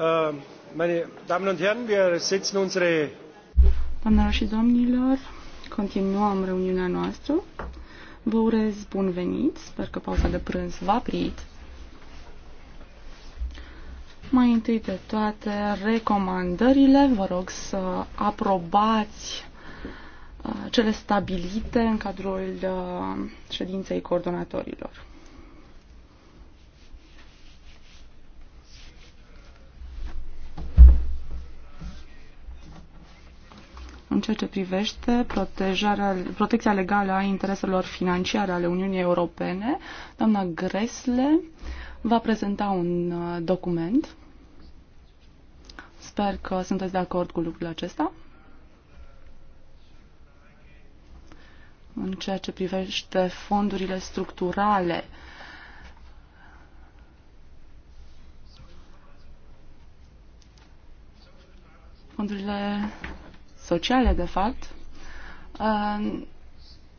Äh, Doamnelor și domnilor, continuăm reuniunea noastră. Vă urez bun venit. Sper că pauza de prânz va a prit. Mai întâi de toate, recomandările. Vă rog să aprobați uh, cele stabilite în cadrul uh, ședinței coordonatorilor. în ceea ce privește protecția legală a intereselor financiare ale Uniunii Europene. Doamna Gresle va prezenta un uh, document. Sper că sunteți de acord cu lucrul acesta. În ceea ce privește fondurile structurale fondurile sociale, de fapt, uh,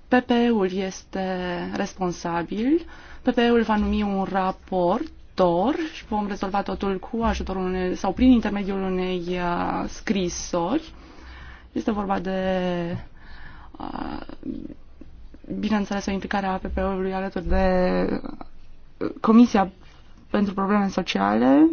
PPE-ul este responsabil, PPE-ul va numi un raportor și vom rezolva totul cu ajutorul unei, sau prin intermediul unei uh, scrisori. Este vorba de, uh, bineînțeles, o implicare a PPE-ului alături de Comisia pentru Probleme Sociale,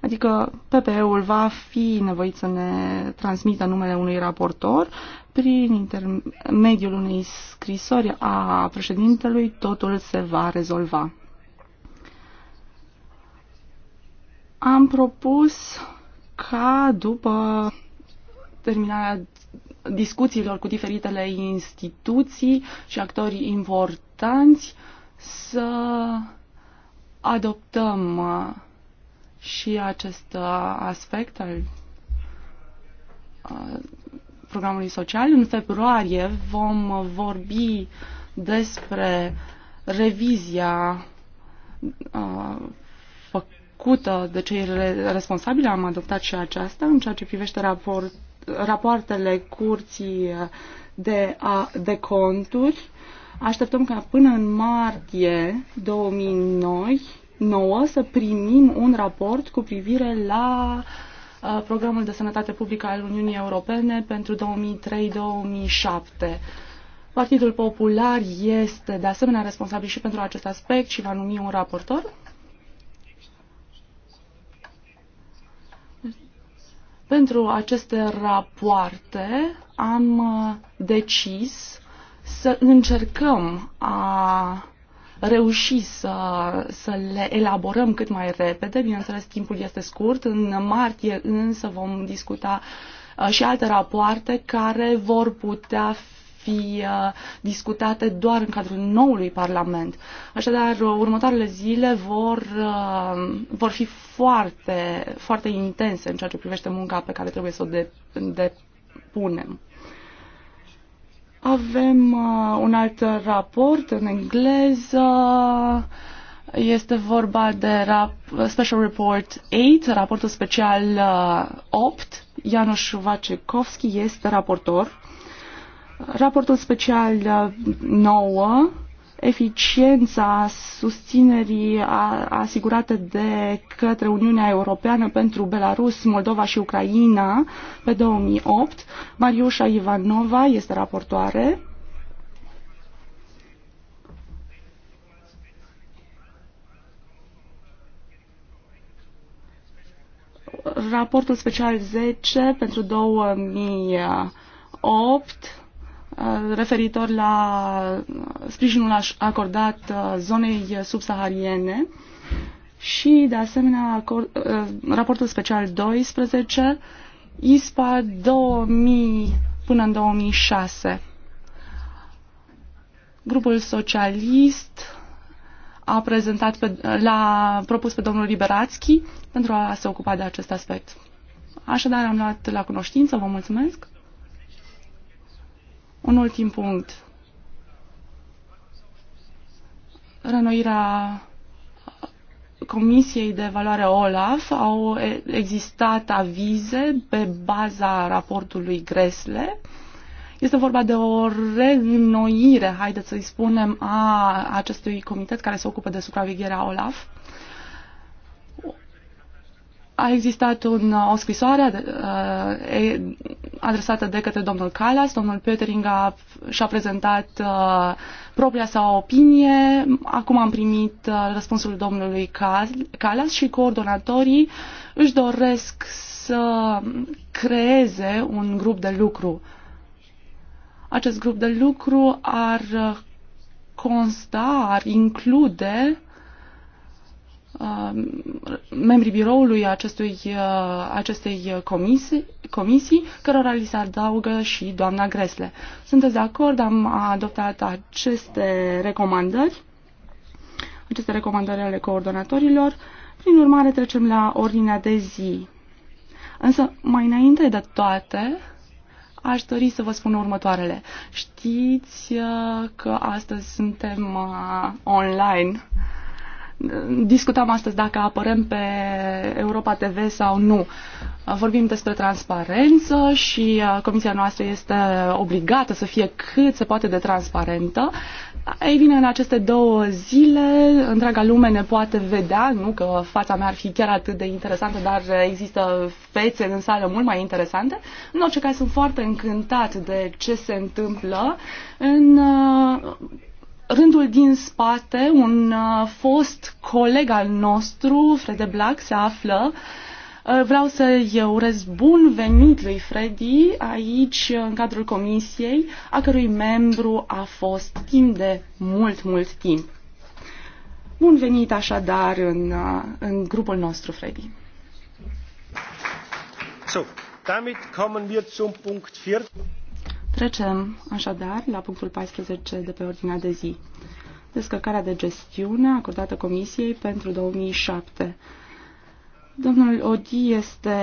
Adică PPE-ul va fi nevoit să ne transmită numele unui raportor prin intermediul unei scrisori a președintelui, totul se va rezolva. Am propus ca după terminarea discuțiilor cu diferitele instituții și actorii importanți să adoptăm și acest uh, aspect al uh, programului social. În februarie vom vorbi despre revizia uh, făcută de cei responsabili. Am adoptat și aceasta în ceea ce privește raport, rapoartele curții de, a, de conturi. Așteptăm ca până în martie 2009 nouă să primim un raport cu privire la uh, programul de sănătate publică al Uniunii Europene pentru 2003-2007. Partidul Popular este de asemenea responsabil și pentru acest aspect și va numi un raportor. Pentru aceste rapoarte am uh, decis să încercăm a reuși să, să le elaborăm cât mai repede. Bineînțeles, timpul este scurt. În martie însă vom discuta uh, și alte rapoarte care vor putea fi uh, discutate doar în cadrul noului Parlament. Așadar, următoarele zile vor, uh, vor fi foarte, foarte intense în ceea ce privește munca pe care trebuie să o de, depunem. Avem uh, un alt raport în engleză. Este vorba de rap- Special Report 8, raportul special uh, 8. Janusz Vacekovski este raportor. Raportul special uh, 9 eficiența susținerii asigurate de către Uniunea Europeană pentru Belarus, Moldova și Ucraina pe 2008. Mariușa Ivanova este raportoare. Raportul special 10 pentru 2008 Uh, referitor la sprijinul acordat uh, zonei subsahariene și, de asemenea, acord, uh, raportul special 12, ISPA 2000 până în 2006. Grupul socialist a prezentat pe, l-a propus pe domnul Liberațchi pentru a se ocupa de acest aspect. Așadar, am luat la cunoștință, vă mulțumesc. Un ultim punct. Renoirea Comisiei de valoare OLAF au existat avize pe baza raportului Gresle. Este vorba de o reînnoire, haideți să-i spunem, a acestui comitet care se ocupă de supravegherea OLAF a existat un, uh, o scrisoare uh, adresată de către domnul Calas. Domnul Petering a, și-a prezentat uh, propria sa opinie. Acum am primit uh, răspunsul domnului Calas și coordonatorii își doresc să creeze un grup de lucru. Acest grup de lucru ar uh, consta, ar include Uh, membrii biroului acestui, uh, acestei comisii, comisii, cărora li se adaugă și doamna Gresle. Sunteți de acord? Am adoptat aceste recomandări, aceste recomandări ale coordonatorilor. Prin urmare, trecem la ordinea de zi. Însă, mai înainte de toate, aș dori să vă spun următoarele. Știți uh, că astăzi suntem online discutam astăzi dacă apărăm pe Europa TV sau nu. Vorbim despre transparență și uh, comisia noastră este obligată să fie cât se poate de transparentă. Ei bine, în aceste două zile, întreaga lume ne poate vedea, nu că fața mea ar fi chiar atât de interesantă, dar există fețe în sală mult mai interesante. În orice caz, sunt foarte încântat de ce se întâmplă în uh, rândul din spate, un uh, fost coleg al nostru, Frede Black, se află. Uh, vreau să-i urez bun venit lui Freddy aici, în cadrul comisiei, a cărui membru a fost timp de mult, mult timp. Bun venit așadar în, uh, în grupul nostru, Freddy. So, damit kommen wir zum Punkt 4. Trecem așadar la punctul 14 de pe ordinea de zi. Descărcarea de gestiune acordată Comisiei pentru 2007. Domnul Odi este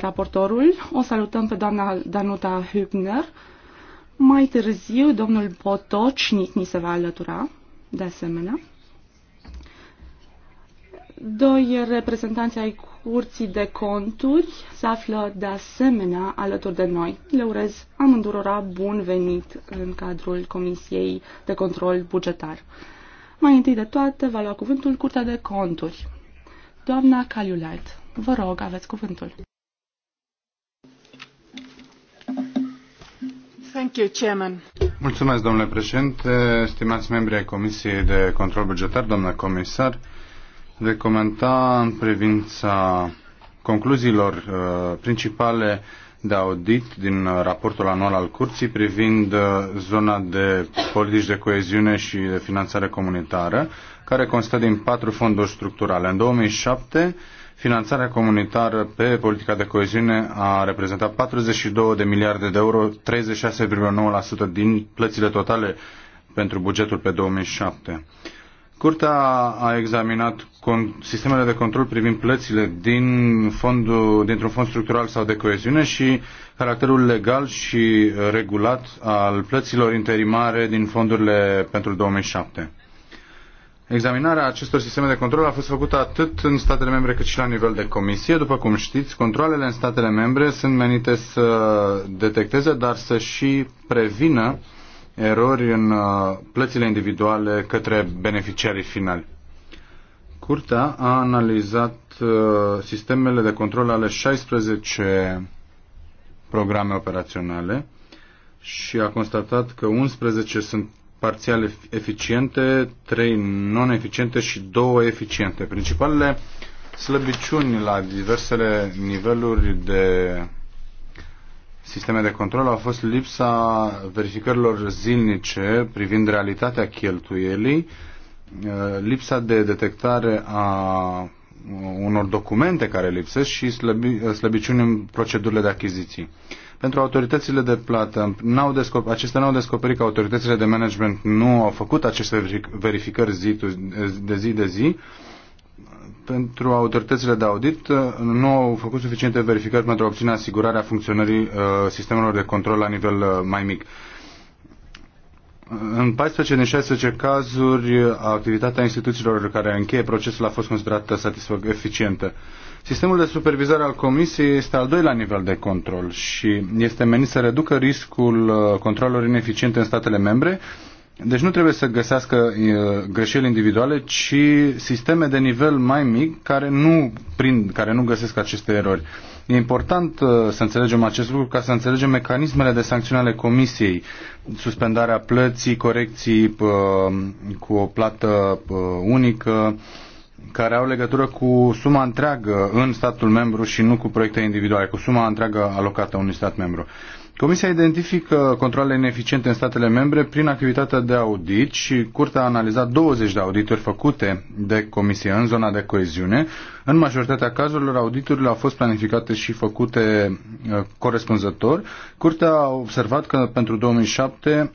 raportorul. O salutăm pe doamna Danuta Hübner. Mai târziu, domnul Potocnic ni se va alătura, de asemenea. Doi reprezentanți ai Urții de Conturi se află de asemenea alături de noi. Le urez amândurora bun venit în cadrul Comisiei de Control Bugetar. Mai întâi de toate va lua cuvântul Curtea de Conturi. Doamna Caliulet, vă rog, aveți cuvântul. Thank you, Chairman. Mulțumesc, domnule președinte, stimați membri ai Comisiei de Control Bugetar, doamna comisar de comenta în privința concluziilor uh, principale de audit din uh, raportul anual al Curții privind uh, zona de politici de coeziune și de finanțare comunitară, care constă din patru fonduri structurale. În 2007, finanțarea comunitară pe politica de coeziune a reprezentat 42 de miliarde de euro, 36,9% din plățile totale pentru bugetul pe 2007. Curtea a examinat sistemele de control privind plățile din fondul, dintr-un fond structural sau de coeziune și caracterul legal și regulat al plăților interimare din fondurile pentru 2007. Examinarea acestor sisteme de control a fost făcută atât în statele membre cât și la nivel de comisie. După cum știți, controlele în statele membre sunt menite să detecteze, dar să și prevină uh, erori în uh, plățile individuale către beneficiarii finali. Curtea a analizat uh, sistemele de control ale 16 programe operaționale și a constatat că 11 sunt parțial eficiente, 3 non-eficiente și 2 eficiente. Principalele slăbiciuni la diversele niveluri de sisteme de control a fost lipsa verificărilor zilnice privind realitatea cheltuielii, eh, lipsa de detectare a eh, unor documente care lipsesc și slăbi, eh, slăbiciuni în procedurile de achiziții. Pentru autoritățile de plată, n-au descop- acestea n-au descoperit că autoritățile de management nu au făcut aceste verificări zi de zi de zi pentru autoritățile de audit uh, nu au făcut suficiente verificări pentru a obține asigurarea funcționării uh, sistemelor de control la nivel uh, mai mic. În 14 din 16 cazuri, activitatea instituțiilor care încheie procesul a fost considerată satisfăc eficientă. Sistemul de supervizare al Comisiei este al doilea nivel de control și este menit să reducă riscul controlelor ineficiente în statele membre deci nu trebuie să găsească greșeli individuale, ci sisteme de nivel mai mic care nu, prind, care nu găsesc aceste erori. E important uh, să înțelegem acest lucru ca să înțelegem mecanismele de sancțiune ale comisiei, suspendarea plății, corecții cu o plată unică, care au legătură cu suma întreagă în statul membru și nu cu proiecte individuale, cu suma întreagă alocată unui stat membru. Comisia identifică controlele ineficiente în statele membre prin activitatea de audit și Curtea a analizat 20 de audituri făcute de Comisie în zona de coeziune. În majoritatea cazurilor, auditurile au fost planificate și făcute uh, corespunzător. Curtea a observat că pentru 2007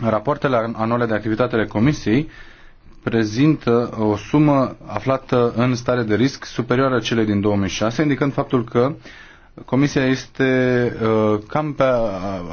rapoartele anuale de activitate ale Comisiei prezintă o sumă aflată în stare de risc superioară celei din 2006, indicând faptul că Comisia este uh, cam pe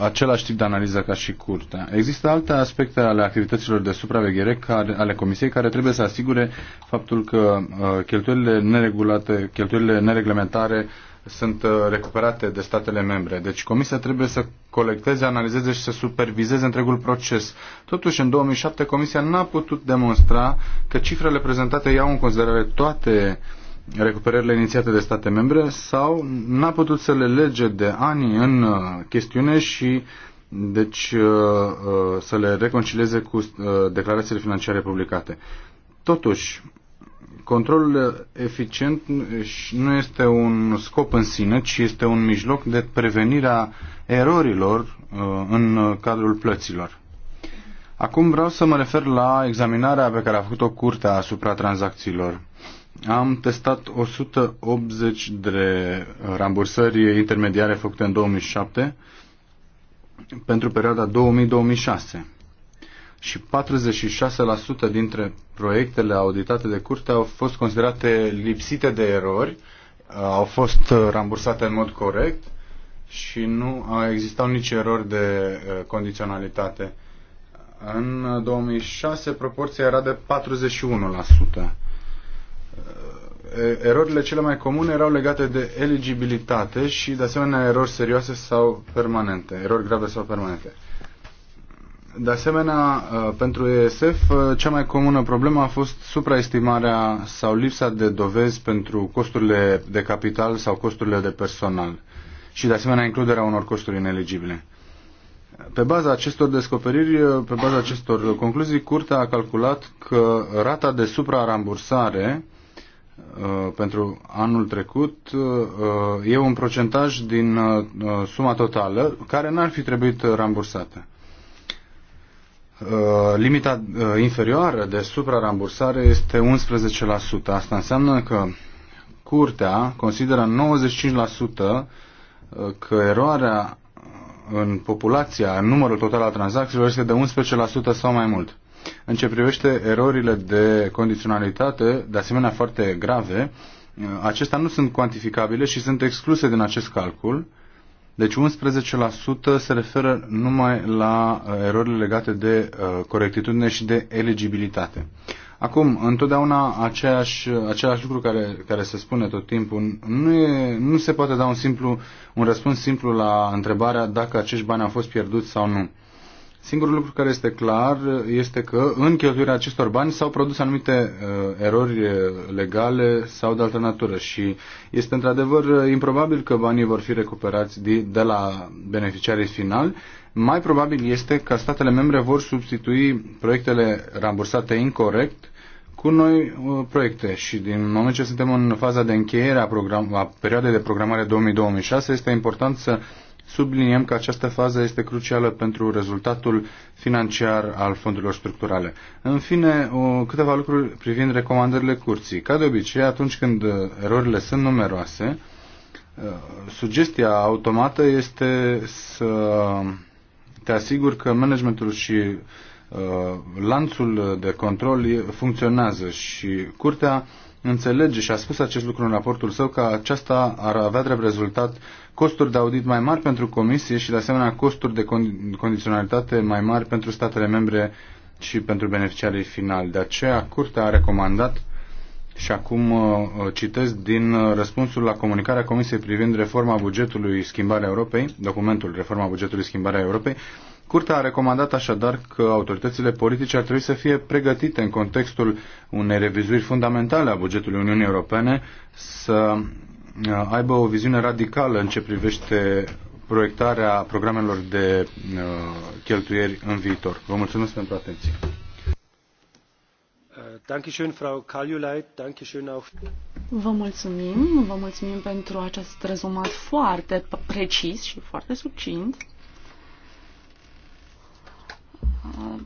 același tip de analiză ca și curtea. Există alte aspecte ale activităților de supraveghere care, ale Comisiei care trebuie să asigure faptul că uh, cheltuielile neregulate, cheltuielile nereglementare sunt uh, recuperate de statele membre. Deci Comisia trebuie să colecteze, analizeze și să supervizeze întregul proces. Totuși, în 2007, Comisia n-a putut demonstra că cifrele prezentate iau în considerare toate uh, recuperările inițiate de state membre sau n-a putut să le lege de ani în uh, chestiune și deci uh, uh, să le reconcileze cu declarațiile financiare publicate. Totuși, controlul eficient nu este un scop în sine, ci este un mijloc de prevenire a erorilor în cadrul plăților. Acum vreau să mă refer la examinarea pe care a făcut-o curtea asupra tranzacțiilor am testat 180 de rambursări intermediare făcute în 2007 pentru perioada 2000-2006 și 46% dintre proiectele auditate de curte au fost considerate lipsite de erori, au fost rambursate în mod corect și nu existat nici erori de uh, condiționalitate. În 2006 proporția era de 41% erorile cele mai comune erau legate de eligibilitate și de asemenea erori serioase sau permanente, erori grave sau permanente. De asemenea, pentru ESF, cea mai comună problemă a fost supraestimarea sau lipsa de dovezi pentru costurile de capital sau costurile de personal și, de asemenea, includerea unor costuri ineligibile. Pe baza acestor descoperiri, pe baza acestor concluzii, Curtea a calculat că rata de suprarambursare Uh, pentru anul trecut uh, uh, e un procentaj din suma totală care n-ar fi trebuit rambursată. Limita inferioară de suprarambursare este 11%. Asta înseamnă că curtea consideră 95% că eroarea în populația, în numărul total al tranzacțiilor este de 11% sau mai mult. În ce privește erorile de condiționalitate, de asemenea foarte grave, acestea nu sunt cuantificabile și sunt excluse din acest calcul. Deci 11% se referă numai la uh, erorile legate de uh, corectitudine și de eligibilitate. Acum, întotdeauna aceeași, același lucru care, care se spune tot timpul, nu, e, nu se poate da un, simplu, un răspuns simplu la întrebarea dacă acești bani au fost pierduți sau nu. Singurul lucru care este clar este că în cheltuirea acestor bani s-au produs anumite uh, erori uh, legale sau de altă natură și este într-adevăr uh, improbabil că banii vor fi recuperați de, de la beneficiarii finali. Mai probabil este că statele membre vor substitui proiectele rambursate incorrect cu noi uh, proiecte și din moment ce suntem în faza de încheiere a, program, a perioadei de programare 2000-2006 este important să uh, Subliniem că această fază este crucială pentru rezultatul financiar al fondurilor structurale. În fine, o, câteva lucruri privind recomandările curții. Ca de obicei, atunci când erorile sunt numeroase, uh, sugestia automată este să te asiguri că managementul și uh, lanțul de control funcționează și curtea înțelege și a spus acest lucru în raportul său că aceasta ar avea drept rezultat costuri de audit mai mari pentru comisie și de asemenea costuri de condiționalitate mai mari pentru statele membre și pentru beneficiarii finali. De aceea, Curtea a recomandat și acum uh, uh, citesc din uh, răspunsul la comunicarea Comisiei privind reforma bugetului Schimbarea Europei, documentul Reforma bugetului Schimbarea Europei, Curtea a recomandat așadar că autoritățile politice ar trebui să fie pregătite în contextul unei revizuiri fundamentale a bugetului Uniunii Europene să Uh, aibă o viziune radicală în ce privește proiectarea programelor de uh, cheltuieri în viitor. Vă mulțumesc pentru atenție. Uh, vă mulțumim, vă mulțumim pentru acest rezumat foarte precis și foarte succint.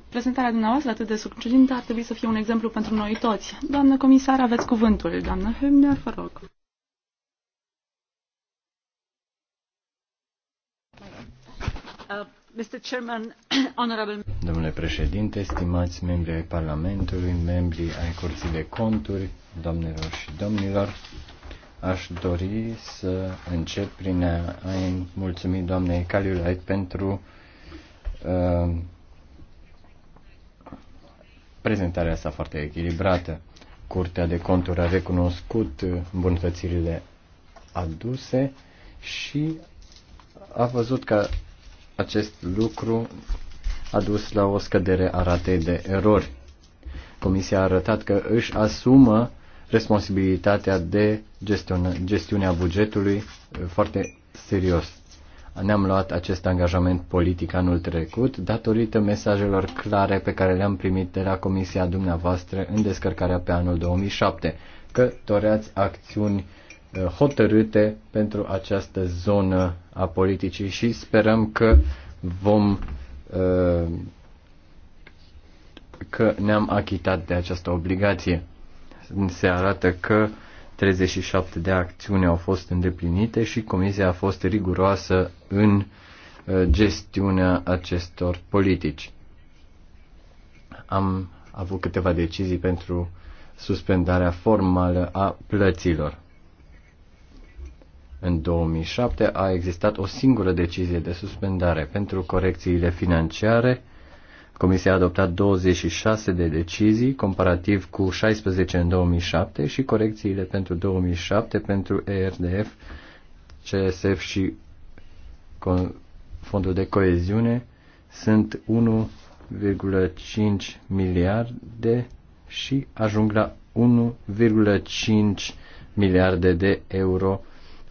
Prezentarea dumneavoastră atât de succintă ar trebui să fie un exemplu pentru noi toți. Doamnă comisar, aveți cuvântul. Doamnă Hübner, vă rog. Uh, Domnule președinte, stimați membri ai Parlamentului, membri ai Curții de Conturi, domnilor și domnilor, aș dori să încep prin a-i mulțumi doamnei Caliulait pentru uh, prezentarea sa foarte echilibrată. Curtea de Conturi a recunoscut îmbunătățirile aduse și a văzut că acest lucru a dus la o scădere a ratei de erori. Comisia a arătat că își asumă responsabilitatea de gestiunea bugetului foarte serios. Ne-am luat acest angajament politic anul trecut datorită mesajelor clare pe care le-am primit de la Comisia dumneavoastră în descărcarea pe anul 2007, că doreați acțiuni Uh, hotărâte pentru această zonă a politicii și sperăm că vom uh, că ne-am achitat de această obligație. Se arată că 37 de acțiuni au fost îndeplinite și comisia a fost riguroasă în uh, gestiunea acestor politici. Am avut câteva decizii pentru suspendarea formală a plăților. În 2007 a existat o singură decizie de suspendare pentru corecțiile financiare. Comisia a adoptat 26 de decizii, comparativ cu 16 în 2007 și corecțiile pentru 2007 pentru ERDF, CSF și Fondul de Coeziune sunt 1,5 miliarde și ajung la 1,5 miliarde de euro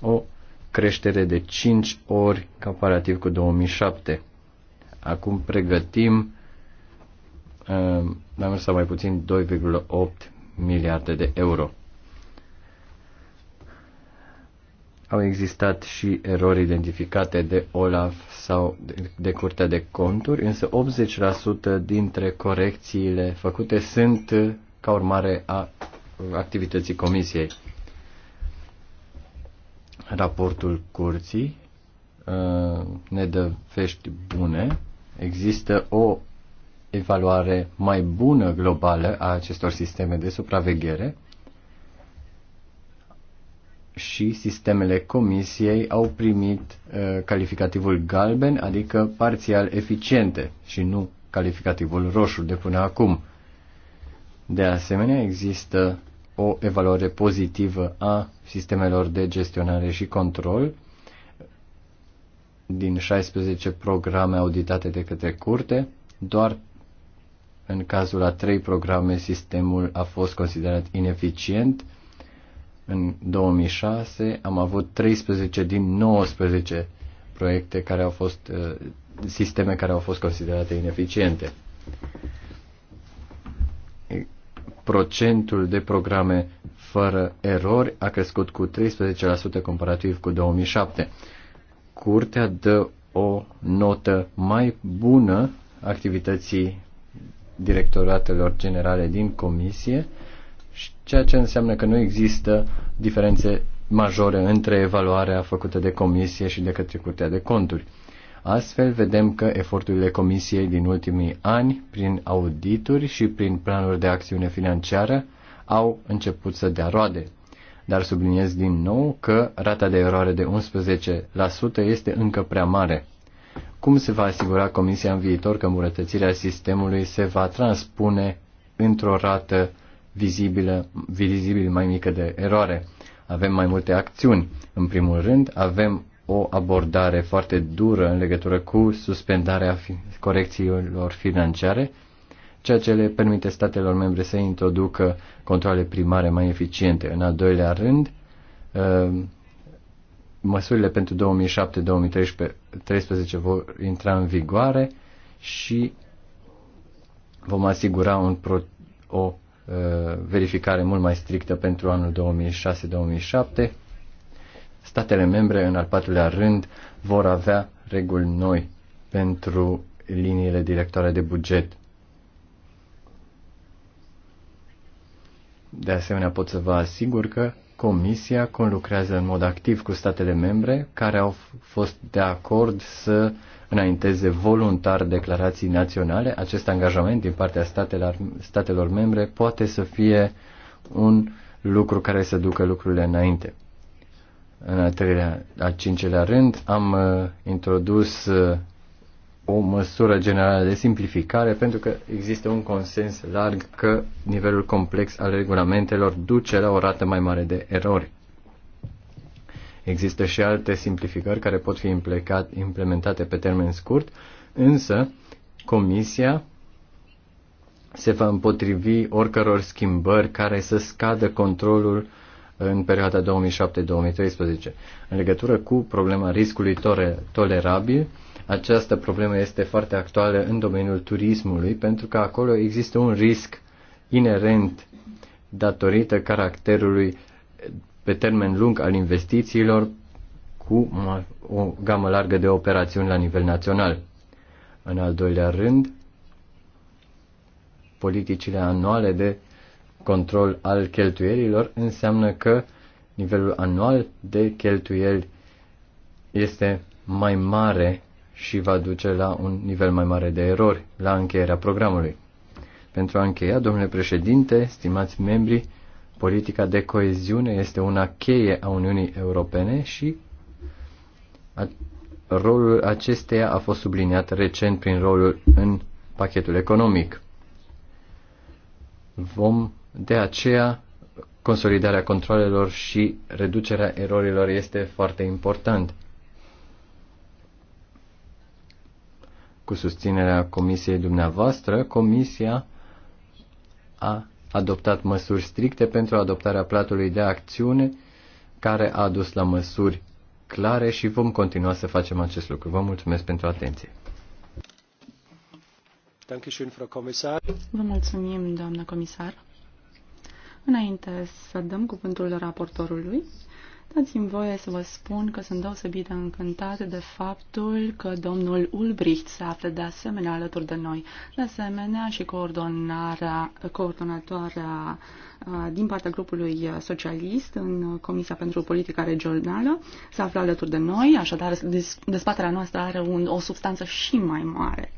o creștere de 5 ori comparativ cu 2007. Acum pregătim uh, mai mult sau mai puțin 2,8 miliarde de euro. Au existat și erori identificate de OLAF sau de Curtea de Conturi, însă 80% dintre corecțiile făcute sunt uh, ca urmare a activității Comisiei raportul curții uh, ne dă vești bune. Există o evaluare mai bună globală a acestor sisteme de supraveghere și sistemele comisiei au primit uh, calificativul galben, adică parțial eficiente și nu calificativul roșu de până acum. De asemenea, există o evaluare pozitivă a sistemelor de gestionare și control din 16 programe auditate de către curte, doar în cazul a trei programe sistemul a fost considerat ineficient. În 2006 am avut 13 din 19 proiecte care au fost eh, sisteme care au fost considerate ineficiente procentul de programe fără erori a crescut cu 13% comparativ cu 2007. Curtea dă o notă mai bună activității directoratelor generale din comisie, ceea ce înseamnă că nu există diferențe majore între evaluarea făcută de comisie și de către Curtea de Conturi. Astfel, vedem că eforturile Comisiei din ultimii ani, prin audituri și prin planuri de acțiune financiară, au început să dea roade. Dar subliniez din nou că rata de eroare de 11% este încă prea mare. Cum se va asigura Comisia în viitor că îmbunătățirea sistemului se va transpune într-o rată vizibilă, vizibil mai mică de eroare? Avem mai multe acțiuni. În primul rând, avem o abordare foarte dură în legătură cu suspendarea corecțiilor financiare, ceea ce le permite statelor membre să introducă controle primare mai eficiente. În al doilea rând, uh, măsurile pentru 2007-2013 vor intra în vigoare și vom asigura un pro, o uh, verificare mult mai strictă pentru anul 2006-2007 statele membre, în al patrulea rând, vor avea reguli noi pentru liniile directoare de buget. De asemenea, pot să vă asigur că Comisia conlucrează în mod activ cu statele membre care au fost de acord să înainteze voluntar declarații naționale. Acest angajament din partea statelor, statelor membre poate să fie un lucru care să ducă lucrurile înainte. În al treilea, al cincelea rând, am uh, introdus uh, o măsură generală de simplificare pentru că există un consens larg că nivelul complex al regulamentelor duce la o rată mai mare de erori. Există și alte simplificări care pot fi implementate pe termen scurt, însă Comisia se va împotrivi oricăror schimbări care să scadă controlul în perioada 2007-2013. În legătură cu problema riscului tolerabil, această problemă este foarte actuală în domeniul turismului, pentru că acolo există un risc inerent datorită caracterului pe termen lung al investițiilor cu o gamă largă de operațiuni la nivel național. În al doilea rând, politicile anuale de control al cheltuielilor înseamnă că nivelul anual de cheltuieli este mai mare și va duce la un nivel mai mare de erori la încheierea programului. Pentru a încheia, domnule președinte, stimați membri, politica de coeziune este una cheie a Uniunii Europene și a, rolul acesteia a fost subliniat recent prin rolul în pachetul economic. Vom de aceea, consolidarea controlelor și reducerea erorilor este foarte important. Cu susținerea comisiei dumneavoastră, comisia a adoptat măsuri stricte pentru adoptarea platului de acțiune care a dus la măsuri clare și vom continua să facem acest lucru. Vă mulțumesc pentru atenție. Vă mulțumim, doamnă comisar. Înainte să dăm cuvântul raportorului, dați-mi voie să vă spun că sunt deosebit de încântat de faptul că domnul Ulbricht se află de asemenea alături de noi. De asemenea și coordonarea, coordonatoarea din partea grupului socialist în Comisia pentru Politica Regională se află alături de noi, așadar dezbaterea noastră are un, o substanță și mai mare.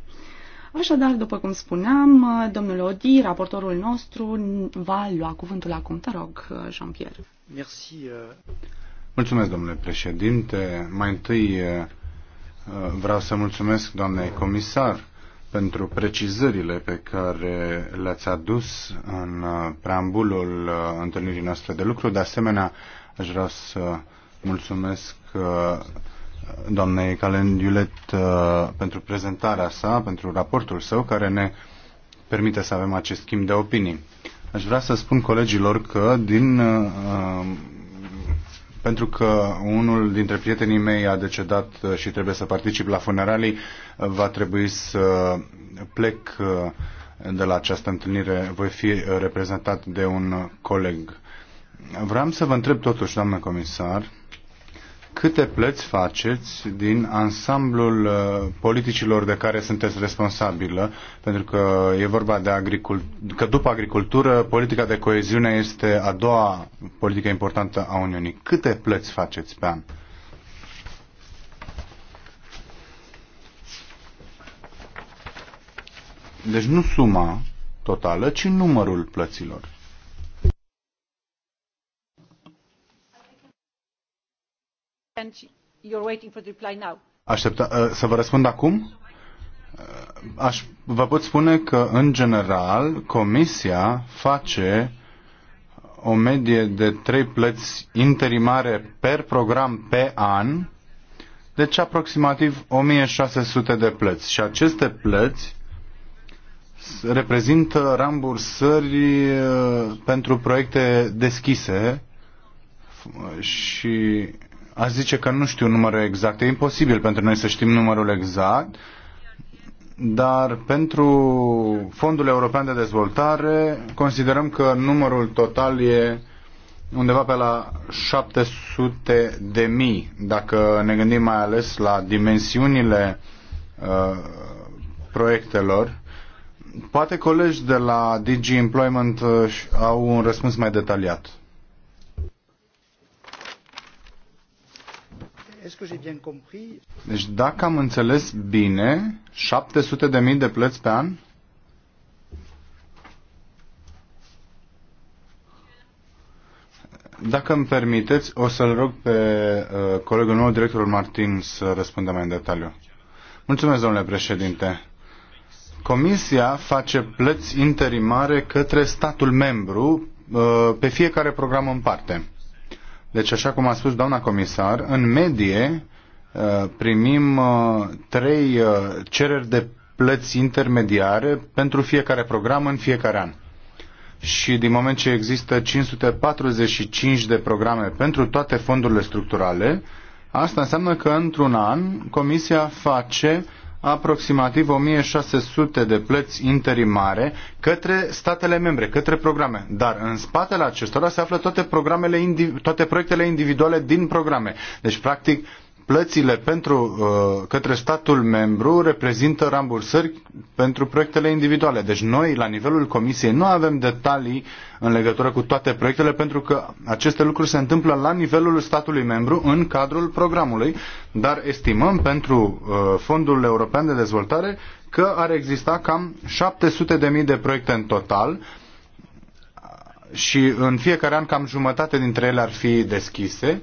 Așadar, după cum spuneam, domnul Odi, raportorul nostru, va lua cuvântul acum. Te rog, Jean-Pierre. Merci. Uh. Mulțumesc, domnule președinte. Mai întâi uh, vreau să mulțumesc doamnei comisar pentru precizările pe care le-ați adus în uh, preambulul întâlnirii noastre de lucru. De asemenea, aș vrea să mulțumesc doamnei Calen Iulet uh, pentru prezentarea sa, pentru raportul său, care ne permite să avem acest schimb de opinii. Aș vrea să spun colegilor că din uh, pentru că unul dintre prietenii mei a decedat uh, și trebuie să particip la funeralii, va trebui să plec de la această întâlnire. Voi fi reprezentat de un coleg. Vreau să vă întreb totuși, doamnă comisar, câte plăți faceți din ansamblul uh, politicilor de care sunteți responsabilă, pentru că e vorba de agricultură, că după agricultură, politica de coeziune este a doua politică importantă a Uniunii. Câte plăți faceți pe an? Deci nu suma totală, ci numărul plăților. Aștepta, uh, să vă răspund acum? Uh, aș, vă pot spune că, în general, Comisia face o medie de trei plăți interimare per program pe an, deci aproximativ 1600 de plăți. Și aceste plăți reprezintă rambursări uh, pentru proiecte deschise și aș zice că nu știu numărul exact. E imposibil pentru noi să știm numărul exact, dar pentru Fondul European de Dezvoltare considerăm că numărul total e undeva pe la 700 de mii, dacă ne gândim mai ales la dimensiunile uh, proiectelor. Poate colegi de la DG Employment uh, au un răspuns mai detaliat. Deci dacă am înțeles bine, 700 de mii de plăți pe an? Dacă îmi permiteți, o să-l rog pe uh, colegul meu, directorul Martin, să răspundă mai în detaliu. Mulțumesc, domnule președinte. Comisia face plăți interimare către statul membru uh, pe fiecare program în parte. Deci, așa cum a spus doamna comisar, în medie uh, primim uh, trei uh, cereri de plăți intermediare pentru fiecare program în fiecare an. Și din moment ce există 545 de programe pentru toate fondurile structurale, asta înseamnă că într-un an Comisia face aproximativ 1600 de plăți interimare către statele membre, către programe. Dar în spatele acestora se află toate, programele, toate proiectele individuale din programe. Deci, practic, plățile pentru, uh, către statul membru reprezintă rambursări pentru proiectele individuale. Deci noi, la nivelul Comisiei, nu avem detalii în legătură cu toate proiectele, pentru că aceste lucruri se întâmplă la nivelul statului membru în cadrul programului, dar estimăm pentru uh, Fondul European de Dezvoltare că ar exista cam 700.000 de proiecte în total, și în fiecare an cam jumătate dintre ele ar fi deschise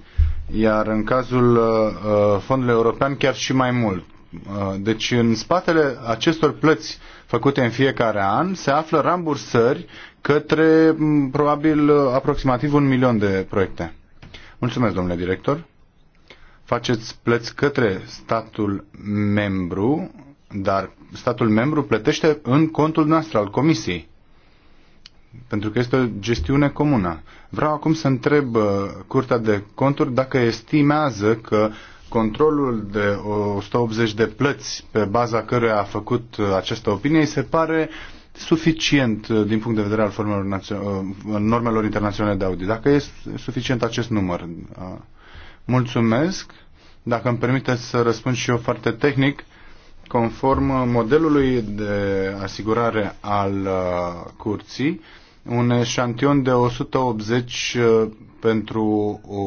iar în cazul uh, uh, fondului european chiar și mai mult. Uh, deci în spatele acestor plăți făcute în fiecare an se află rambursări către probabil aproximativ un milion de proiecte. Mulțumesc, domnule director. Faceți plăți către statul membru, dar statul membru plătește în contul noastră al comisiei pentru că este o gestiune comună. Vreau acum să întreb uh, Curtea de Conturi dacă estimează că controlul de 180 de plăți pe baza căruia a făcut uh, această opinie se pare suficient uh, din punct de vedere al formelor normelor internaționale de audit. Dacă e suficient acest număr. Mulțumesc. Dacă îmi permiteți să răspund și eu foarte tehnic, Conform modelului de asigurare al uh, curții, un eșantion de 180 uh, pentru o,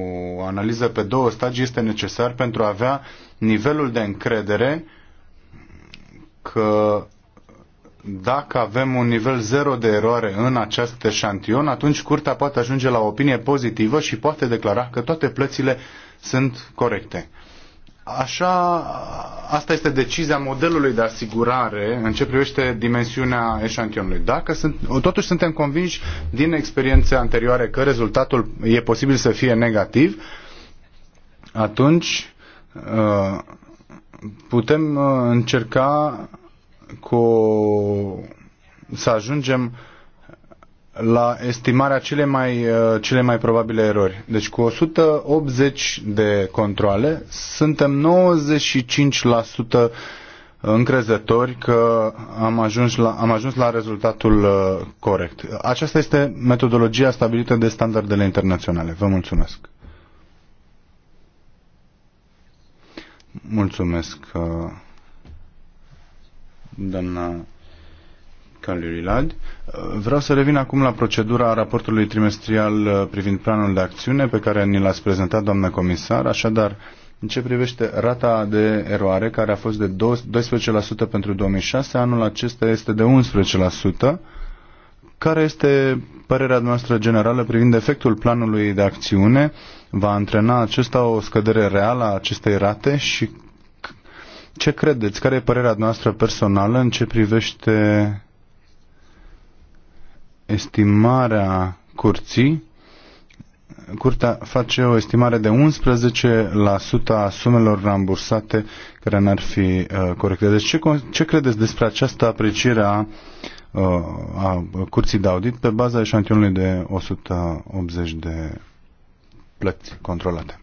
o analiză pe două stagii este necesar pentru a avea nivelul de încredere că dacă avem un nivel zero de eroare în acest eșantion, atunci curtea poate ajunge la o opinie pozitivă și poate declara că toate plățile sunt corecte. Așa, asta este decizia modelului de asigurare în ce privește dimensiunea eșantionului. Dacă sunt, totuși suntem convinși din experiențe anterioare că rezultatul e posibil să fie negativ, atunci uh, putem uh, încerca cu, să ajungem uh, la estimarea cele mai, uh, cele mai probabile erori. Deci cu 180 de controle suntem 95% încrezători că am ajuns, la, am ajuns la rezultatul uh, corect. Aceasta este metodologia stabilită de standardele internaționale. Vă mulțumesc. Mulțumesc, uh, doamna Rilad. Vreau să revin acum la procedura raportului trimestrial uh, privind planul de acțiune pe care ni l-ați prezentat, doamnă comisar. Așadar, în ce privește rata de eroare, care a fost de 12% pentru 2006, anul acesta este de 11%. Care este părerea noastră generală privind efectul planului de acțiune? Va antrena acesta o scădere reală a acestei rate și ce credeți? Care e părerea noastră personală în ce privește estimarea curții, Curtea face o estimare de 11% a sumelor rambursate care n-ar fi uh, corecte. Deci ce, ce credeți despre această apreciere a, uh, a curții de audit pe baza eșantionului de 180 de plăți controlate?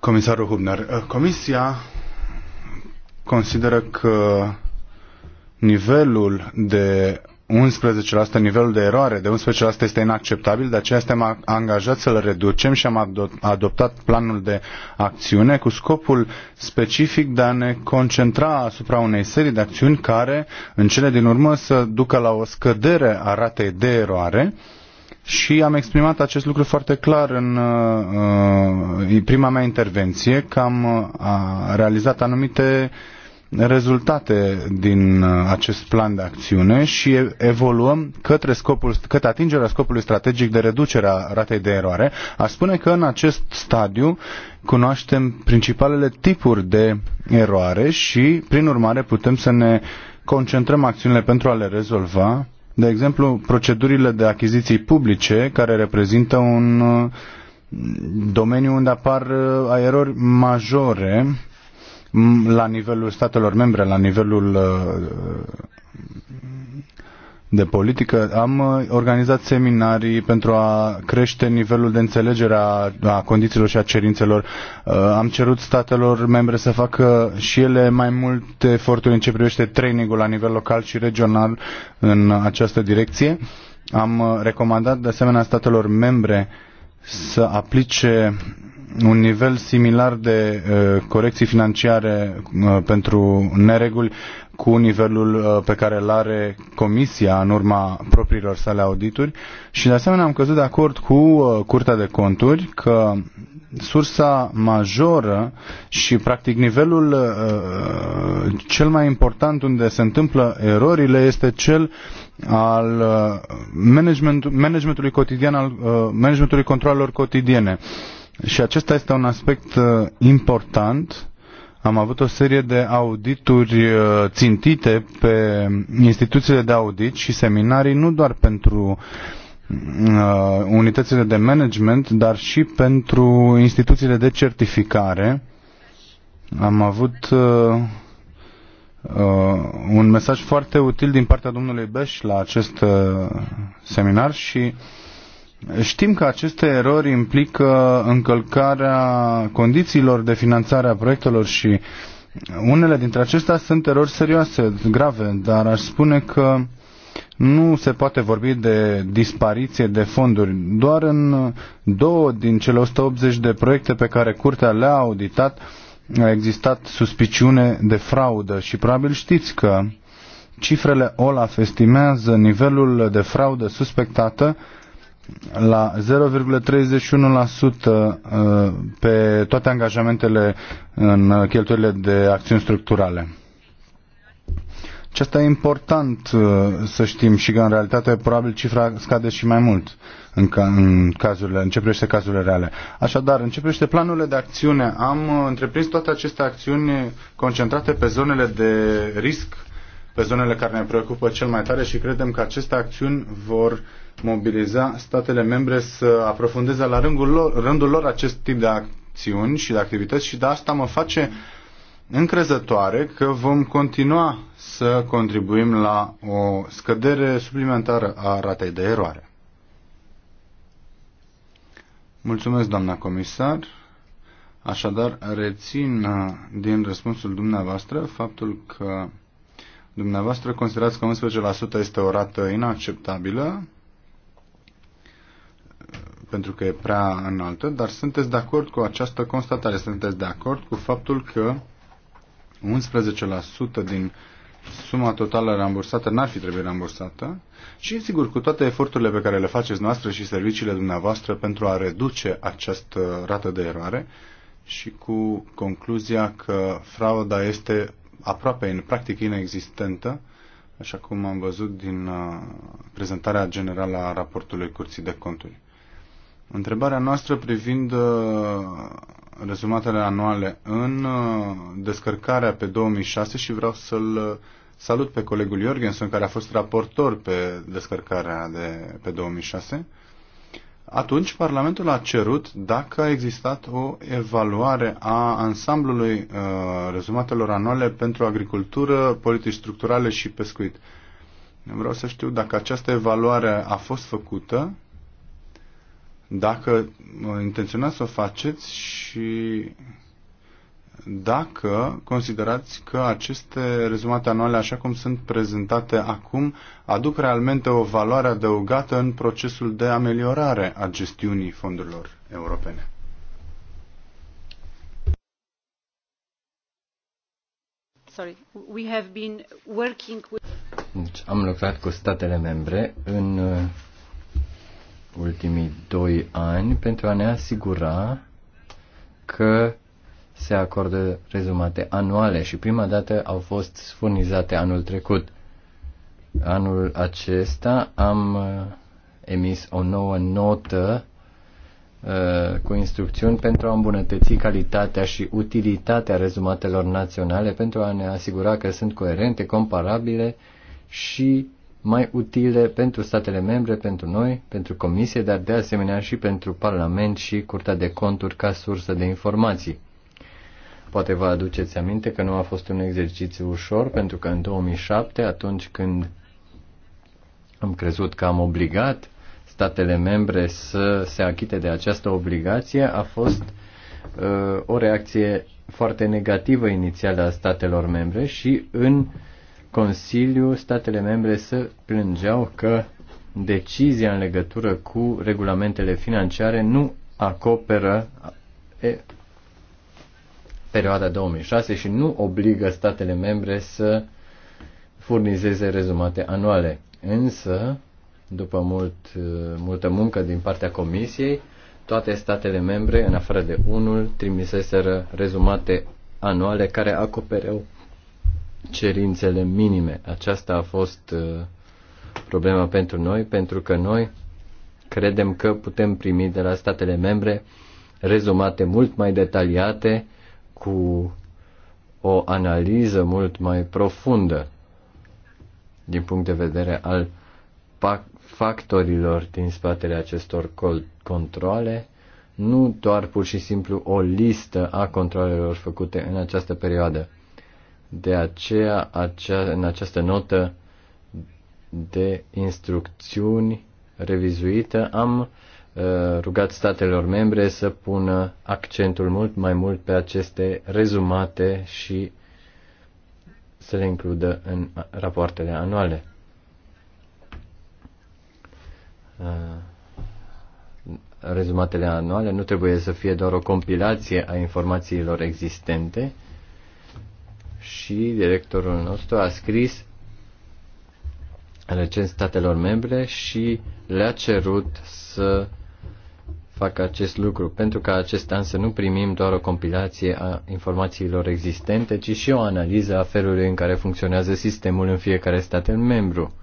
Comisarul Hubner, uh, Comisia consideră că nivelul de 11%, nivelul de eroare de 11% este inacceptabil, de aceea suntem angajați să-l reducem și am adoptat planul de acțiune cu scopul specific de a ne concentra asupra unei serii de acțiuni care, în cele din urmă, să ducă la o scădere a ratei de eroare și am exprimat acest lucru foarte clar în uh, uh, în prima mea intervenție, că am uh, realizat anumite rezultate din uh, acest plan de acțiune și evoluăm către, scopul, către atingerea scopului strategic de reducere a ratei de eroare. Aș spune că în acest stadiu cunoaștem principalele tipuri de eroare și, prin urmare, putem să ne concentrăm acțiunile pentru a le rezolva. De exemplu, procedurile de achiziții publice, care reprezintă un uh, domeniu unde apar uh, erori majore, la nivelul statelor membre, la nivelul uh, de politică. Am uh, organizat seminarii pentru a crește nivelul de înțelegere a, a condițiilor și a cerințelor. Uh, am cerut statelor membre să facă și ele mai multe eforturi în ce privește trainingul la nivel local și regional în această direcție. Am recomandat de asemenea statelor membre să aplice un nivel similar de uh, corecții financiare uh, pentru nereguli cu nivelul uh, pe care îl are Comisia în urma propriilor sale audituri și de asemenea am căzut de acord cu uh, Curtea de Conturi că sursa majoră și practic nivelul uh, cel mai important unde se întâmplă erorile este cel al uh, management, managementului cotidian al uh, managementului controlelor cotidiene. Uh, și acesta este un aspect uh, important. Am avut o serie de audituri uh, țintite pe instituțiile de audit și seminarii, nu doar pentru uh, unitățile de management, dar și pentru instituțiile de certificare. Am avut un mesaj foarte util din partea domnului Beș la acest seminar și Știm că aceste erori implică încălcarea condițiilor de finanțare a proiectelor și unele dintre acestea sunt erori serioase, grave, dar aș spune că nu se poate vorbi de dispariție de fonduri. Doar în două din cele 180 de proiecte pe care curtea le-a auditat a existat suspiciune de fraudă și probabil știți că cifrele OLAF estimează nivelul de fraudă suspectată la 0,31% uh, pe toate angajamentele în cheltuielile de acțiuni structurale. Și e important uh, să știm și că în realitate probabil cifra scade și mai mult în, ca, în cazurile, în ce privește cazurile reale. Așadar, în ce privește planurile de acțiune, am uh, întreprins toate aceste acțiuni concentrate pe zonele de risc, pe zonele care ne preocupă cel mai tare și credem că aceste acțiuni vor uh, mobiliza statele membre să aprofundeze la rândul lor, rândul lor acest tip de acțiuni și de activități și de asta mă face încrezătoare că vom continua să contribuim la o scădere suplimentară a ratei de eroare. Mulțumesc, doamna comisar. Așadar, rețin uh, din răspunsul dumneavoastră faptul că dumneavoastră considerați că 11% este o rată inacceptabilă pentru că e prea înaltă, dar sunteți de acord cu această constatare, sunteți de acord cu faptul că 11% din suma totală rambursată n-ar fi trebuit rambursată și, sigur, cu toate eforturile pe care le faceți noastră și serviciile dumneavoastră pentru a reduce această rată de eroare și cu concluzia că frauda este aproape, în practic, inexistentă, așa cum am văzut din uh, prezentarea generală a raportului Curții de Conturi. Întrebarea noastră privind uh, rezumatele anuale în uh, descărcarea pe 2006 și vreau să-l uh, salut pe colegul Jorgensen care a fost raportor pe descărcarea de, pe 2006. Atunci Parlamentul a cerut dacă a existat o evaluare a ansamblului uh, rezumatelor anuale pentru agricultură, politici structurale și pescuit. Vreau să știu dacă această evaluare a fost făcută dacă intenționați să o faceți și dacă considerați că aceste rezumate anuale, așa cum sunt prezentate acum, aduc realmente o valoare adăugată în procesul de ameliorare a gestiunii fondurilor europene. Sorry. We have been working with... Deci, am lucrat cu statele membre în uh, ultimii doi ani pentru a ne asigura că se acordă rezumate anuale și prima dată au fost furnizate anul trecut. Anul acesta am uh, emis o nouă notă uh, cu instrucțiuni pentru a îmbunătăți calitatea și utilitatea rezumatelor naționale pentru a ne asigura că sunt coerente, comparabile și mai utile pentru statele membre, pentru noi, pentru Comisie, dar de asemenea și pentru Parlament și Curtea de Conturi ca sursă de informații. Poate vă aduceți aminte că nu a fost un exercițiu ușor, pentru că în 2007, atunci când am crezut că am obligat statele membre să se achite de această obligație, a fost uh, o reacție foarte negativă inițială a statelor membre și în uh, Consiliu, statele membre se plângeau că decizia în legătură cu regulamentele financiare nu acoperă e, perioada 2006 și nu obligă statele membre să furnizeze rezumate anuale. Însă, după mult, multă muncă din partea Comisiei, toate statele membre, în afară de unul, trimiseseră rezumate anuale care acopereau cerințele minime. Aceasta a fost uh, problema pentru noi, pentru că noi credem că putem primi de la statele membre rezumate mult mai detaliate, cu o analiză mult mai profundă din punct de vedere al factorilor din spatele acestor controle, nu doar pur și simplu o listă a controlelor făcute în această perioadă. De aceea, acea, în această notă de instrucțiuni revizuită, am uh, rugat statelor membre să pună accentul mult mai mult pe aceste rezumate și să le includă în rapoartele anuale. Uh, rezumatele anuale nu trebuie să fie doar o compilație a informațiilor existente, și directorul nostru a scris recent statelor membre și le-a cerut să facă acest lucru, pentru ca acest an să nu primim doar o compilație a informațiilor existente, ci și o analiză a felului în care funcționează sistemul în fiecare stat membru,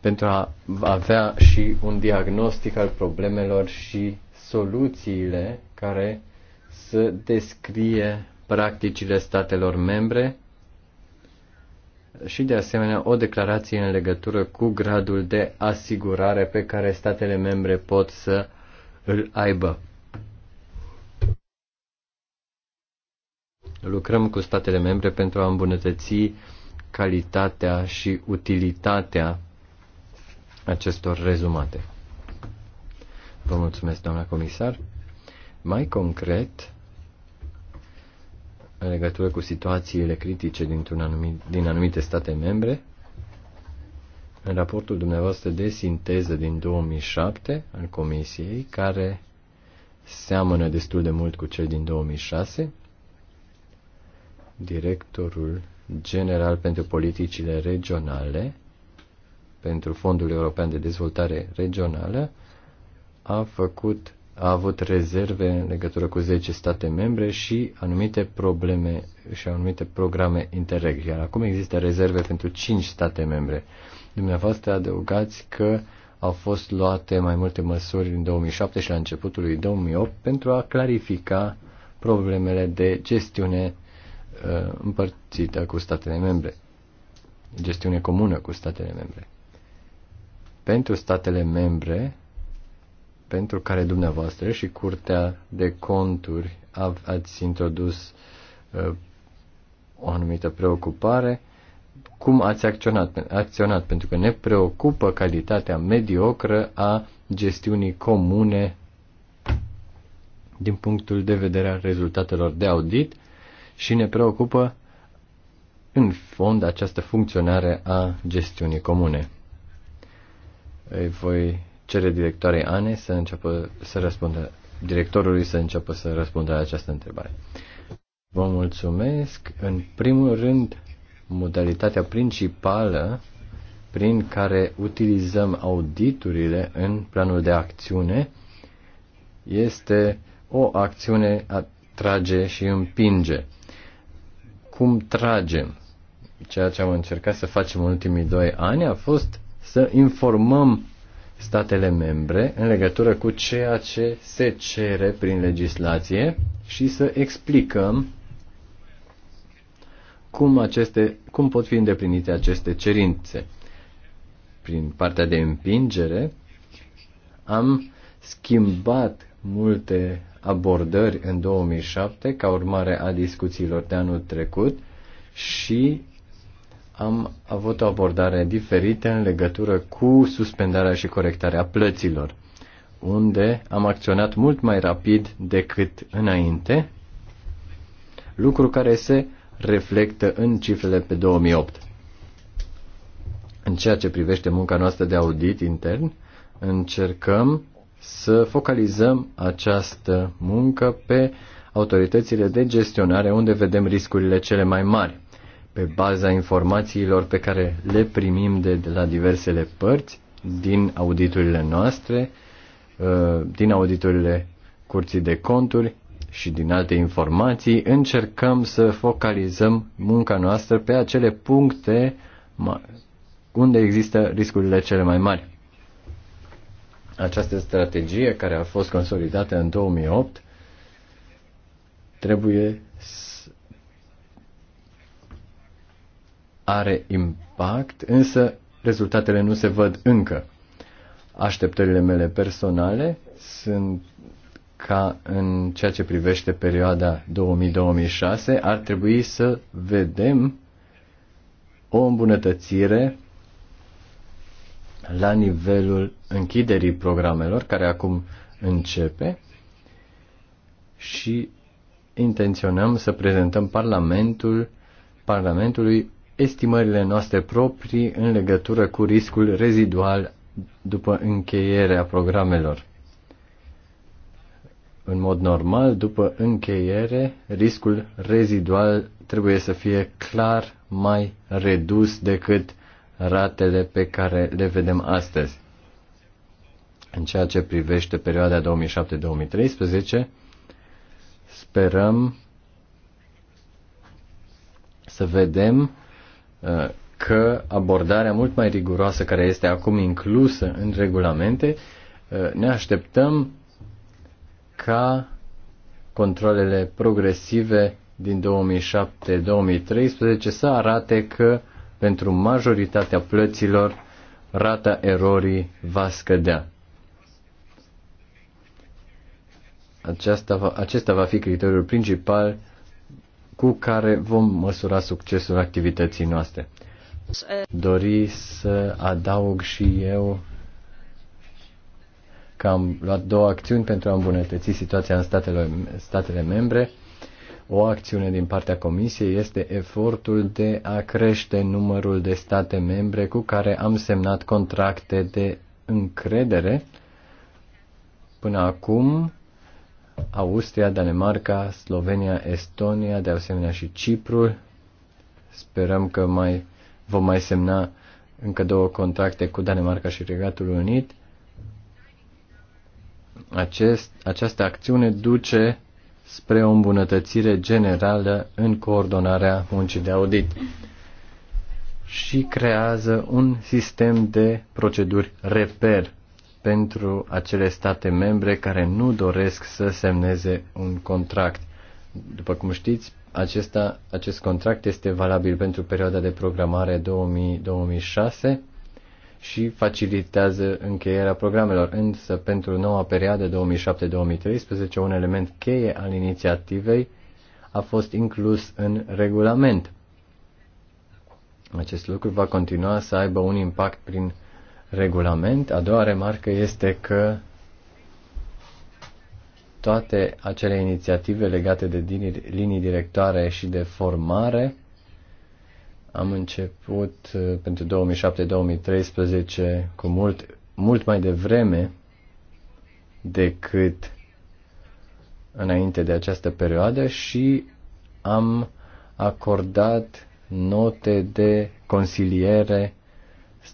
pentru a avea și un diagnostic al problemelor și soluțiile care să descrie practicile statelor membre și de asemenea o declarație în legătură cu gradul de asigurare pe care statele membre pot să îl aibă. Lucrăm cu statele membre pentru a îmbunătăți calitatea și utilitatea acestor rezumate. Vă mulțumesc, doamna comisar. Mai concret, în legătură cu situațiile critice dintr-un anumit, din anumite state membre. În raportul dumneavoastră de sinteză din 2007 al Comisiei, care seamănă destul de mult cu cel din 2006, directorul general pentru politicile regionale, pentru Fondul European de Dezvoltare Regională, a făcut a avut rezerve în legătură cu 10 state membre și anumite probleme și anumite programe interreg. Iar acum există rezerve pentru 5 state membre. Dumneavoastră adăugați că au fost luate mai multe măsuri în 2007 și la începutul lui 2008 pentru a clarifica problemele de gestiune uh, împărțită cu statele membre, gestiune comună cu statele membre. Pentru statele membre, pentru care dumneavoastră și Curtea de Conturi ați introdus uh, o anumită preocupare, cum ați acționat, acționat, pentru că ne preocupă calitatea mediocră a gestiunii comune din punctul de vedere al rezultatelor de audit și ne preocupă în fond această funcționare a gestiunii comune. Voi cere directoarei Ane să înceapă să răspundă, directorului să înceapă să răspundă la această întrebare. Vă mulțumesc. În primul rând, modalitatea principală prin care utilizăm auditurile în planul de acțiune este o acțiune a trage și împinge. Cum tragem? Ceea ce am încercat să facem în ultimii doi ani a fost să informăm statele membre în legătură cu ceea ce se cere prin legislație și să explicăm cum, aceste, cum pot fi îndeplinite aceste cerințe. Prin partea de împingere am schimbat multe abordări în 2007 ca urmare a discuțiilor de anul trecut și am avut o abordare diferită în legătură cu suspendarea și corectarea plăților, unde am acționat mult mai rapid decât înainte, lucru care se reflectă în cifrele pe 2008. În ceea ce privește munca noastră de audit intern, încercăm să focalizăm această muncă pe autoritățile de gestionare unde vedem riscurile cele mai mari pe baza informațiilor pe care le primim de, de la diversele părți din auditurile noastre, uh, din auditurile curții de conturi și din alte informații, încercăm să focalizăm munca noastră pe acele puncte unde există riscurile cele mai mari. Această strategie care a fost consolidată în 2008 trebuie are impact, însă rezultatele nu se văd încă. Așteptările mele personale sunt ca în ceea ce privește perioada 2000-2006 ar trebui să vedem o îmbunătățire la nivelul închiderii programelor care acum începe și intenționăm să prezentăm Parlamentul, Parlamentului estimările noastre proprii în legătură cu riscul rezidual după încheierea programelor. În mod normal, după încheiere, riscul rezidual trebuie să fie clar mai redus decât ratele pe care le vedem astăzi. În ceea ce privește perioada 2007-2013, sperăm să vedem Uh, că abordarea mult mai riguroasă care este acum inclusă în regulamente, uh, ne așteptăm ca controlele progresive din 2007-2013 să arate că pentru majoritatea plăților rata erorii va scădea. Aceasta va, acesta va fi criteriul principal cu care vom măsura succesul activității noastre. Dori să adaug și eu că am luat două acțiuni pentru a îmbunătăți situația în statele, statele membre. O acțiune din partea Comisiei este efortul de a crește numărul de state membre cu care am semnat contracte de încredere. Până acum Austria, Danemarca, Slovenia, Estonia, de asemenea și Ciprul. Sperăm că mai vom mai semna încă două contracte cu Danemarca și Regatul Unit. Acest, această acțiune duce spre o îmbunătățire generală în coordonarea muncii de audit și creează un sistem de proceduri reper pentru acele state membre care nu doresc să semneze un contract. După cum știți, acesta, acest contract este valabil pentru perioada de programare 2006 și facilitează încheierea programelor, însă pentru noua perioadă 2007-2013 un element cheie al inițiativei a fost inclus în regulament. Acest lucru va continua să aibă un impact prin regulament. A doua remarcă este că toate acele inițiative legate de linii directoare și de formare am început uh, pentru 2007-2013 cu mult, mult mai devreme decât înainte de această perioadă și am acordat note de consiliere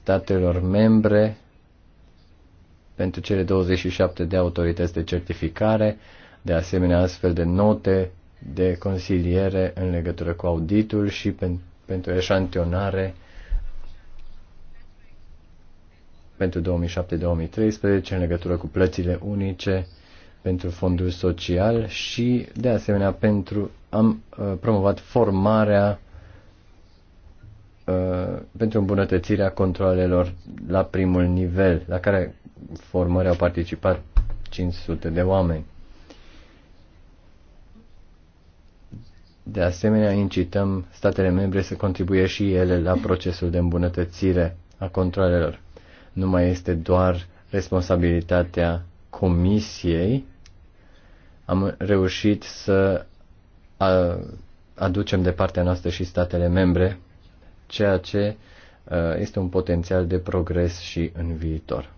statelor membre pentru cele 27 de autorități de certificare, de asemenea astfel de note de consiliere în legătură cu auditul și pen, pentru eșantionare pentru 2007-2013 în legătură cu plățile unice pentru fondul social și de asemenea pentru am uh, promovat formarea Uh, pentru îmbunătățirea controlelor la primul nivel, la care formări au participat 500 de oameni. De asemenea, incităm statele membre să contribuie și ele la procesul de îmbunătățire a controlelor. Nu mai este doar responsabilitatea comisiei. Am reușit să aducem de partea noastră și statele membre ceea ce uh, este un potențial de progres și în viitor.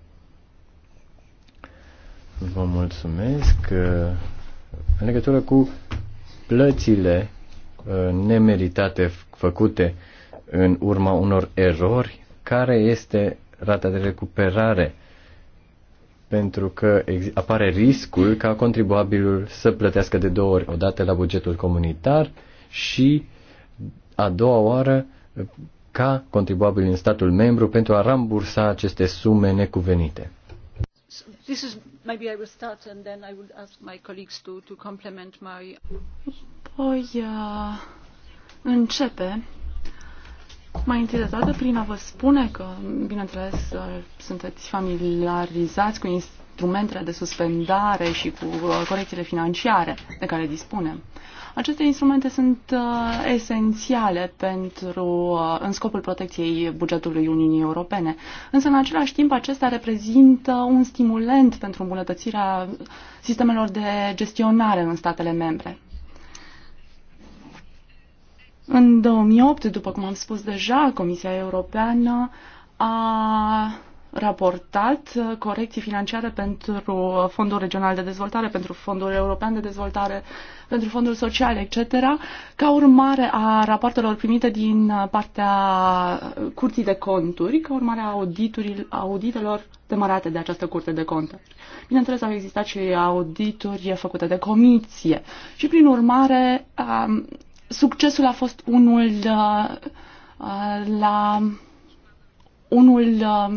Vă mulțumesc. Uh, în legătură cu plățile uh, nemeritate făcute în urma unor erori, care este rata de recuperare? Pentru că apare riscul ca contribuabilul să plătească de două ori, odată la bugetul comunitar și a doua oară ca contribuabil în statul membru pentru a rambursa aceste sume necuvenite. Voi uh, începe mai întâi de toate prin a vă spune că, bineînțeles, uh, sunteți familiarizați cu instrumentele de suspendare și cu uh, corecțiile financiare de care dispunem. Aceste instrumente sunt uh, esențiale pentru, uh, în scopul protecției bugetului Uniunii Europene, însă în același timp acestea reprezintă un stimulent pentru îmbunătățirea sistemelor de gestionare în statele membre. În 2008, după cum am spus deja, Comisia Europeană a raportat uh, corecții financiare pentru Fondul Regional de Dezvoltare, pentru Fondul European de Dezvoltare, pentru Fondul Social, etc., ca urmare a rapoartelor primite din partea Curții de Conturi, ca urmare a auditelor demarate de această Curte de Conturi. Bineînțeles, au existat și audituri făcute de comisie și, prin urmare, um, succesul a fost unul uh, la unul uh,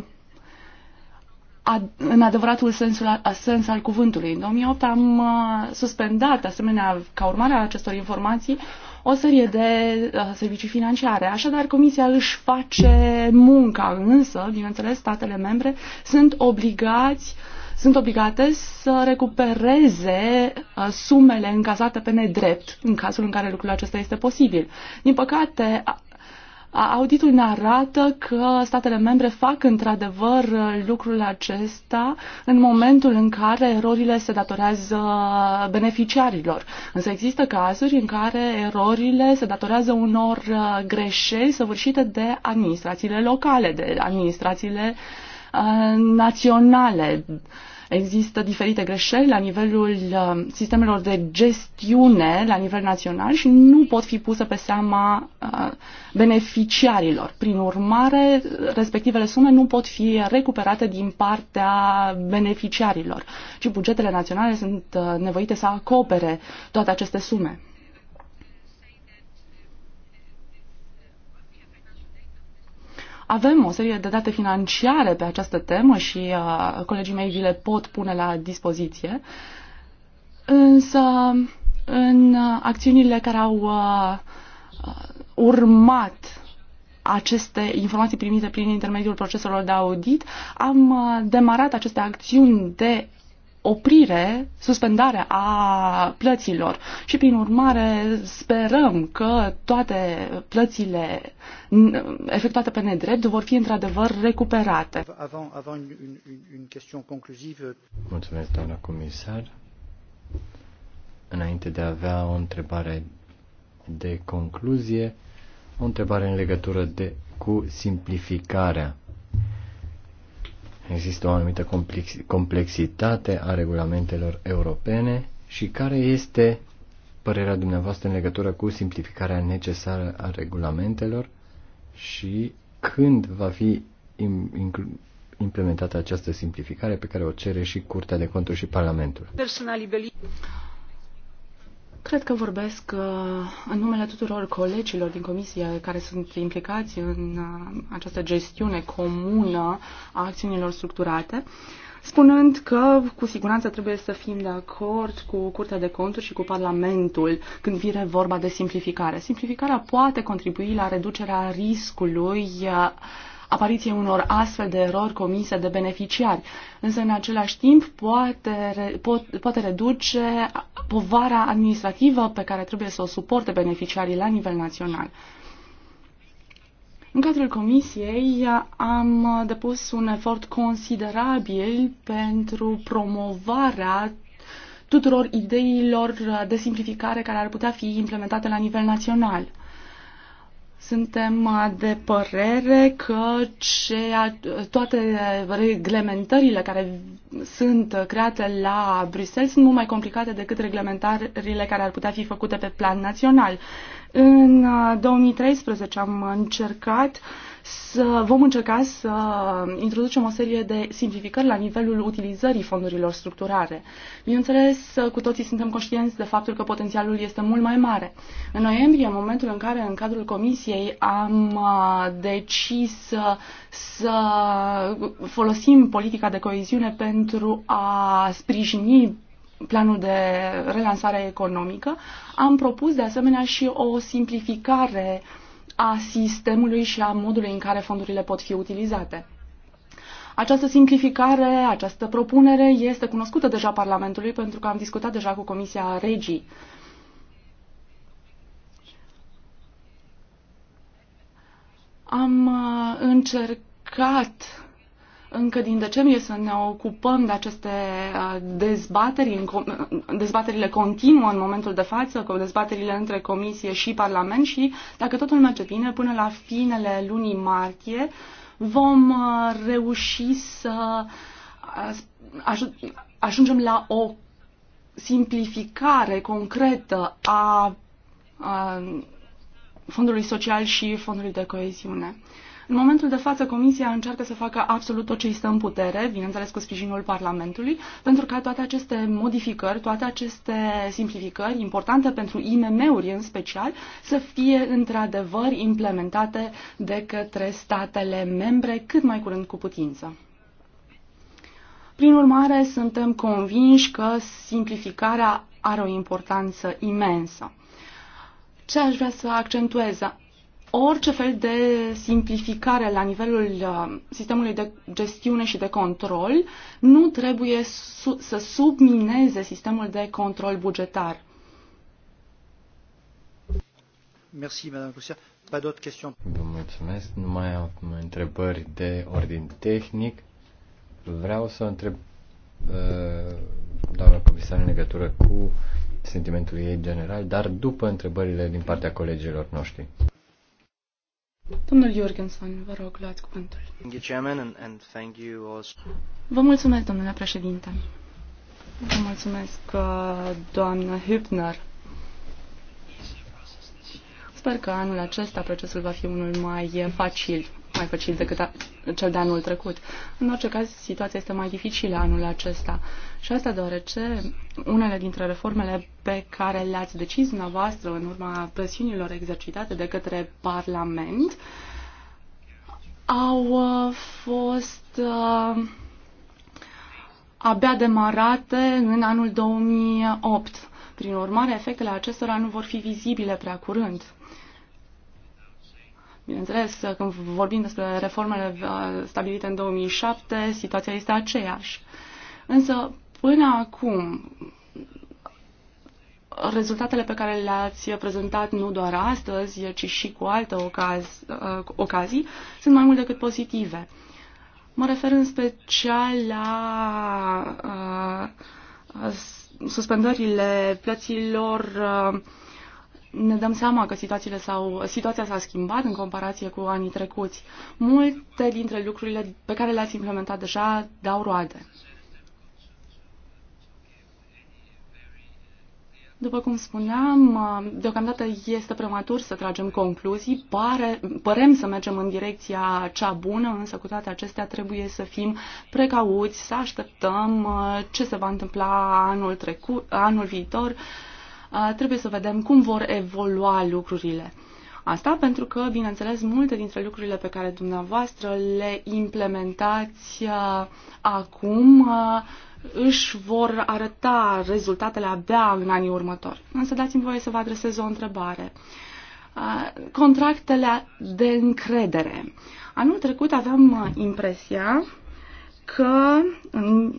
ad- în adevăratul sensul, a, sens al cuvântului. În 2008 am uh, suspendat, asemenea, ca urmare a acestor informații, o serie de uh, servicii financiare. Așadar, Comisia își face munca, însă, bineînțeles, statele membre sunt obligați sunt obligate să recupereze uh, sumele încazate pe nedrept, în cazul în care lucrul acesta este posibil. Din păcate, Auditul ne arată că statele membre fac într-adevăr uh, lucrul acesta în momentul în care erorile se datorează beneficiarilor. Însă există cazuri în care erorile se datorează unor uh, greșeli săvârșite de administrațiile locale, de administrațiile uh, naționale. Există diferite greșeli la nivelul uh, sistemelor de gestiune la nivel național și nu pot fi puse pe seama uh, beneficiarilor. Prin urmare, respectivele sume nu pot fi recuperate din partea beneficiarilor, ci bugetele naționale sunt uh, nevoite să acopere toate aceste sume. Avem o serie de date financiare pe această temă și uh, colegii mei vi le pot pune la dispoziție, însă în uh, acțiunile care au uh, uh, urmat aceste informații primite prin intermediul proceselor de audit, am uh, demarat aceste acțiuni de oprire, suspendare a plăților și prin urmare sperăm că toate plățile efectuate pe nedrept vor fi într-adevăr recuperate. Mulțumesc, doamna comisar. Înainte de a avea o întrebare de concluzie, o întrebare în legătură de, cu simplificarea Există o anumită complexitate a regulamentelor europene și care este părerea dumneavoastră în legătură cu simplificarea necesară a regulamentelor și când va fi implementată această simplificare pe care o cere și Curtea de Conturi și Parlamentul. Cred că vorbesc uh, în numele tuturor colegilor din comisie care sunt implicați în uh, această gestiune comună a acțiunilor structurate, spunând că cu siguranță trebuie să fim de acord cu Curtea de Conturi și cu Parlamentul când vine vorba de simplificare. Simplificarea poate contribui la reducerea riscului uh, apariție unor astfel de erori comise de beneficiari. Însă, în același timp, poate, po, poate reduce povara administrativă pe care trebuie să o suporte beneficiarii la nivel național. În cadrul comisiei am depus un efort considerabil pentru promovarea tuturor ideilor de simplificare care ar putea fi implementate la nivel național. Suntem de părere că ceea, toate reglementările care sunt create la Bruxelles sunt mult mai complicate decât reglementările care ar putea fi făcute pe plan național. În 2013 uh, am încercat uh, să vom încerca să introducem o serie de simplificări la nivelul utilizării fondurilor structurare. Bineînțeles, cu toții suntem conștienți de faptul că potențialul este mult mai mare. În noiembrie, în momentul în care în cadrul comisiei am uh, decis să, să folosim politica de coeziune pentru a sprijini planul de relansare economică, am propus de asemenea și o simplificare a sistemului și a modului în care fondurile pot fi utilizate. Această simplificare, această propunere este cunoscută deja Parlamentului pentru că am discutat deja cu Comisia Regii. Am uh, încercat încă din decembrie să ne ocupăm de aceste uh, dezbateri, uh, dezbaterile continuă în momentul de față, cu dezbaterile între Comisie și Parlament și, dacă totul merge bine, până la finele lunii martie vom uh, reuși să ajungem la o simplificare concretă a Fondului Social și Fondului de Coeziune. În momentul de față, Comisia încearcă să facă absolut tot ce îi stă în putere, bineînțeles cu sprijinul Parlamentului, pentru ca toate aceste modificări, toate aceste simplificări importante pentru IMM-uri în special, să fie într-adevăr implementate de către statele membre cât mai curând cu putință. Prin urmare, suntem convinși că simplificarea are o importanță imensă. Ce aș vrea să accentuez orice fel de simplificare la nivelul uh, sistemului de gestiune și de control nu trebuie să submineze sistemul de control bugetar. Merci, Madame Cousia. Pas d'autres questions. Vă mulțumesc. Nu mai am întrebări de ordin tehnic. Vreau să întreb uh, doamna comisar în legătură cu sentimentul ei general, dar după întrebările din partea colegilor noștri. Domnul Jorgensen, vă rog, luați cuvântul. Vă mulțumesc, domnule președinte. Vă mulțumesc, uh, doamnă Hübner. Sper că anul acesta procesul va fi unul mai uh, facil mai facil decât a, cel de anul trecut. În orice caz, situația este mai dificilă anul acesta. Și asta deoarece unele dintre reformele pe care le-ați decis dumneavoastră în urma presiunilor exercitate de către Parlament au uh, fost uh, abia demarate în anul 2008. Prin urmare, efectele acestora nu vor fi vizibile prea curând. Bineînțeles, când vorbim despre reformele stabilite în 2007, situația este aceeași. Însă, până acum, rezultatele pe care le-ați prezentat nu doar astăzi, ci și cu alte ocazi, ocazii, sunt mai mult decât pozitive. Mă refer în special la uh, suspendările plăților uh, ne dăm seama că situațiile s-au, situația s-a schimbat în comparație cu anii trecuți. Multe dintre lucrurile pe care le-ați implementat deja dau roade. După cum spuneam, deocamdată este prematur să tragem concluzii, pare, părem să mergem în direcția cea bună, însă cu toate acestea trebuie să fim precauți, să așteptăm uh, ce se va întâmpla anul, trecut, anul viitor, trebuie să vedem cum vor evolua lucrurile. Asta pentru că, bineînțeles, multe dintre lucrurile pe care dumneavoastră le implementați acum își vor arăta rezultatele abia în anii următori. Însă dați-mi voie să vă adresez o întrebare. Contractele de încredere. Anul trecut aveam impresia că în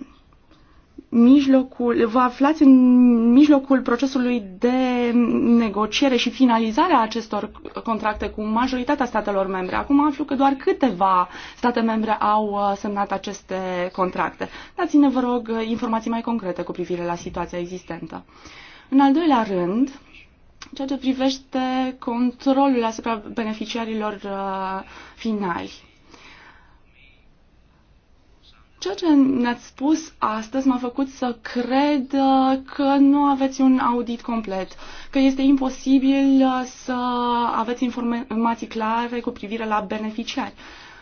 mijlocul, vă aflați în mijlocul procesului de negociere și finalizare a acestor contracte cu majoritatea statelor membre. Acum aflu că doar câteva state membre au uh, semnat aceste contracte. Dați-ne, vă rog, informații mai concrete cu privire la situația existentă. În al doilea rând, ceea ce privește controlul asupra beneficiarilor uh, finali. Ceea ce ne-ați spus astăzi m-a făcut să cred uh, că nu aveți un audit complet, că este imposibil uh, să aveți informații clare cu privire la beneficiari.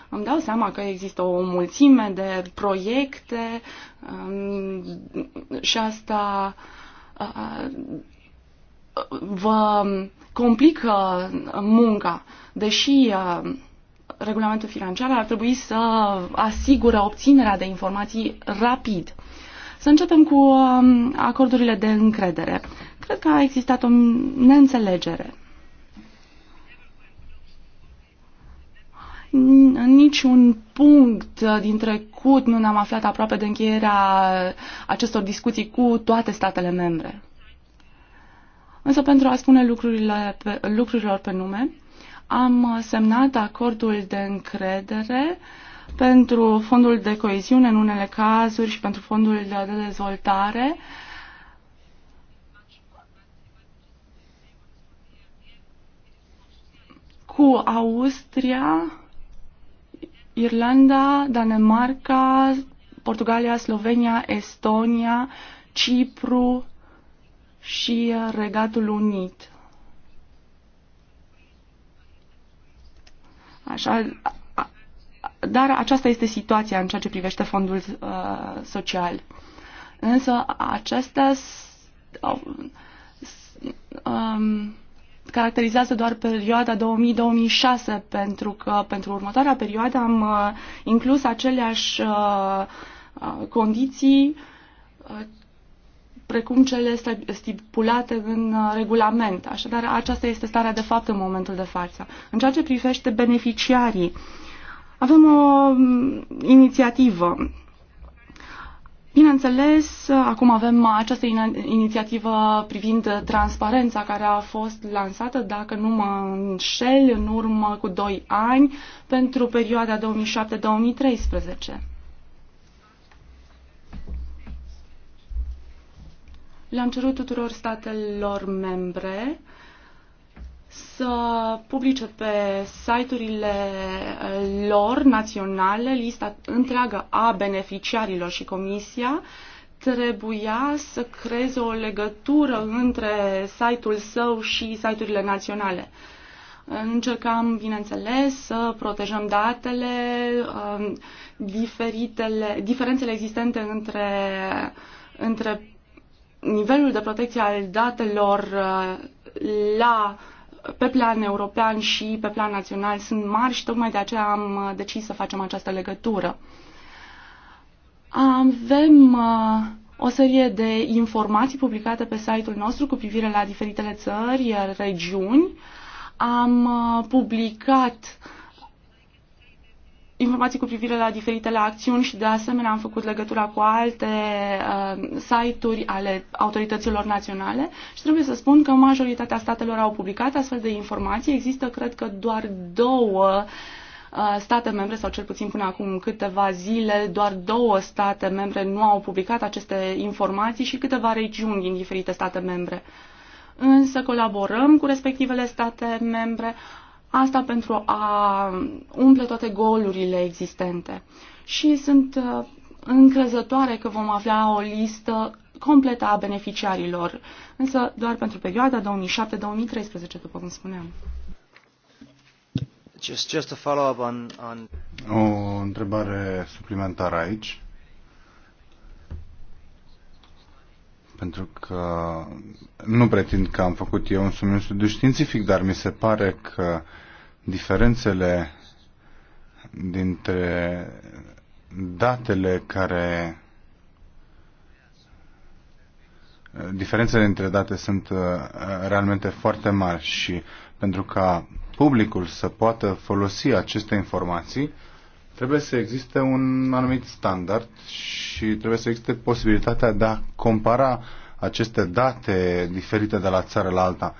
Îmi dau seama că există o mulțime de proiecte um, și asta uh, vă complică munca, deși regulamentul financiar ar trebui să asigură obținerea de informații rapid. Să începem cu um, acordurile de încredere. Cred că a existat o neînțelegere. în niciun punct din trecut nu ne-am aflat aproape de încheierea acestor discuții cu toate statele membre. Însă pentru a spune lucrurile pe, lucrurilor pe nume, am semnat acordul de încredere pentru fondul de coeziune în unele cazuri și pentru fondul de dezvoltare. cu Austria, Irlanda, Danemarca, Portugalia, Slovenia, Estonia, Cipru și Regatul Unit. Așa, dar aceasta este situația în ceea ce privește fondul uh, social. Însă acestea um, caracterizează doar perioada 2000-2006, pentru că pentru următoarea perioadă am uh, inclus aceleași uh, uh condiții uh, precum cele stipulate în uh, regulament. Așadar, aceasta este starea de fapt în momentul de față. În ceea ce privește beneficiarii, avem o mm, inițiativă. Bineînțeles, acum avem această inițiativă privind transparența care a fost lansată, dacă nu mă înșel, în urmă cu 2 ani, pentru perioada 2007-2013. Le-am cerut tuturor statelor membre să publice pe site-urile uh, lor naționale lista întreagă a beneficiarilor și comisia trebuia să creeze o legătură între site-ul său și site-urile naționale. Încercam, bineînțeles, să protejăm datele, uh, diferitele, diferențele existente între, între nivelul de protecție al datelor uh, la, pe plan european și pe plan național sunt mari și tocmai de aceea am uh, decis să facem această legătură. Avem uh, o serie de informații publicate pe site-ul nostru cu privire la diferitele țări, regiuni. Am publicat uh, informații cu privire la diferitele acțiuni și de asemenea am făcut legătura cu alte uh, site-uri ale autorităților naționale și trebuie să spun că majoritatea statelor au publicat astfel de informații. Există, cred că, doar două uh, state membre, sau cel puțin până acum câteva zile, doar două state membre nu au publicat aceste informații și câteva regiuni din diferite state membre. Însă colaborăm cu respectivele state membre, Asta pentru a umple toate golurile existente. Și sunt uh, încrezătoare că vom avea o listă completă a beneficiarilor, însă doar pentru perioada 2007-2013, după cum spuneam. Just, just a follow-up on, on... O întrebare suplimentară aici. pentru că nu pretind că am făcut eu însumi un studiu științific, dar mi se pare că diferențele dintre datele care diferențele dintre date sunt uh, realmente foarte mari și pentru ca publicul să poată folosi aceste informații, trebuie să existe un anumit standard și trebuie să existe posibilitatea de a compara aceste date diferite de la țară la alta.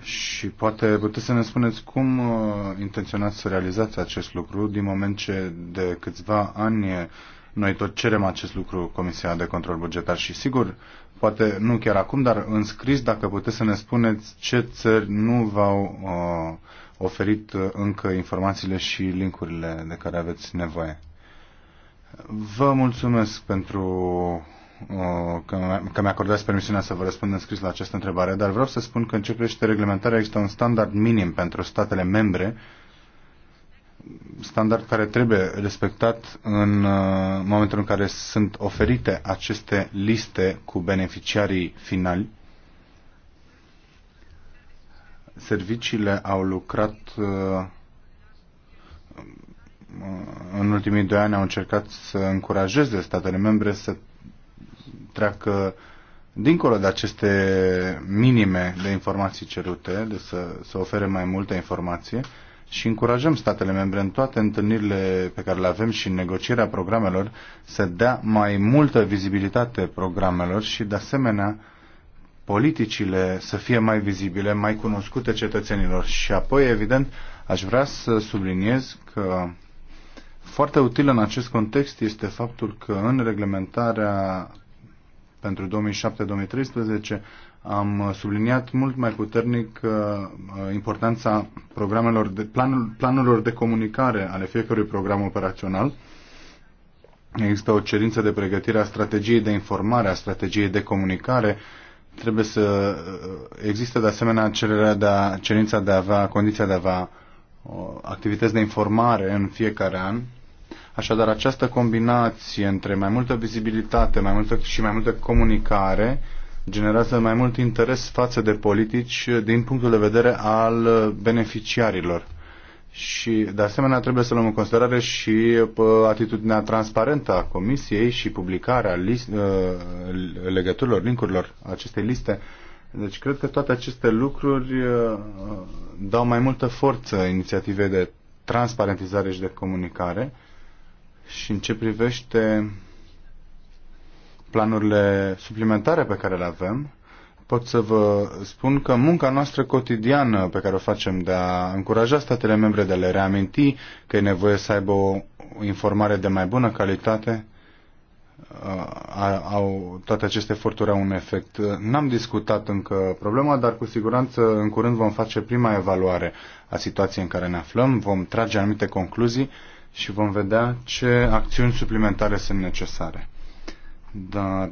Și poate puteți să ne spuneți cum uh, intenționați să realizați acest lucru din moment ce de câțiva ani uh, noi tot cerem acest lucru Comisia de Control Bugetar și sigur, poate nu chiar acum, dar în scris, dacă puteți să ne spuneți ce țări nu v-au uh, oferit uh, încă informațiile și linkurile de care aveți nevoie. Vă mulțumesc pentru uh, că mi-acordați permisiunea să vă răspund în scris la această întrebare, dar vreau să spun că în ce privește reglementarea există un standard minim pentru statele membre, standard care trebuie respectat în uh, momentul în care sunt oferite aceste liste cu beneficiarii finali. Serviciile au lucrat uh, în ultimii doi ani au încercat să încurajeze statele membre să treacă dincolo de aceste minime de informații cerute, de să, să ofere mai multă informație și încurajăm statele membre în toate întâlnirile pe care le avem și în negocierea programelor să dea mai multă vizibilitate programelor și de asemenea politicile să fie mai vizibile, mai cunoscute cetățenilor. Și apoi, evident, aș vrea să subliniez că foarte util în acest context este faptul că în reglementarea pentru 2007-2013 am subliniat mult mai puternic uh, importanța programelor de, planul, planurilor de comunicare ale fiecărui program operațional. Există o cerință de pregătire a strategiei de informare, a strategiei de comunicare. Trebuie să uh, există de asemenea cererea de a, cerința de a avea, condiția de a avea Uh, activități de informare în fiecare an. Așadar, această combinație între mai multă vizibilitate mai multă, și mai multă comunicare generează mai mult interes față de politici din punctul de vedere al beneficiarilor. Și, de asemenea, trebuie să luăm în considerare și uh, atitudinea transparentă a Comisiei și publicarea list, uh, legăturilor, linkurilor acestei liste deci cred că toate aceste lucruri uh, uh, dau mai multă forță inițiativei de transparentizare și de comunicare și în ce privește planurile suplimentare pe care le avem, pot să vă spun că munca noastră cotidiană pe care o facem de a încuraja statele membre de a le reaminti că e nevoie să aibă o informare de mai bună calitate, au, toate aceste eforturi au un efect. N-am discutat încă problema, dar cu siguranță în curând vom face prima evaluare a situației în care ne aflăm, vom trage anumite concluzii și vom vedea ce acțiuni suplimentare sunt necesare. Dar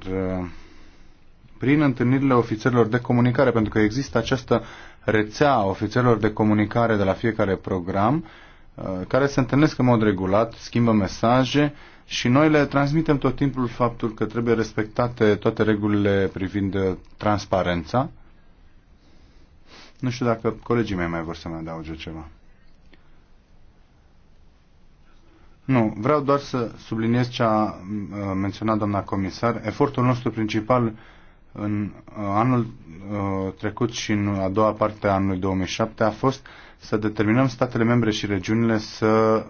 prin întâlnirile ofițerilor de comunicare, pentru că există această rețea a ofițerilor de comunicare de la fiecare program, uh, care se întâlnesc în mod regulat, schimbă mesaje și noi le transmitem tot timpul faptul că trebuie respectate toate regulile privind uh, transparența. Nu știu dacă colegii mei mai vor să mai adauge ceva. Nu, vreau doar să subliniez ce a uh, menționat doamna comisar. Efortul nostru principal în uh, anul trecut și în a doua parte a anului 2007 a fost să determinăm statele membre și regiunile să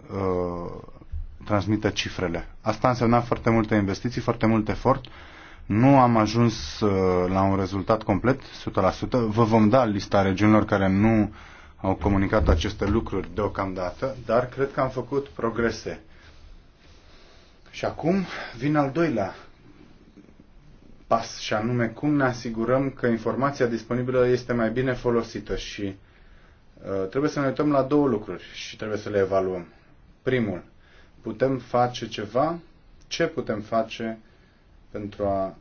transmită cifrele. Asta însemna foarte multe investiții, foarte mult efort. Nu am ajuns uh, la un rezultat complet, 100%. Vă vom da lista regiunilor care nu au comunicat aceste lucruri deocamdată, dar cred că am făcut progrese. Și acum vin al doilea pas, și anume cum ne asigurăm că informația disponibilă este mai bine folosită și uh, trebuie să ne uităm la două lucruri și trebuie să le evaluăm. Primul, Putem face ceva? Ce putem face pentru a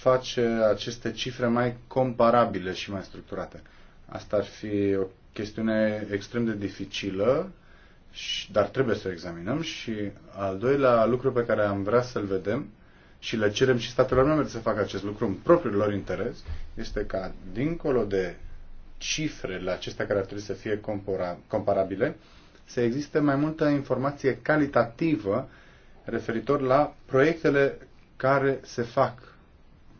face aceste cifre mai comparabile și mai structurate? Asta ar fi o chestiune extrem de dificilă, dar trebuie să o examinăm și al doilea lucru pe care am vrea să-l vedem și le cerem și statelor membre să facă acest lucru în propriul lor interes, este ca, dincolo de cifrele acestea care ar trebui să fie comparabile, să existe mai multă informație calitativă referitor la proiectele care se fac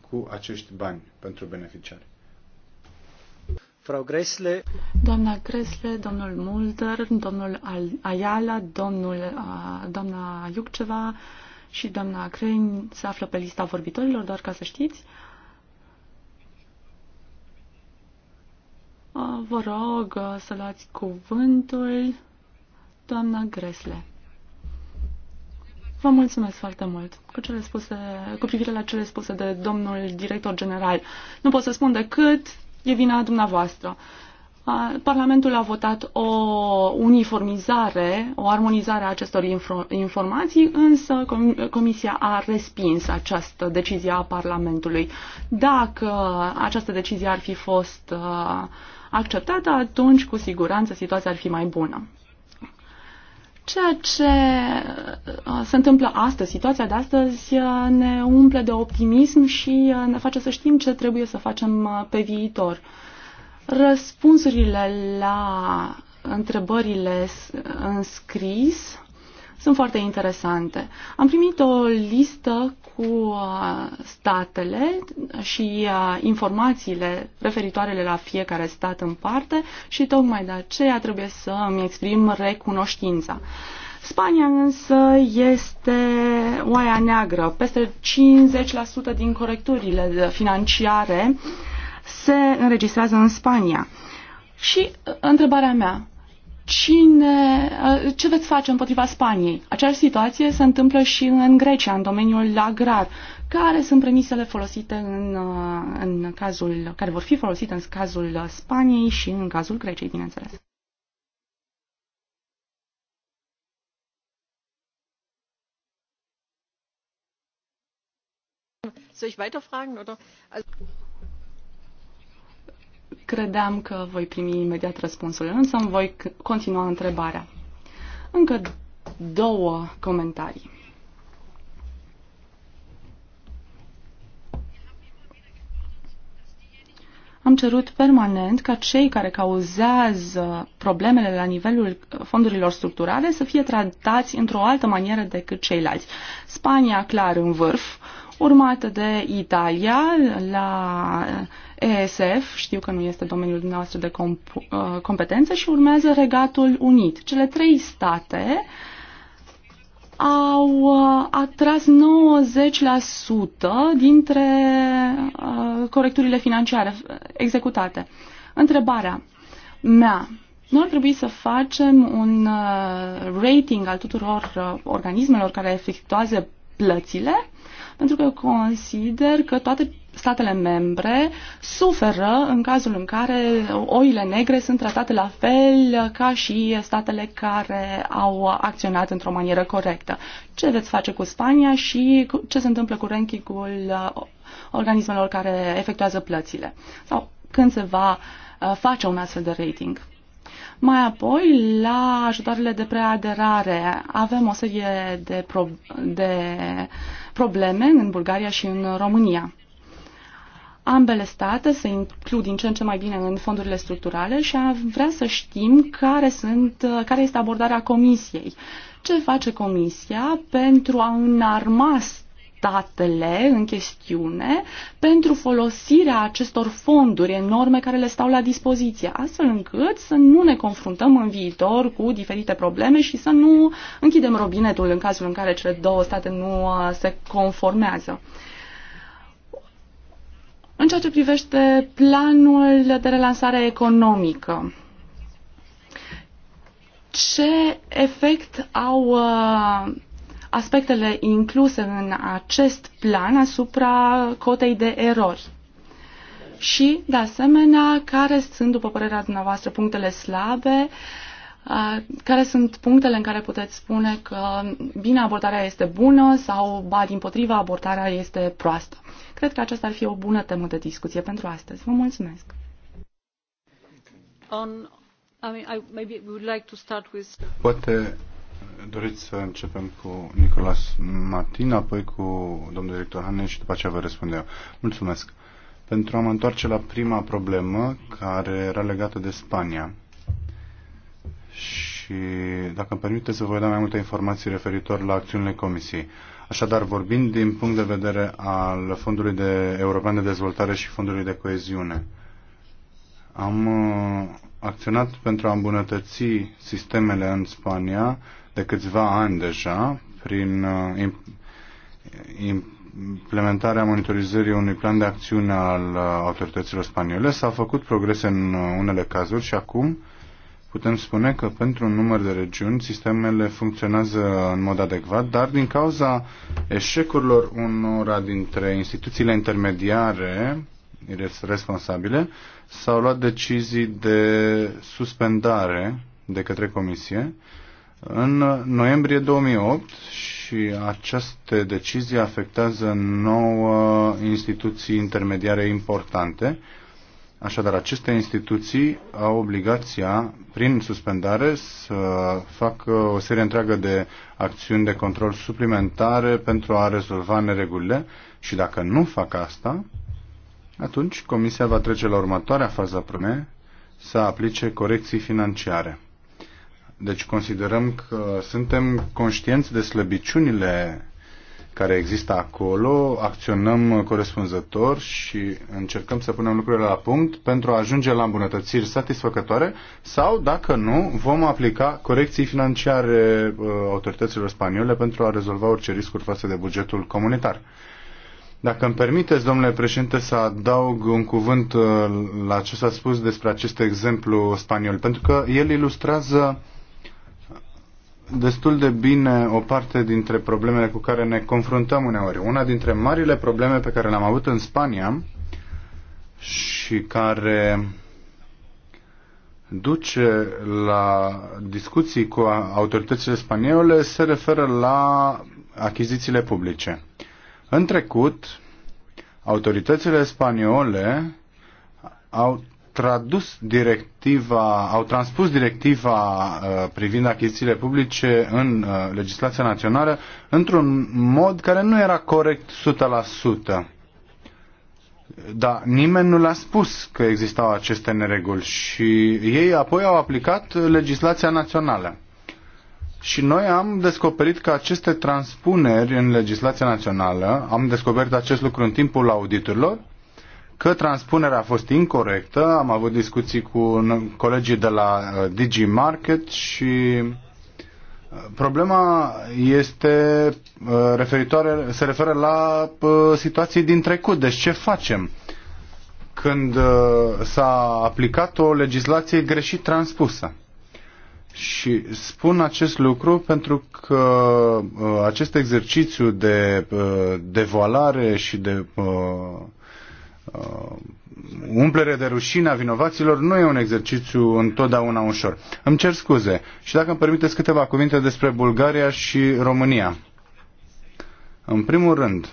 cu acești bani pentru beneficiari. Frau Gresle. Doamna Gresle, domnul Mulder, domnul Ayala, domnul, doamna Iucceva și doamna Crane se află pe lista vorbitorilor, doar ca să știți. Vă rog să luați cuvântul doamna Gresle. Vă mulțumesc foarte mult cu, cele spuse, cu privire la cele spuse de domnul director general. Nu pot să spun decât e vina dumneavoastră. Parlamentul a votat o uniformizare, o armonizare a acestor informații, însă Comisia a respins această decizie a Parlamentului. Dacă această decizie ar fi fost acceptată, atunci cu siguranță situația ar fi mai bună. Ceea ce uh, se întâmplă astăzi, situația de astăzi, uh, ne umple de optimism și uh, ne face să știm ce trebuie să facem pe viitor. Răspunsurile la întrebările înscris sunt foarte interesante. Am primit o listă cu uh, statele și uh, informațiile referitoare la fiecare stat în parte și tocmai de aceea trebuie să îmi exprim recunoștința. Spania însă este oaia neagră. Peste 50% din corecturile financiare se înregistrează în Spania. Și uh, întrebarea mea, cine, uh, ce veți face împotriva Spaniei? Aceeași situație se întâmplă și în Grecia, în domeniul agrar. Care sunt premisele folosite în, uh, în cazul, care vor fi folosite în cazul Spaniei și în cazul Greciei, bineînțeles? Să-și weiterfragen oder? Credeam că voi primi imediat răspunsul, însă îmi voi continua întrebarea. Încă două comentarii. Am cerut permanent ca cei care cauzează problemele la nivelul fondurilor structurale să fie tratați într-o altă manieră decât ceilalți. Spania, clar, în vârf, urmată de Italia la ESF, știu că nu este domeniul dumneavoastră de uh, competență, și urmează Regatul Unit. Cele trei state au uh, atras 90% dintre uh, corecturile financiare executate. Întrebarea mea, nu ar trebui să facem un rating al tuturor organismelor care efectuează plățile? Pentru că consider că toate statele membre suferă în cazul în care oile negre sunt tratate la fel ca și statele care au acționat într-o manieră corectă. Ce veți face cu Spania și ce se întâmplă cu rankingul uh, organismelor care efectuează plățile? Sau când se va uh, face un astfel de rating? Mai apoi, la ajutoarele de preaderare, avem o serie de, pro- de probleme în Bulgaria și în România ambele state se includ din ce în ce mai bine în fondurile structurale și vrea să știm care, sunt, care este abordarea Comisiei. Ce face Comisia pentru a înarma statele în chestiune pentru folosirea acestor fonduri enorme care le stau la dispoziție, astfel încât să nu ne confruntăm în viitor cu diferite probleme și să nu închidem robinetul în cazul în care cele două state nu uh, se conformează. În ceea ce privește planul de relansare economică, ce efect au uh, aspectele incluse în acest plan asupra cotei de erori? Și, de asemenea, care sunt, după părerea dumneavoastră, punctele slabe uh, care sunt punctele în care puteți spune că bine abordarea este bună sau, ba, din potriva, abordarea este proastă? Cred că aceasta ar fi o bună temă de discuție pentru astăzi. Vă mulțumesc! On, I mean, I, maybe would like to start with... Poate doriți să începem cu Nicolas Martin, apoi cu domnul director Hane și după aceea vă răspund eu. Mulțumesc! Pentru a mă întoarce la prima problemă care era legată de Spania și dacă îmi permite să vă dau mai multe informații referitor la acțiunile Comisiei. Așadar, vorbim din punct de vedere al Fondului de European de Dezvoltare și Fondului de Coeziune. Am uh, acționat pentru a îmbunătăți sistemele în Spania de câțiva ani deja prin uh, implementarea monitorizării unui plan de acțiune al uh, autorităților spaniole. S-au făcut progrese în unele cazuri și acum putem spune că pentru un număr de regiuni sistemele funcționează în mod adecvat, dar din cauza eșecurilor unora dintre instituțiile intermediare responsabile, s-au luat decizii de suspendare de către Comisie în noiembrie 2008 și aceste decizii afectează nouă instituții intermediare importante, Așadar, aceste instituții au obligația, prin suspendare, să facă o serie întreagă de acțiuni de control suplimentare pentru a rezolva neregulile și dacă nu fac asta, atunci Comisia va trece la următoarea fază prime să aplice corecții financiare. Deci considerăm că suntem conștienți de slăbiciunile care există acolo, acționăm corespunzător și încercăm să punem lucrurile la punct pentru a ajunge la îmbunătățiri satisfăcătoare sau, dacă nu, vom aplica corecții financiare uh, autorităților spaniole pentru a rezolva orice riscuri față de bugetul comunitar. Dacă îmi permiteți, domnule președinte, să adaug un cuvânt uh, la ce s-a spus despre acest exemplu spaniol, pentru că el ilustrează uh, destul de bine o parte dintre problemele cu care ne confruntăm uneori. Una dintre marile probleme pe care le-am avut în Spania și care duce la discuții cu autoritățile spaniole se referă la achizițiile publice. În trecut, autoritățile spaniole au tradus directiva, au transpus directiva uh, privind achizițiile publice în uh, legislația națională într-un mod care nu era corect 100%. Dar nimeni nu le-a spus că existau aceste nereguli și ei apoi au aplicat legislația națională. Și noi am descoperit că aceste transpuneri în legislația națională, am descoperit acest lucru în timpul auditurilor că transpunerea a fost incorrectă. Am avut discuții cu colegii de la uh, DigiMarket și uh, Problema este uh, referitoare, se referă la situații din trecut. Deci ce facem când s-a aplicat o legislație greșit transpusă? Și spun acest lucru pentru că acest exercițiu de devoalare și de Uh, umplere de rușine a vinovaților nu e un exercițiu întotdeauna ușor. Îmi cer scuze și dacă îmi permiteți câteva cuvinte despre Bulgaria și România. În primul rând,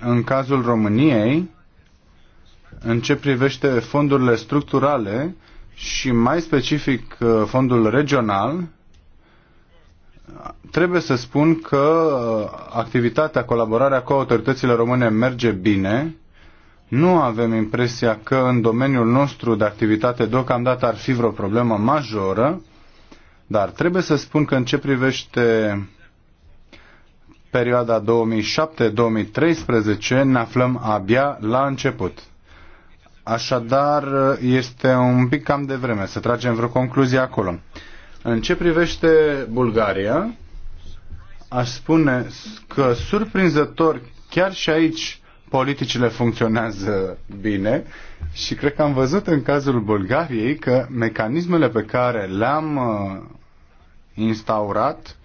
în cazul României, în ce privește fondurile structurale și mai specific uh, fondul regional, trebuie să spun că activitatea, colaborarea cu autoritățile române merge bine. Nu avem impresia că în domeniul nostru de activitate deocamdată ar fi vreo problemă majoră, dar trebuie să spun că în ce privește perioada 2007-2013 ne aflăm abia la început. Așadar, este un pic cam de vreme să tragem vreo concluzie acolo. În ce privește Bulgaria, aș spune că surprinzător chiar și aici politicile funcționează bine și cred că am văzut în cazul Bulgariei că mecanismele pe care le-am uh, instaurat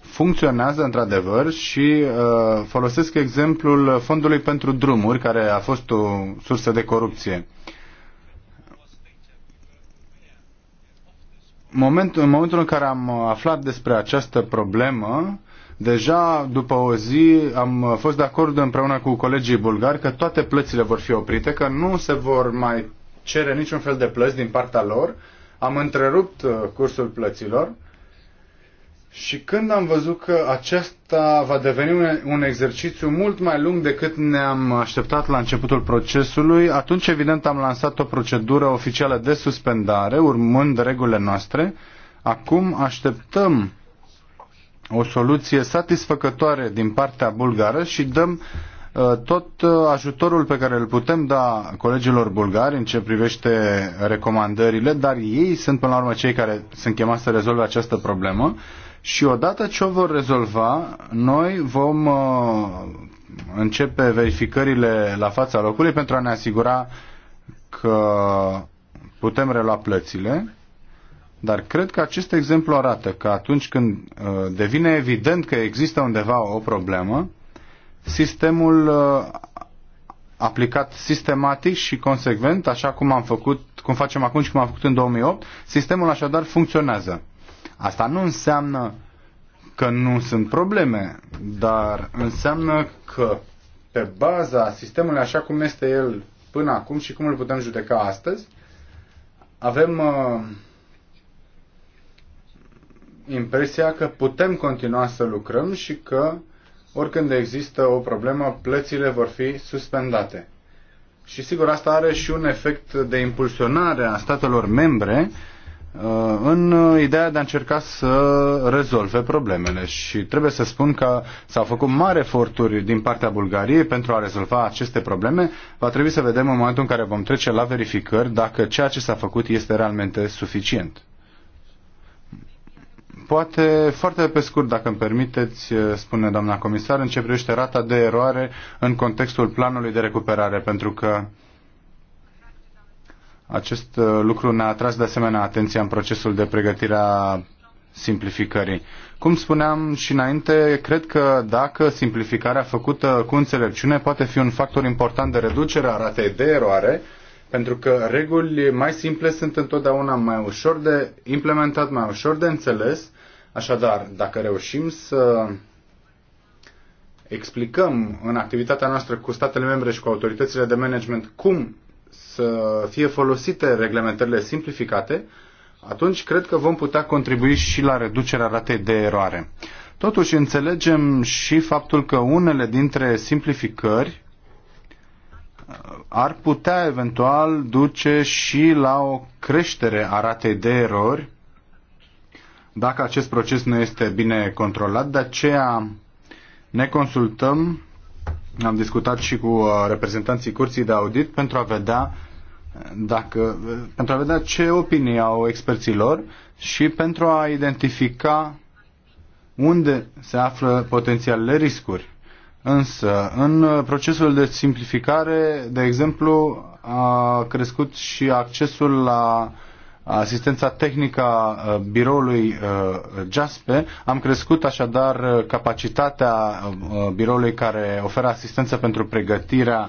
funcționează într-adevăr și uh, folosesc exemplul Fondului pentru Drumuri, care a fost o sursă de corupție. Uh, momentul, în momentul în care am aflat despre această problemă, deja după o zi am fost de acord împreună cu colegii bulgari că toate plățile vor fi oprite, că nu se vor mai cere niciun fel de plăți din partea lor. Am întrerupt uh, cursul plăților și când am văzut că acesta va deveni un, un exercițiu mult mai lung decât ne-am așteptat la începutul procesului, atunci evident am lansat o procedură oficială de suspendare, urmând regulile noastre. Acum așteptăm o soluție satisfăcătoare din partea bulgară și dăm uh, tot uh, ajutorul pe care îl putem da colegilor bulgari în ce privește recomandările, dar ei sunt până la urmă cei care sunt chemați să rezolve această problemă și odată ce o vor rezolva, noi vom uh, începe verificările la fața locului pentru a ne asigura că putem relua plățile. Dar cred că acest exemplu arată că atunci când uh, devine evident că există undeva o problemă, sistemul uh, aplicat sistematic și consecvent, așa cum am făcut, cum facem acum și cum am făcut în 2008, sistemul așadar funcționează. Asta nu înseamnă că nu sunt probleme, dar înseamnă că pe baza sistemului așa cum este el până acum și cum îl putem judeca astăzi, avem uh, impresia că putem continua să lucrăm și că oricând există o problemă, plățile vor fi suspendate. Și sigur, asta are și un efect de impulsionare a statelor membre uh, Uh, în uh, ideea de a încerca să rezolve problemele și trebuie să spun că s-au făcut mari eforturi din partea Bulgariei pentru a rezolva aceste probleme. Va trebui să vedem în momentul în care vom trece la verificări dacă ceea ce s-a făcut este realmente suficient. Poate, foarte pe scurt, dacă îmi permiteți, uh, spune doamna comisar, în ce privește rata de eroare în contextul planului de recuperare, pentru că acest uh, lucru ne-a atras de asemenea atenția în procesul de pregătire a simplificării. Cum spuneam și înainte, cred că dacă simplificarea făcută cu înțelepciune poate fi un factor important de reducere a ratei de eroare, pentru că reguli mai simple sunt întotdeauna mai ușor de implementat, mai ușor de înțeles. Așadar, dacă reușim să explicăm în activitatea noastră cu statele membre și cu autoritățile de management cum să fie folosite reglementările simplificate, atunci cred că vom putea contribui și la reducerea ratei de eroare. Totuși înțelegem și faptul că unele dintre simplificări uh, ar putea eventual duce și la o creștere a ratei de erori dacă acest proces nu este bine controlat, de aceea ne consultăm am discutat și cu uh, reprezentanții Curții de Audit pentru a vedea uh, dacă, uh, pentru a vedea ce opinii au experților și pentru a identifica unde se află potențialele riscuri. Însă, în procesul de simplificare, de exemplu, a crescut și accesul la asistența tehnică a biroului JASPE. Am crescut așadar capacitatea biroului care oferă asistență pentru pregătirea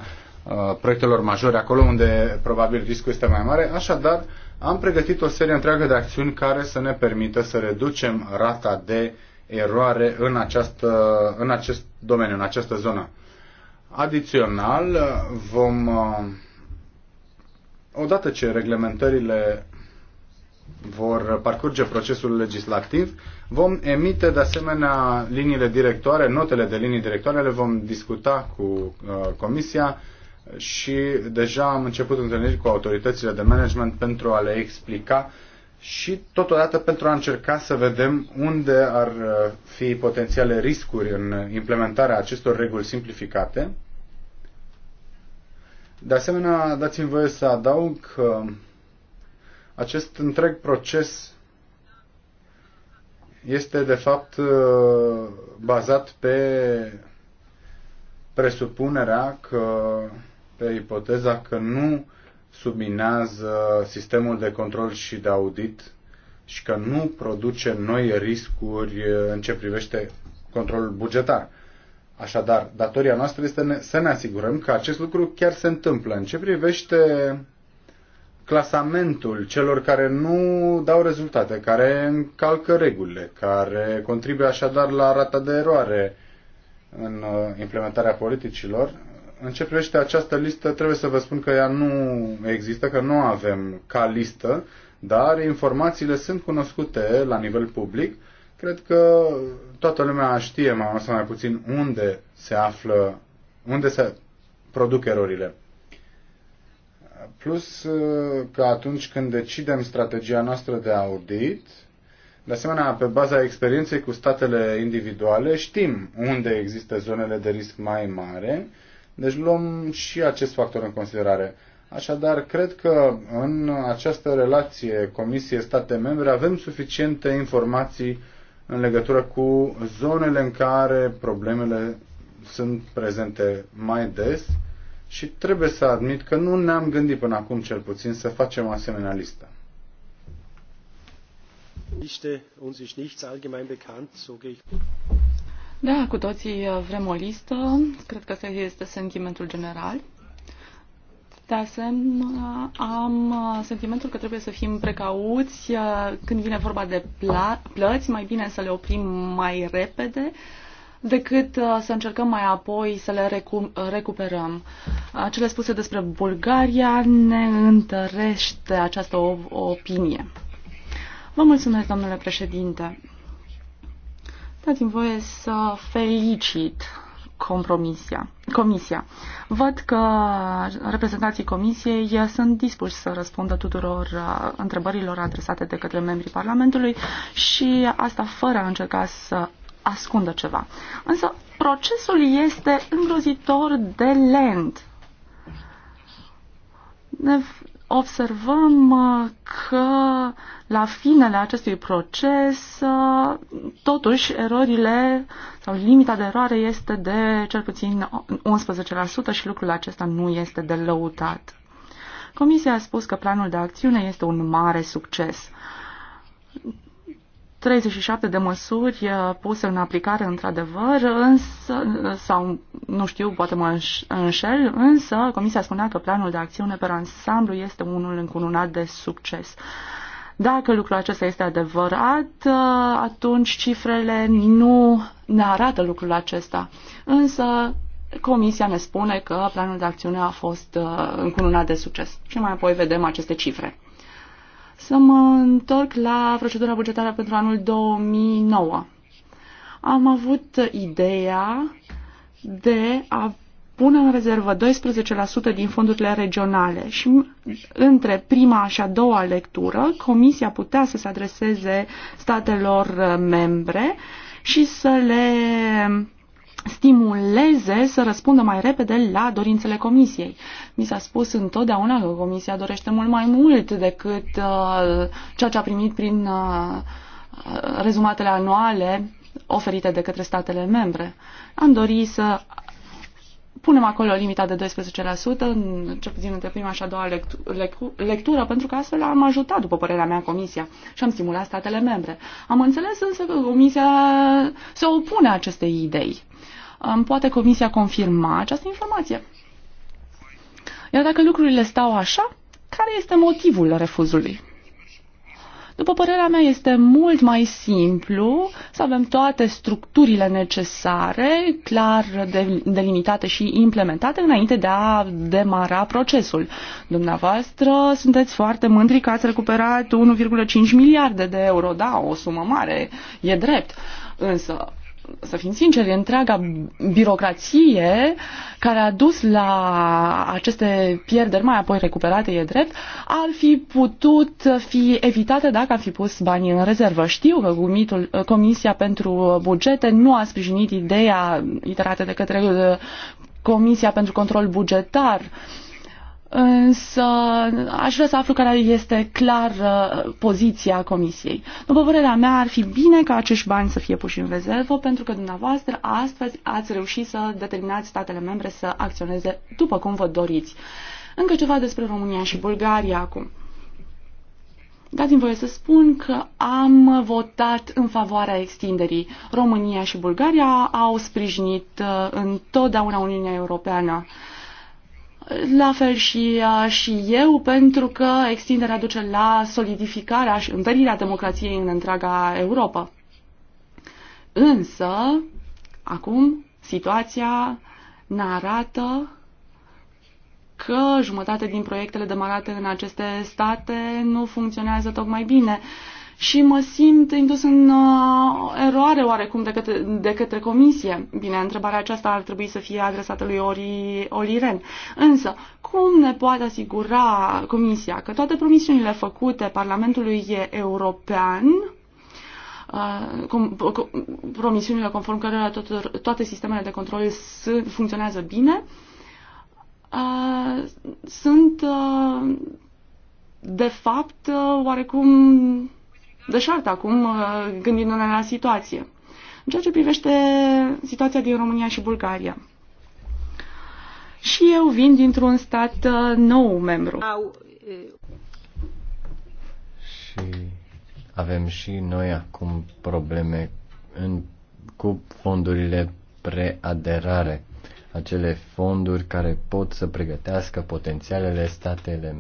proiectelor majore, acolo unde probabil riscul este mai mare. Așadar, am pregătit o serie întreagă de acțiuni care să ne permită să reducem rata de eroare în, această, în acest domeniu, în această zonă. Adițional, vom, odată ce reglementările vor parcurge procesul legislativ. Vom emite de asemenea liniile directoare, notele de linii directoare le vom discuta cu uh, Comisia și deja am început întâlniri cu autoritățile de management pentru a le explica și totodată pentru a încerca să vedem unde ar uh, fi potențiale riscuri în implementarea acestor reguli simplificate. De asemenea, dați-mi voie să adaug că uh, acest întreg proces este de fapt uh, bazat pe presupunerea că, pe ipoteza că nu subminează sistemul de control și de audit și că nu produce noi riscuri uh, în ce privește controlul bugetar. Așadar, datoria noastră este să ne asigurăm că acest lucru chiar se întâmplă. În ce privește clasamentul celor care nu dau rezultate, care încalcă regulile, care contribuie așadar la rata de eroare în uh, implementarea politicilor. În ce privește această listă, trebuie să vă spun că ea nu există, că nu avem ca listă, dar informațiile sunt cunoscute la nivel public. Cred că toată lumea știe mai mult sau mai puțin unde se află, unde se produc erorile. Plus uh, că atunci când decidem strategia noastră de audit, de asemenea, pe baza experienței cu statele individuale, știm unde există zonele de risc mai mare, deci luăm și acest factor în considerare. Așadar, cred că în această relație Comisie-State membre avem suficiente informații în legătură cu zonele în care problemele sunt prezente mai des și trebuie să admit că nu ne-am gândit până acum cel puțin să facem o asemenea listă. Da, cu toții uh, vrem o listă. Cred că ăsta este sentimentul general. De asemenea, am uh, sentimentul că trebuie să fim precauți uh, când vine vorba de plăți, mai bine să le oprim mai repede, uh, decât uh, să încercăm mai apoi să le recu- recuperăm. Uh, cele spuse despre Bulgaria ne întărește această opinie. Vă mulțumesc, domnule președinte. Dați-mi voie să felicit compromisia, comisia. Văd că reprezentanții comisiei sunt dispuși să răspundă tuturor uh, întrebărilor adresate de către membrii Parlamentului și asta fără a încerca să ascundă ceva. Însă procesul este îngrozitor de lent. Ne observăm uh, că la finele acestui proces, uh, totuși, erorile sau limita de eroare este de cel puțin 11% și lucrul acesta nu este de lăutat. Comisia a spus că planul de acțiune este un mare succes. 37 de măsuri uh, puse în aplicare, într-adevăr, însă, sau nu știu, poate mă înșel, însă Comisia spunea că planul de acțiune pe ansamblu este unul încununat de succes. Dacă lucrul acesta este adevărat, uh, atunci cifrele nu ne arată lucrul acesta. Însă Comisia ne spune că planul de acțiune a fost uh, încununat de succes. Și mai apoi vedem aceste cifre să mă întorc la procedura bugetară pentru anul 2009. Am avut ideea de a pune în rezervă 12% din fondurile regionale și între prima și a doua lectură Comisia putea să se adreseze statelor uh, membre și să le stimuleze să răspundă mai repede la dorințele comisiei. Mi s-a spus întotdeauna că comisia dorește mult mai mult decât uh, ceea ce a primit prin uh, uh rezumatele anuale oferite de către statele membre. Am dorit să punem acolo limita de 12%, în, cel puțin între prima și a doua lectu- lectu- lectură, pentru că astfel am ajutat, după părerea mea, Comisia și am stimulat statele membre. Am înțeles însă că Comisia se opune acestei idei. Poate Comisia confirma această informație. Iar dacă lucrurile stau așa, care este motivul refuzului? După părerea mea, este mult mai simplu să avem toate structurile necesare, clar delimitate și implementate înainte de a demara procesul. Dumneavoastră sunteți foarte mândri că ați recuperat 1,5 miliarde de euro, da, o sumă mare, e drept. Însă, să fim sinceri, întreaga birocrație care a dus la aceste pierderi, mai apoi recuperate, e drept, ar fi putut fi evitate dacă ar fi pus banii în rezervă. Știu că Gumitul, Comisia pentru Bugete nu a sprijinit ideea iterată de către uh, Comisia pentru Control Bugetar uh, însă aș vrea să aflu care este clar uh, poziția Comisiei. După părerea mea, ar fi bine ca acești bani să fie puși în rezervă, pentru că dumneavoastră astăzi, ați reușit să determinați statele membre să acționeze după cum vă doriți. Încă ceva despre România și Bulgaria acum. Dați-mi voie să spun că am votat în favoarea extinderii. România și Bulgaria au sprijinit uh, întotdeauna Uniunea Europeană. La fel și, și eu, pentru că extinderea duce la solidificarea și întărirea democrației în întreaga Europa. Însă, acum, situația ne arată că jumătate din proiectele demarate în aceste state nu funcționează tocmai bine. Uh, și mă simt indus în uh, eroare oarecum de către, de către comisie. Bine, întrebarea aceasta ar trebui să fie adresată lui Ori, Oliren. Însă, cum ne poate asigura comisia că toate promisiunile făcute Parlamentului European uh, com, com, promisiunile conform cărora toate sistemele de control sunt, funcționează bine, uh, sunt uh, de fapt uh, oarecum deșartă acum, uh, gândindu-ne la situație. În ceea ce privește situația din România și Bulgaria. Și eu vin dintr-un stat uh, nou membru. Uh, și avem și noi acum probleme în, cu fondurile preaderare acele fonduri care pot să pregătească potențialele statele,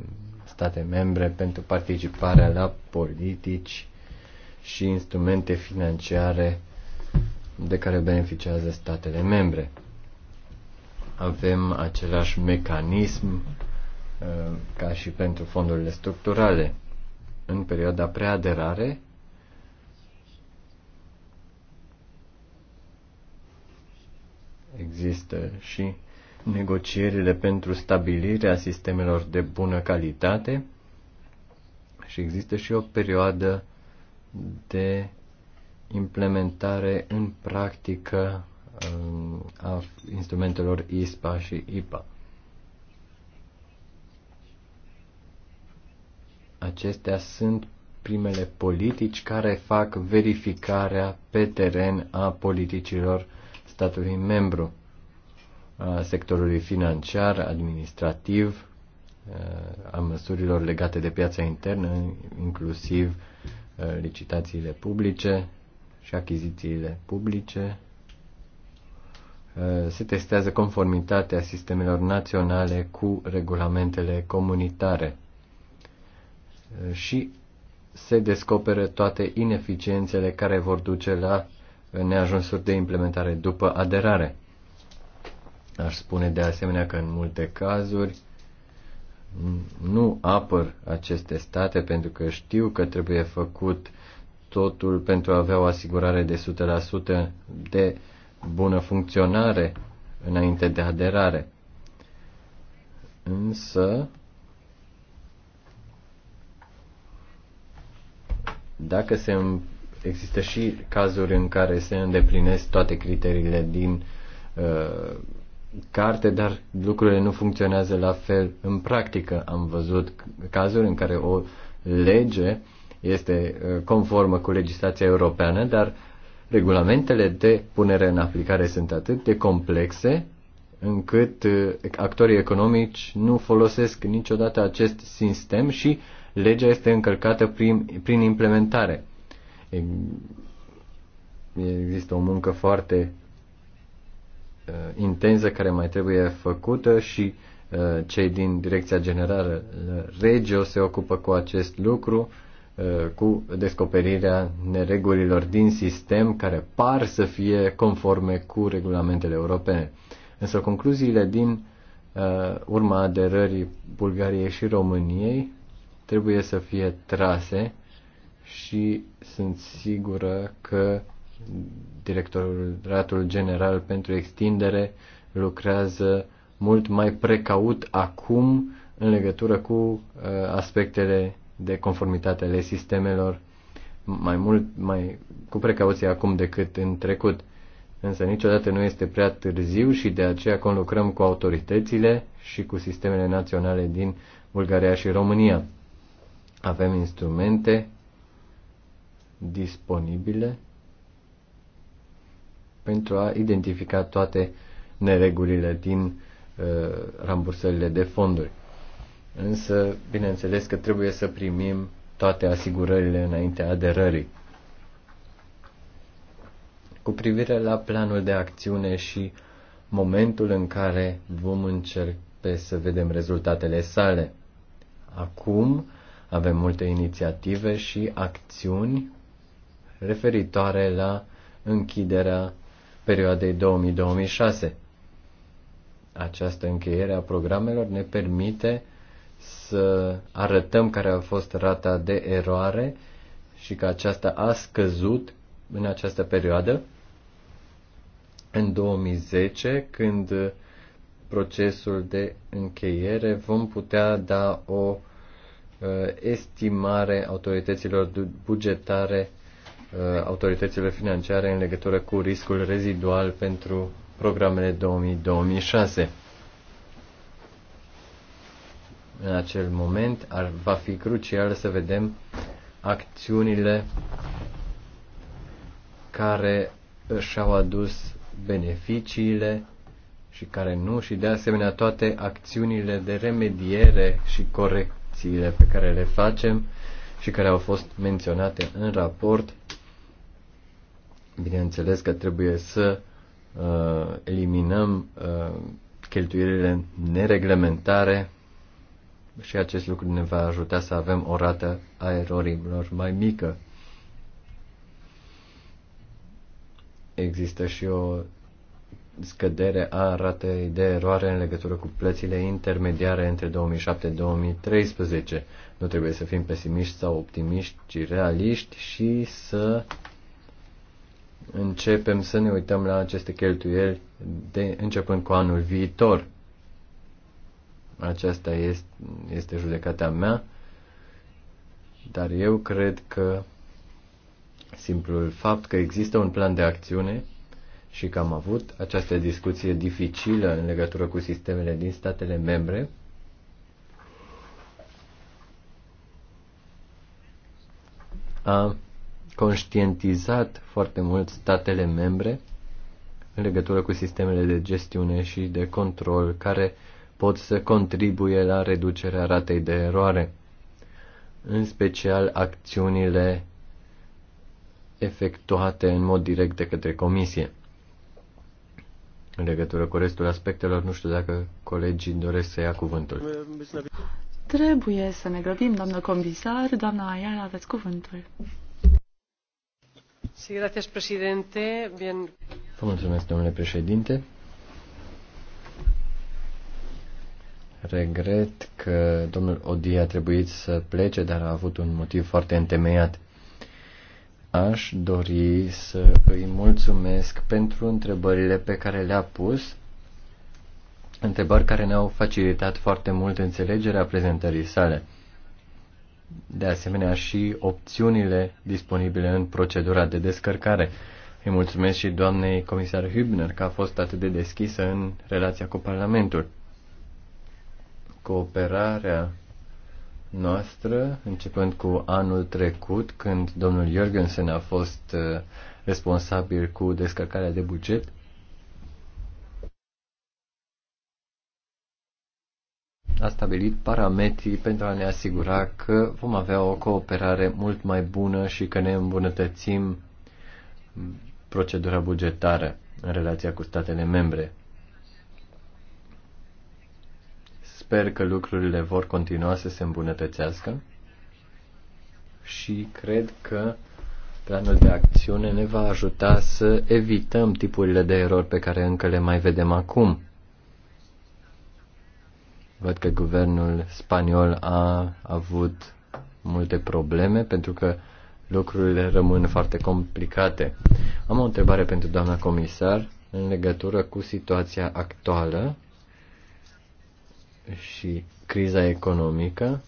state membre pentru participarea la politici și instrumente financiare de care beneficiază statele membre. Avem același mecanism uh, ca și pentru fondurile structurale. În perioada preaderare, există și negocierile pentru stabilirea sistemelor de bună calitate și există și o perioadă uh, de implementare în practică uh, a instrumentelor ISPA și IPA. Acestea sunt primele politici care fac verificarea pe teren a politicilor statului membru, a sectorului financiar, administrativ, a măsurilor legate de piața internă, inclusiv Uh, licitațiile publice și achizițiile publice. Uh, se testează conformitatea sistemelor naționale cu regulamentele comunitare uh, și se descoperă toate ineficiențele care vor duce la neajunsuri de implementare după aderare. Aș spune de asemenea că în multe cazuri nu apăr aceste state pentru că știu că trebuie făcut totul pentru a avea o asigurare de 100% de bună funcționare înainte de aderare. Însă, dacă se există și cazuri în care se îndeplinesc toate criteriile din uh, carte, dar lucrurile nu funcționează la fel în practică. Am văzut cazuri în care o lege este uh, conformă cu legislația europeană, dar regulamentele de punere în aplicare sunt atât de complexe încât uh, actorii economici nu folosesc niciodată acest sistem și legea este încălcată prin, prin implementare. Există o muncă foarte Uh, intensă care mai trebuie făcută și uh, cei din Direcția Generală uh, Regio se ocupă cu acest lucru, cu descoperirea neregulilor din sistem care par să fie conforme cu regulamentele europene. Însă concluziile din urma aderării Bulgariei și României trebuie să fie trase și sunt sigură că Directoratul General pentru Extindere lucrează mult mai precaut acum în legătură cu uh, aspectele de conformitate ale sistemelor, mai mult, mai cu precauție acum decât în trecut. Însă niciodată nu este prea târziu și de aceea conlucrăm cu autoritățile și cu sistemele naționale din Bulgaria și România. Avem instrumente disponibile pentru a identifica toate neregulile din uh, rambursările de fonduri. Însă, bineînțeles că trebuie să primim toate asigurările înaintea aderării. Cu privire la planul de acțiune și momentul în care vom începe să vedem rezultatele sale. Acum avem multe inițiative și acțiuni referitoare la închiderea perioadei 2000-2006. Această încheiere a programelor ne permite să arătăm care a fost rata de eroare și că aceasta a scăzut în această perioadă. În 2010, când procesul de încheiere, vom putea da o uh, estimare autorităților bugetare Uh, autoritățile financiare în legătură cu riscul rezidual pentru programele 2000-2006. În acel moment ar, va fi crucial să vedem acțiunile care își au adus beneficiile și care nu și de asemenea toate acțiunile de remediere și corecțiile pe care le facem și care au fost menționate în raport Bineînțeles că trebuie să uh, eliminăm uh, cheltuielile nereglementare și acest lucru ne va ajuta să avem o rată a erorilor mai mică. Există și o scădere a ratei de eroare în legătură cu plățile intermediare între 2007-2013. Nu trebuie să fim pesimiști sau optimiști, ci realiști și să începem să ne uităm la aceste cheltuieli de, începând cu anul viitor. Aceasta este, este judecata mea, dar eu cred că simplul fapt că există un plan de acțiune și că am avut această discuție dificilă în legătură cu sistemele din statele membre, a conștientizat foarte mult statele membre în legătură cu sistemele de gestiune și de control care pot să contribuie la reducerea ratei de eroare, în special acțiunile efectuate în mod direct de către comisie. În legătură cu restul aspectelor, nu știu dacă colegii doresc să ia cuvântul. Trebuie să ne grăbim, doamnă comisar. Doamna Ayala, aveți cuvântul. Vă mulțumesc, domnule președinte. Regret că domnul Odi a trebuit să plece, dar a avut un motiv foarte întemeiat. Aș dori să îi mulțumesc pentru întrebările pe care le-a pus, întrebări care ne-au facilitat foarte mult înțelegerea prezentării sale de asemenea și opțiunile disponibile în procedura de descărcare. Îi mulțumesc și doamnei comisar Hübner că a fost atât de deschisă în relația cu Parlamentul. Cooperarea noastră, începând cu anul trecut, când domnul Jorgensen a fost uh, responsabil cu descărcarea de buget, a stabilit parametrii pentru a ne asigura că vom avea o cooperare mult mai bună și că ne îmbunătățim procedura bugetară în relația cu statele membre. Sper că lucrurile vor continua să se îmbunătățească și cred că planul de acțiune ne va ajuta să evităm tipurile de erori pe care încă le mai vedem acum Văd că guvernul spaniol a avut multe probleme pentru că lucrurile rămân foarte complicate. Am o întrebare pentru doamna comisar în legătură cu situația actuală și criza economică.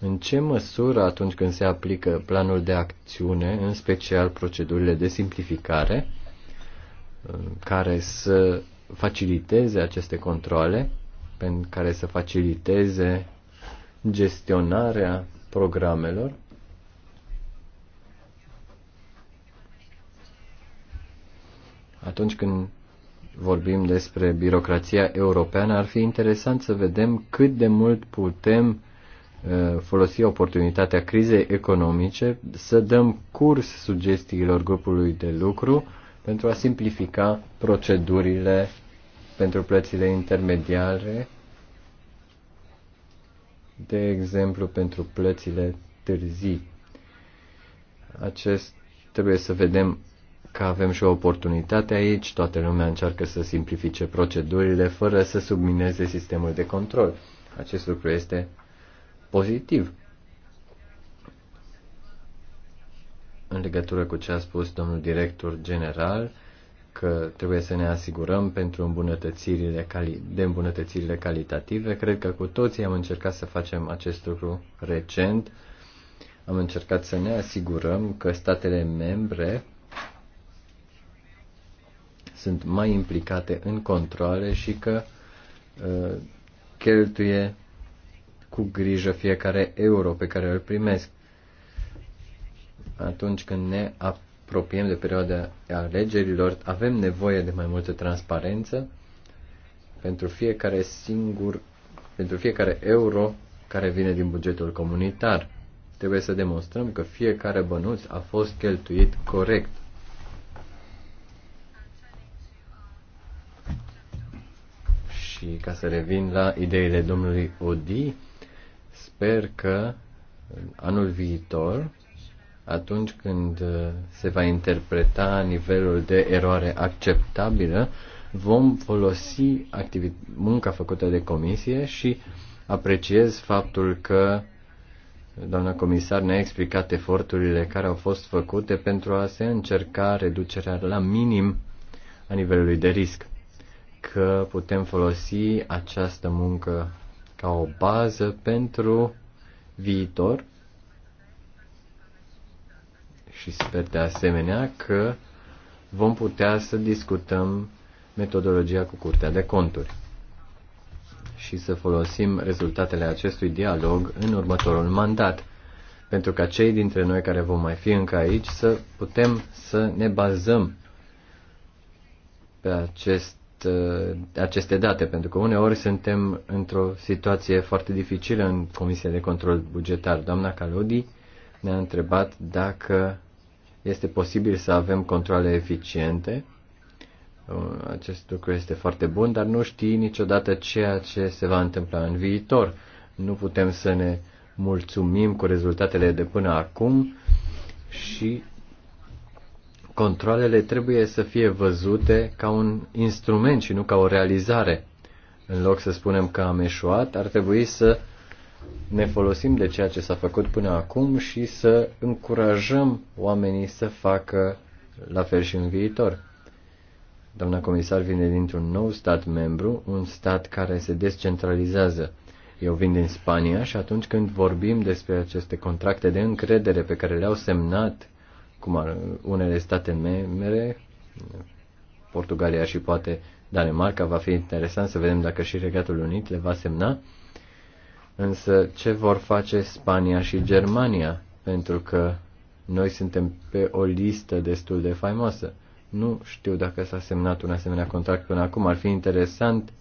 În ce măsură atunci când se aplică planul de acțiune, în special procedurile de simplificare, uh, care să faciliteze aceste controle, în care să faciliteze gestionarea programelor. Atunci când vorbim despre birocrația europeană, ar fi interesant să vedem cât de mult putem uh, folosi oportunitatea crizei economice, să dăm curs sugestiilor grupului de lucru pentru a simplifica procedurile pentru plățile intermediare, de exemplu pentru plățile târzii. Acest trebuie să vedem că avem și o oportunitate aici, toată lumea încearcă să simplifice procedurile fără să submineze sistemul de control. Acest lucru este pozitiv. În legătură cu ce a spus domnul director general, că trebuie să ne asigurăm pentru îmbunătățirile cali- de îmbunătățirile calitative. Cred că cu toții am încercat să facem acest lucru recent. Am încercat să ne asigurăm că statele membre sunt mai implicate în controle și că uh, cheltuie cu grijă fiecare euro pe care îl primesc. Atunci când ne apropiem de perioada alegerilor, avem nevoie de mai multă transparență pentru fiecare singur, pentru fiecare euro care vine din bugetul comunitar. Trebuie să demonstrăm că fiecare bănuț a fost cheltuit corect. Și ca să revin la ideile domnului Odi, sper că anul viitor atunci când uh, se va interpreta nivelul de eroare acceptabilă, vom folosi munca făcută de comisie și apreciez faptul că doamna comisar ne-a explicat eforturile care au fost făcute pentru a se încerca reducerea la minim a nivelului de risc, că putem folosi această muncă ca o bază pentru viitor și sper de asemenea că vom putea să discutăm metodologia cu Curtea de Conturi și să folosim rezultatele acestui dialog în următorul mandat, pentru ca cei dintre noi care vom mai fi încă aici să putem să ne bazăm pe acest, uh, aceste date, pentru că uneori suntem într-o situație foarte dificilă în Comisia de Control Bugetar. Doamna Calodi ne-a întrebat dacă este posibil să avem controle eficiente. Uh, acest lucru este foarte bun, dar nu știi niciodată ceea ce se va întâmpla în viitor. Nu putem să ne mulțumim cu rezultatele de până acum și controlele trebuie să fie văzute ca un instrument și nu ca o realizare. În loc să spunem că am eșuat, ar trebui să uh, ne folosim de ceea ce s-a făcut până acum și să încurajăm oamenii să facă la fel și în viitor. Doamna comisar vine dintr-un nou stat membru, un stat care se descentralizează. Eu vin din Spania și atunci când vorbim despre aceste contracte de încredere pe care le-au semnat cum ar, unele state membre, Portugalia și poate Danemarca, va fi interesant să vedem dacă și Regatul Unit le va semna, uh, Însă ce vor face Spania și Germania? Pentru că noi suntem pe o listă destul de faimoasă. Nu știu dacă s-a semnat un asemenea contract până acum. Ar fi interesant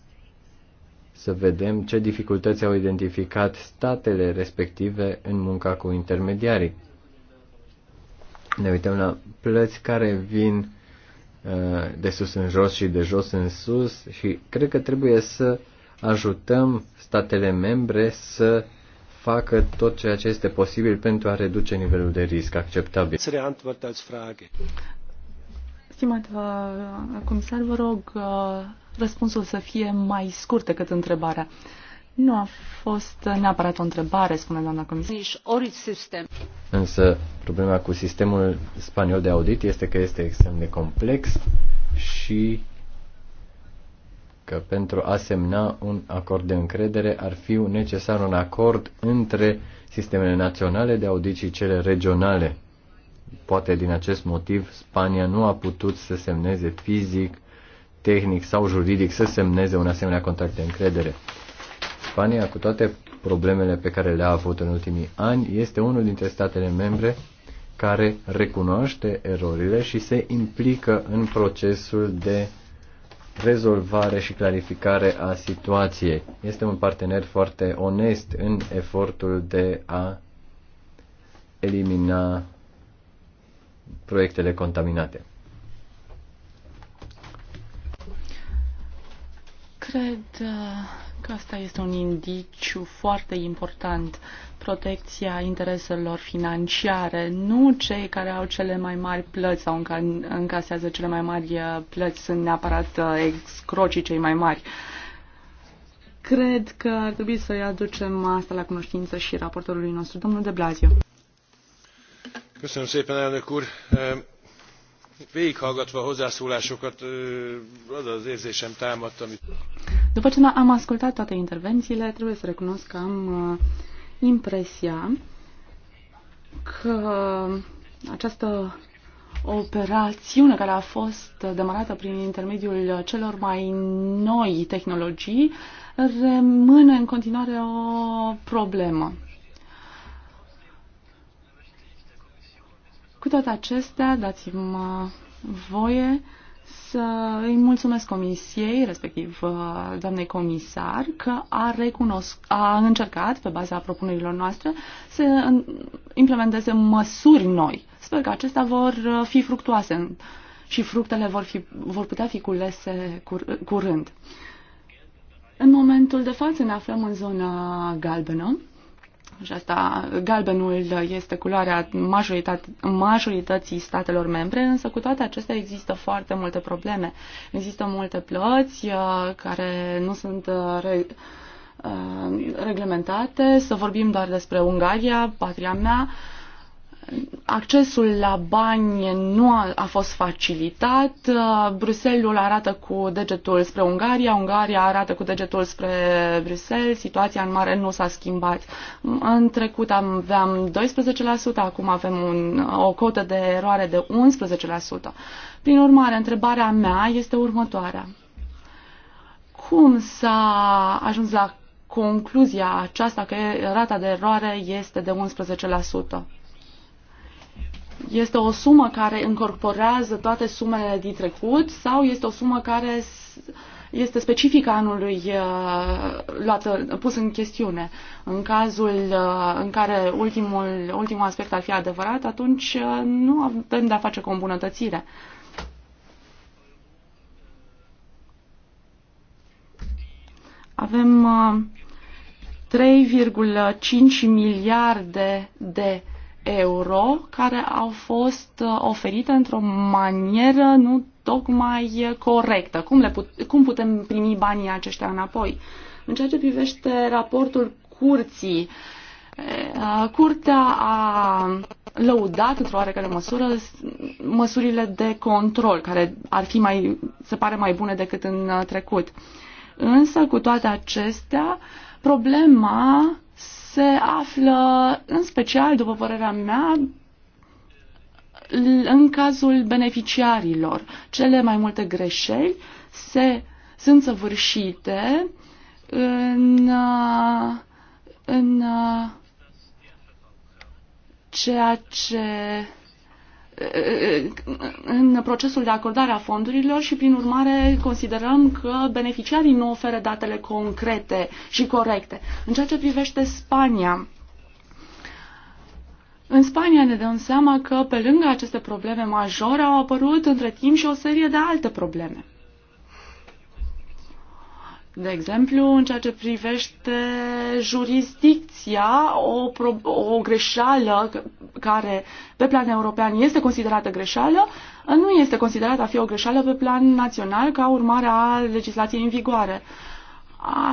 să vedem ce dificultăți au identificat statele respective în munca cu intermediarii. Ne uităm la plăți care vin uh, de sus în jos și de jos în sus și cred că trebuie să ajutăm statele membre să facă tot ceea ce este posibil pentru a reduce nivelul de risc acceptabil. Stimată uh, comisar, vă rog uh, răspunsul să fie mai scurt decât întrebarea. Nu a fost neapărat o întrebare, spune doamna comisar. Însă problema cu sistemul spaniol de audit este că este extrem de complex și că pentru a semna un acord de încredere ar fi necesar un acord între sistemele naționale de audit și cele regionale. Poate din acest motiv Spania nu a putut să semneze fizic, tehnic sau juridic să semneze un asemenea contract de încredere. Spania, cu toate problemele pe care le-a avut în ultimii ani, este unul dintre statele membre care recunoaște erorile și se implică în procesul de rezolvare și clarificare a situației. Este un partener foarte onest în efortul de a elimina proiectele contaminate. Cred uh, că asta este un indiciu foarte important protecția intereselor financiare, nu cei care au cele mai mari plăți sau încasează cele mai mari uh, plăți sunt neapărat uh, excrocii cei mai mari. Cred că ar trebui să aducem asta la cunoștință și raportorului nostru, domnul de Blazio. Köszönöm szépen, elnök úr! Végighallgatva a hozzászólásokat, az az érzésem támadt, amit... După ce am ascultat toate intervențiile, trebuie să recunosc că am impresia că această operațiune care a fost demarată prin intermediul celor mai noi tehnologii rămâne în continuare o problemă. Cu toate acestea, dați-mi voie să îi mulțumesc comisiei, respectiv uh, doamnei comisar, că a, recunosc, a încercat, pe baza propunerilor noastre, să implementeze măsuri noi. Sper că acestea vor uh, fi fructuoase și fructele vor, fi, vor putea fi culese cur, curând. În momentul de față ne aflăm în zona galbenă și asta galbenul este culoarea majoritate, majorității statelor membre, însă cu toate acestea există foarte multe probleme. Există multe plăți uh, care nu sunt uh, re, uh, reglementate, să vorbim doar despre Ungaria, patria mea, uh, accesul la bani nu a, a fost facilitat. Uh, Bruselul arată cu degetul spre Ungaria, Ungaria arată cu degetul spre Bruxelles, situația în mare nu s-a schimbat. În trecut aveam 12%, acum avem un, o cotă de eroare de 11%. Prin urmare, întrebarea mea este următoarea. Cum s-a ajuns la concluzia aceasta că rata de eroare este de 11%? Este o sumă care încorporează toate sumele din trecut sau este o sumă care este specifică anului uh, luată, pus în chestiune. În cazul uh, în care ultimul, ultimul aspect ar fi adevărat, atunci uh, nu avem de a face cu o îmbunătățire. Avem 3,5 miliarde de euro care au fost uh, oferite într-o manieră nu tocmai corectă. Cum, le put- cum putem primi banii aceștia înapoi? În ceea ce privește raportul curții, uh, curtea a lăudat într-o oarecare măsură măsurile de control, care ar fi mai, se pare mai bune decât în uh, trecut. Însă, cu toate acestea, problema se află în special, după părerea mea, în cazul beneficiarilor. Cele mai multe greșeli se, sunt săvârșite în, în ceea ce în procesul de acordare a fondurilor și, prin urmare, considerăm că beneficiarii nu oferă datele concrete și corecte. În ceea ce privește Spania, în Spania ne dăm seama că, pe lângă aceste probleme majore, au apărut între timp și o serie de alte probleme. De exemplu, în ceea ce privește jurisdicția, o, o greșeală care pe plan european este considerată greșeală, nu este considerată a fi o greșeală pe plan național ca urmare a legislației în vigoare. Uh,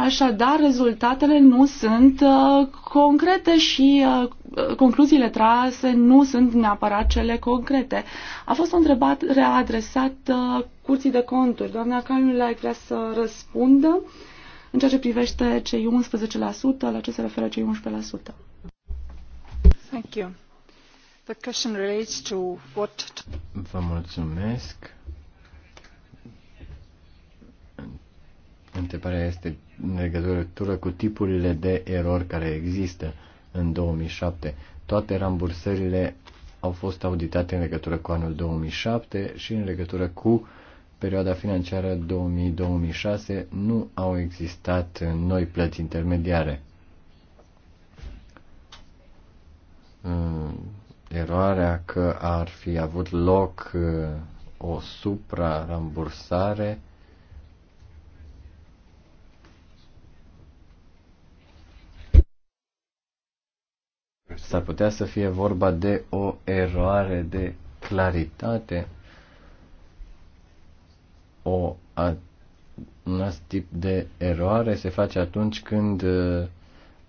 Așadar, rezultatele nu sunt uh, concrete și uh, concluziile trase nu sunt neapărat cele concrete. A fost o întrebare adresată uh, Curții de Conturi. Doamna ai vrea să răspundă în ceea ce privește cei 11%, la ce se referă cei 11%. Thank you. The question relates to what... Vă mulțumesc. Întrebarea este în legătură cu tipurile de erori care există în 2007. Toate rambursările au fost auditate în legătură cu anul 2007 și în legătură cu perioada financiară 2000-2006 nu au existat noi plăți intermediare. Uh, eroarea că ar fi avut loc uh, o supra-rambursare S-ar putea să fie vorba de o eroare de claritate, o, a, un alt tip de eroare se face atunci când uh,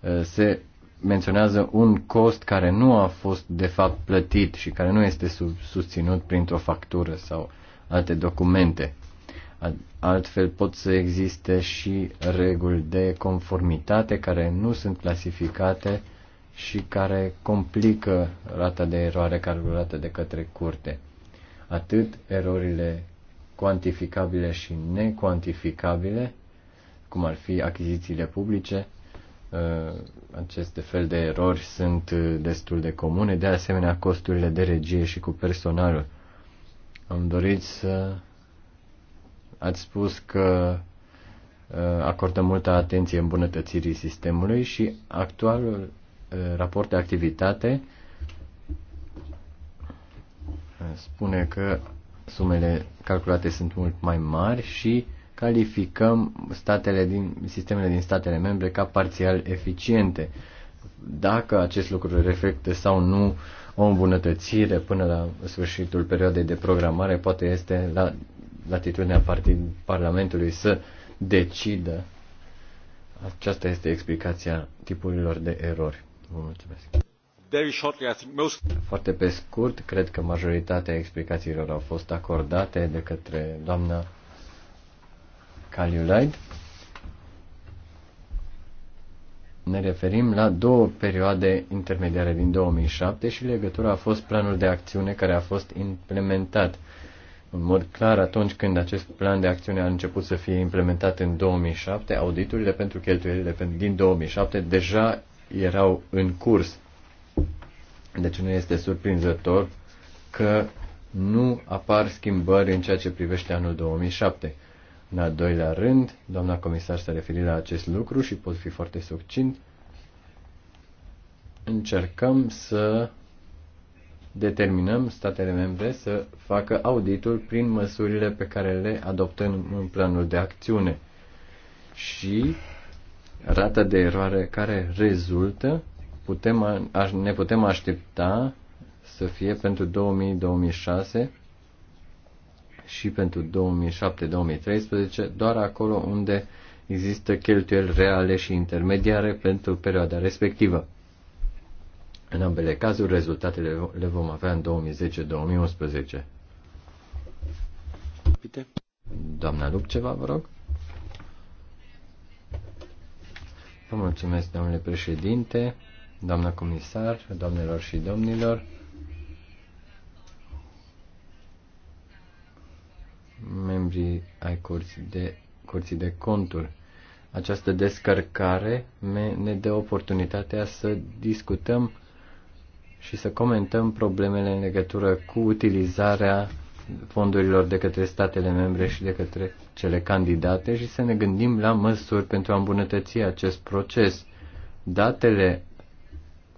uh, se menționează un cost care nu a fost de fapt plătit și care nu este sub, susținut printr-o factură sau alte documente. Altfel pot să existe și reguli de conformitate care nu sunt clasificate uh, și care complică rata de eroare calculată de către curte. Atât erorile cuantificabile și necuantificabile, cum ar fi achizițiile publice, ă, aceste fel de erori sunt destul de comune, de asemenea costurile de regie și cu personalul. Am dorit să ați spus că ă, acordă multă atenție îmbunătățirii sistemului și actualul Eh, raport de activitate eh, spune că sumele calculate sunt mult mai mari și calificăm statele din, sistemele din statele membre ca parțial eficiente. Dacă acest lucru reflectă sau nu o îmbunătățire până la sfârșitul perioadei de programare, poate este la latitudinea partid, Parlamentului să decidă. Aceasta este explicația tipurilor de erori. Vă mulțumesc. Foarte pe scurt, cred că majoritatea explicațiilor au fost acordate de către doamna Caliulaid. Ne referim la două perioade intermediare din 2007 și legătura a fost planul de acțiune care a fost implementat. În mod clar, atunci când acest plan de acțiune a început să fie implementat în 2007, auditurile pentru cheltuielile din 2007 deja erau în curs. Deci nu este surprinzător că nu apar schimbări în ceea ce privește anul 2007. În al doilea rând, doamna comisar s-a referit la acest lucru și pot fi foarte succint. Încercăm să determinăm statele membre să facă auditul prin măsurile pe care le adoptăm în planul de acțiune. Și rata de eroare care rezultă, putem, ne putem aștepta să fie pentru 2000-2006 și pentru 2007-2013 doar acolo unde există cheltuieli reale și intermediare pentru perioada respectivă. În ambele cazuri, rezultatele le vom avea în 2010-2011. Doamna Lupceva, vă rog. Vă mulțumesc, domnule președinte, doamnă comisar, doamnelor și domnilor. membrii ai curții de, curții de conturi. Această descărcare ne dă oportunitatea să discutăm și să comentăm problemele în legătură cu utilizarea fondurilor de către statele membre și de către cele candidate și să ne gândim la măsuri pentru a îmbunătăți acest proces. Datele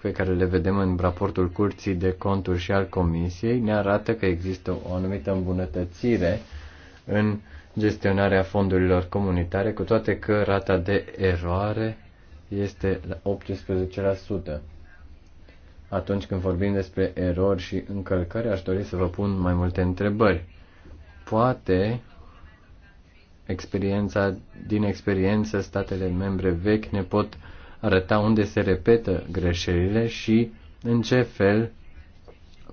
pe care le vedem în raportul Curții de Conturi și al Comisiei ne arată că există o anumită îmbunătățire în gestionarea fondurilor comunitare, cu toate că rata de eroare este la 18%. Atunci când vorbim despre erori și încălcări, aș dori să vă pun mai multe întrebări. Poate experiența, din experiență, statele membre vechi ne pot arăta unde se repetă greșelile și în ce fel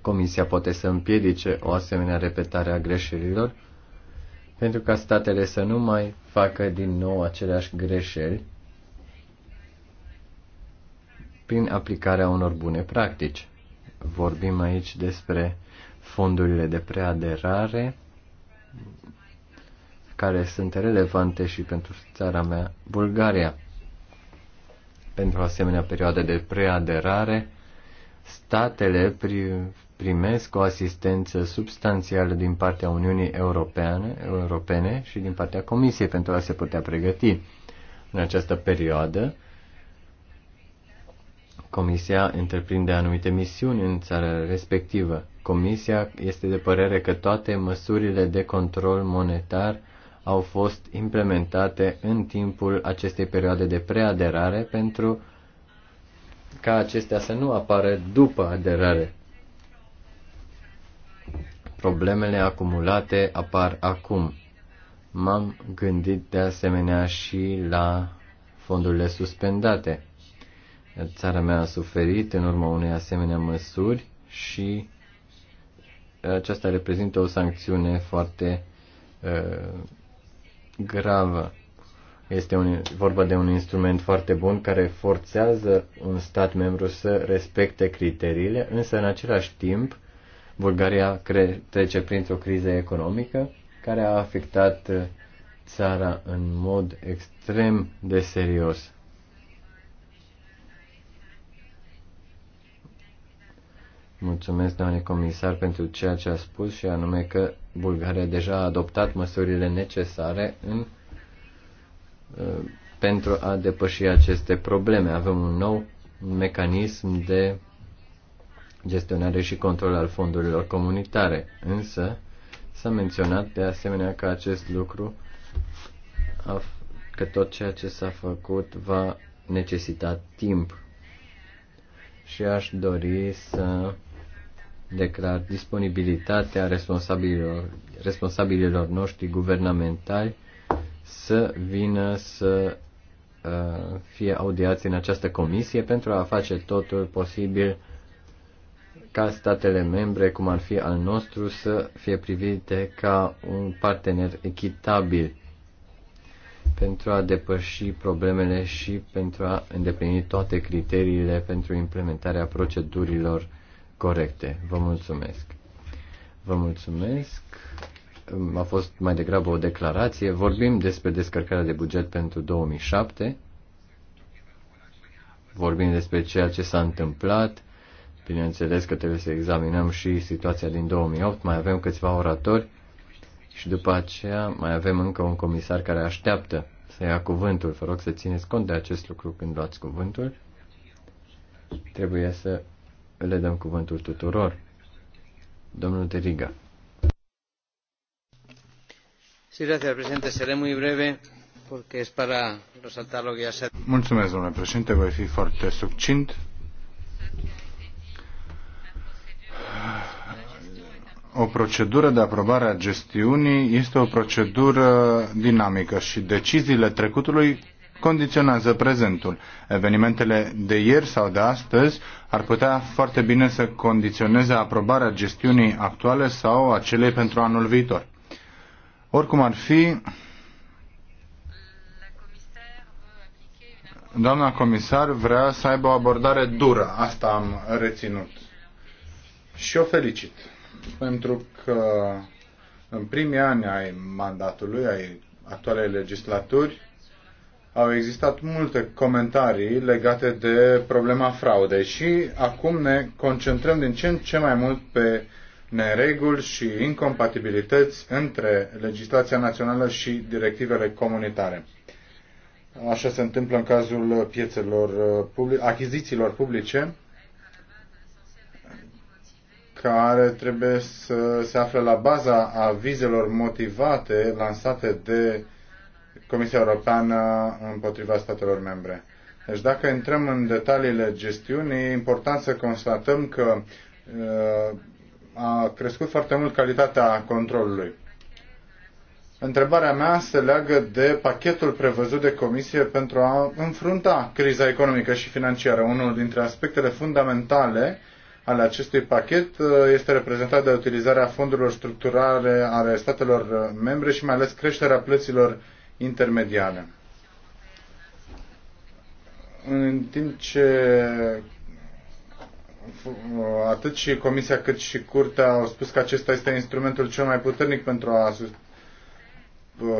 Comisia poate să împiedice o asemenea repetare a greșelilor, pentru ca statele să nu mai facă din nou aceleași greșeli prin aplicarea unor bune practici. Vorbim aici despre fondurile de preaderare, care sunt relevante și pentru țara mea, Bulgaria. Pentru asemenea perioadă de preaderare, statele primesc o asistență substanțială din partea Uniunii Europeane, Europene și din partea Comisiei pentru a se putea pregăti. În această perioadă, Comisia întreprinde anumite misiuni în țara respectivă. Comisia este de părere că toate măsurile de control monetar au fost implementate în timpul acestei perioade de preaderare pentru ca acestea să nu apară după aderare. Problemele acumulate apar acum. M-am gândit de asemenea și la fondurile suspendate. Țara mea a suferit în urma unei asemenea măsuri și uh, aceasta reprezintă o sancțiune foarte uh, gravă. Este un, vorba de un instrument foarte bun care forțează un stat membru să respecte criteriile, însă în același timp Bulgaria cre- trece printr-o criză economică care a afectat uh, țara în mod extrem de serios. Mulțumesc, doamne comisar, pentru ceea ce a spus și anume că Bulgaria deja a adoptat măsurile necesare în, ă, pentru a depăși aceste probleme. Avem un nou mecanism de gestionare și control al fondurilor comunitare, însă s-a menționat de asemenea că acest lucru, că tot ceea ce s-a făcut va necesita timp. Și aș dori să declar disponibilitatea responsabililor, responsabililor noștri guvernamentali să vină să uh, fie audiați în această comisie pentru a face totul posibil ca statele membre, cum ar fi al nostru, să fie privite ca un partener echitabil pentru a depăși problemele și pentru a îndeplini toate criteriile pentru implementarea procedurilor corecte. Vă mulțumesc. Vă mulțumesc. A fost mai degrabă o declarație. Vorbim despre descărcarea de buget pentru 2007. Vorbim despre ceea ce s-a întâmplat. Bineînțeles că trebuie să examinăm și situația din 2008. Mai avem câțiva oratori și după aceea mai avem încă un comisar care așteaptă să ia cuvântul. Vă rog să țineți cont de acest lucru când luați cuvântul. Trebuie să le dăm cuvântul tuturor. Domnul Teriga. Sí, gracias, presidente. Seré muy breve porque es para resaltar lo que ya se Mulțumesc, domnule președinte. Voi fi foarte succint. o procedură de aprobare a gestiunii este o procedură dinamică și deciziile trecutului condiționează prezentul. Evenimentele de ieri sau de astăzi ar putea foarte bine să condiționeze aprobarea gestiunii actuale sau a celei pentru anul viitor. Oricum ar fi, doamna comisar vrea să aibă o abordare dură. Asta am reținut. Și o felicit. Pentru că în primii ani ai mandatului, ai actualei legislaturi, au existat multe comentarii legate de problema fraudei și acum ne concentrăm din ce în ce mai mult pe nereguli și incompatibilități între legislația națională și directivele comunitare. Așa se întâmplă în cazul piețelor uh, public, achizițiilor publice, care trebuie să se afle la baza avizelor motivate lansate de uh, Comisia Europeană împotriva statelor membre. Deci dacă intrăm în detaliile gestiunii, e important să constatăm că uh, a crescut foarte mult calitatea controlului. Întrebarea mea se leagă de pachetul prevăzut de Comisie pentru a înfrunta criza economică și financiară. Unul dintre aspectele fundamentale ale acestui pachet uh, este reprezentat de utilizarea fondurilor structurale ale statelor uh, membre și mai ales creșterea plăților intermediare. În timp ce atât și Comisia cât și Curtea au spus că acesta este instrumentul cel mai puternic pentru a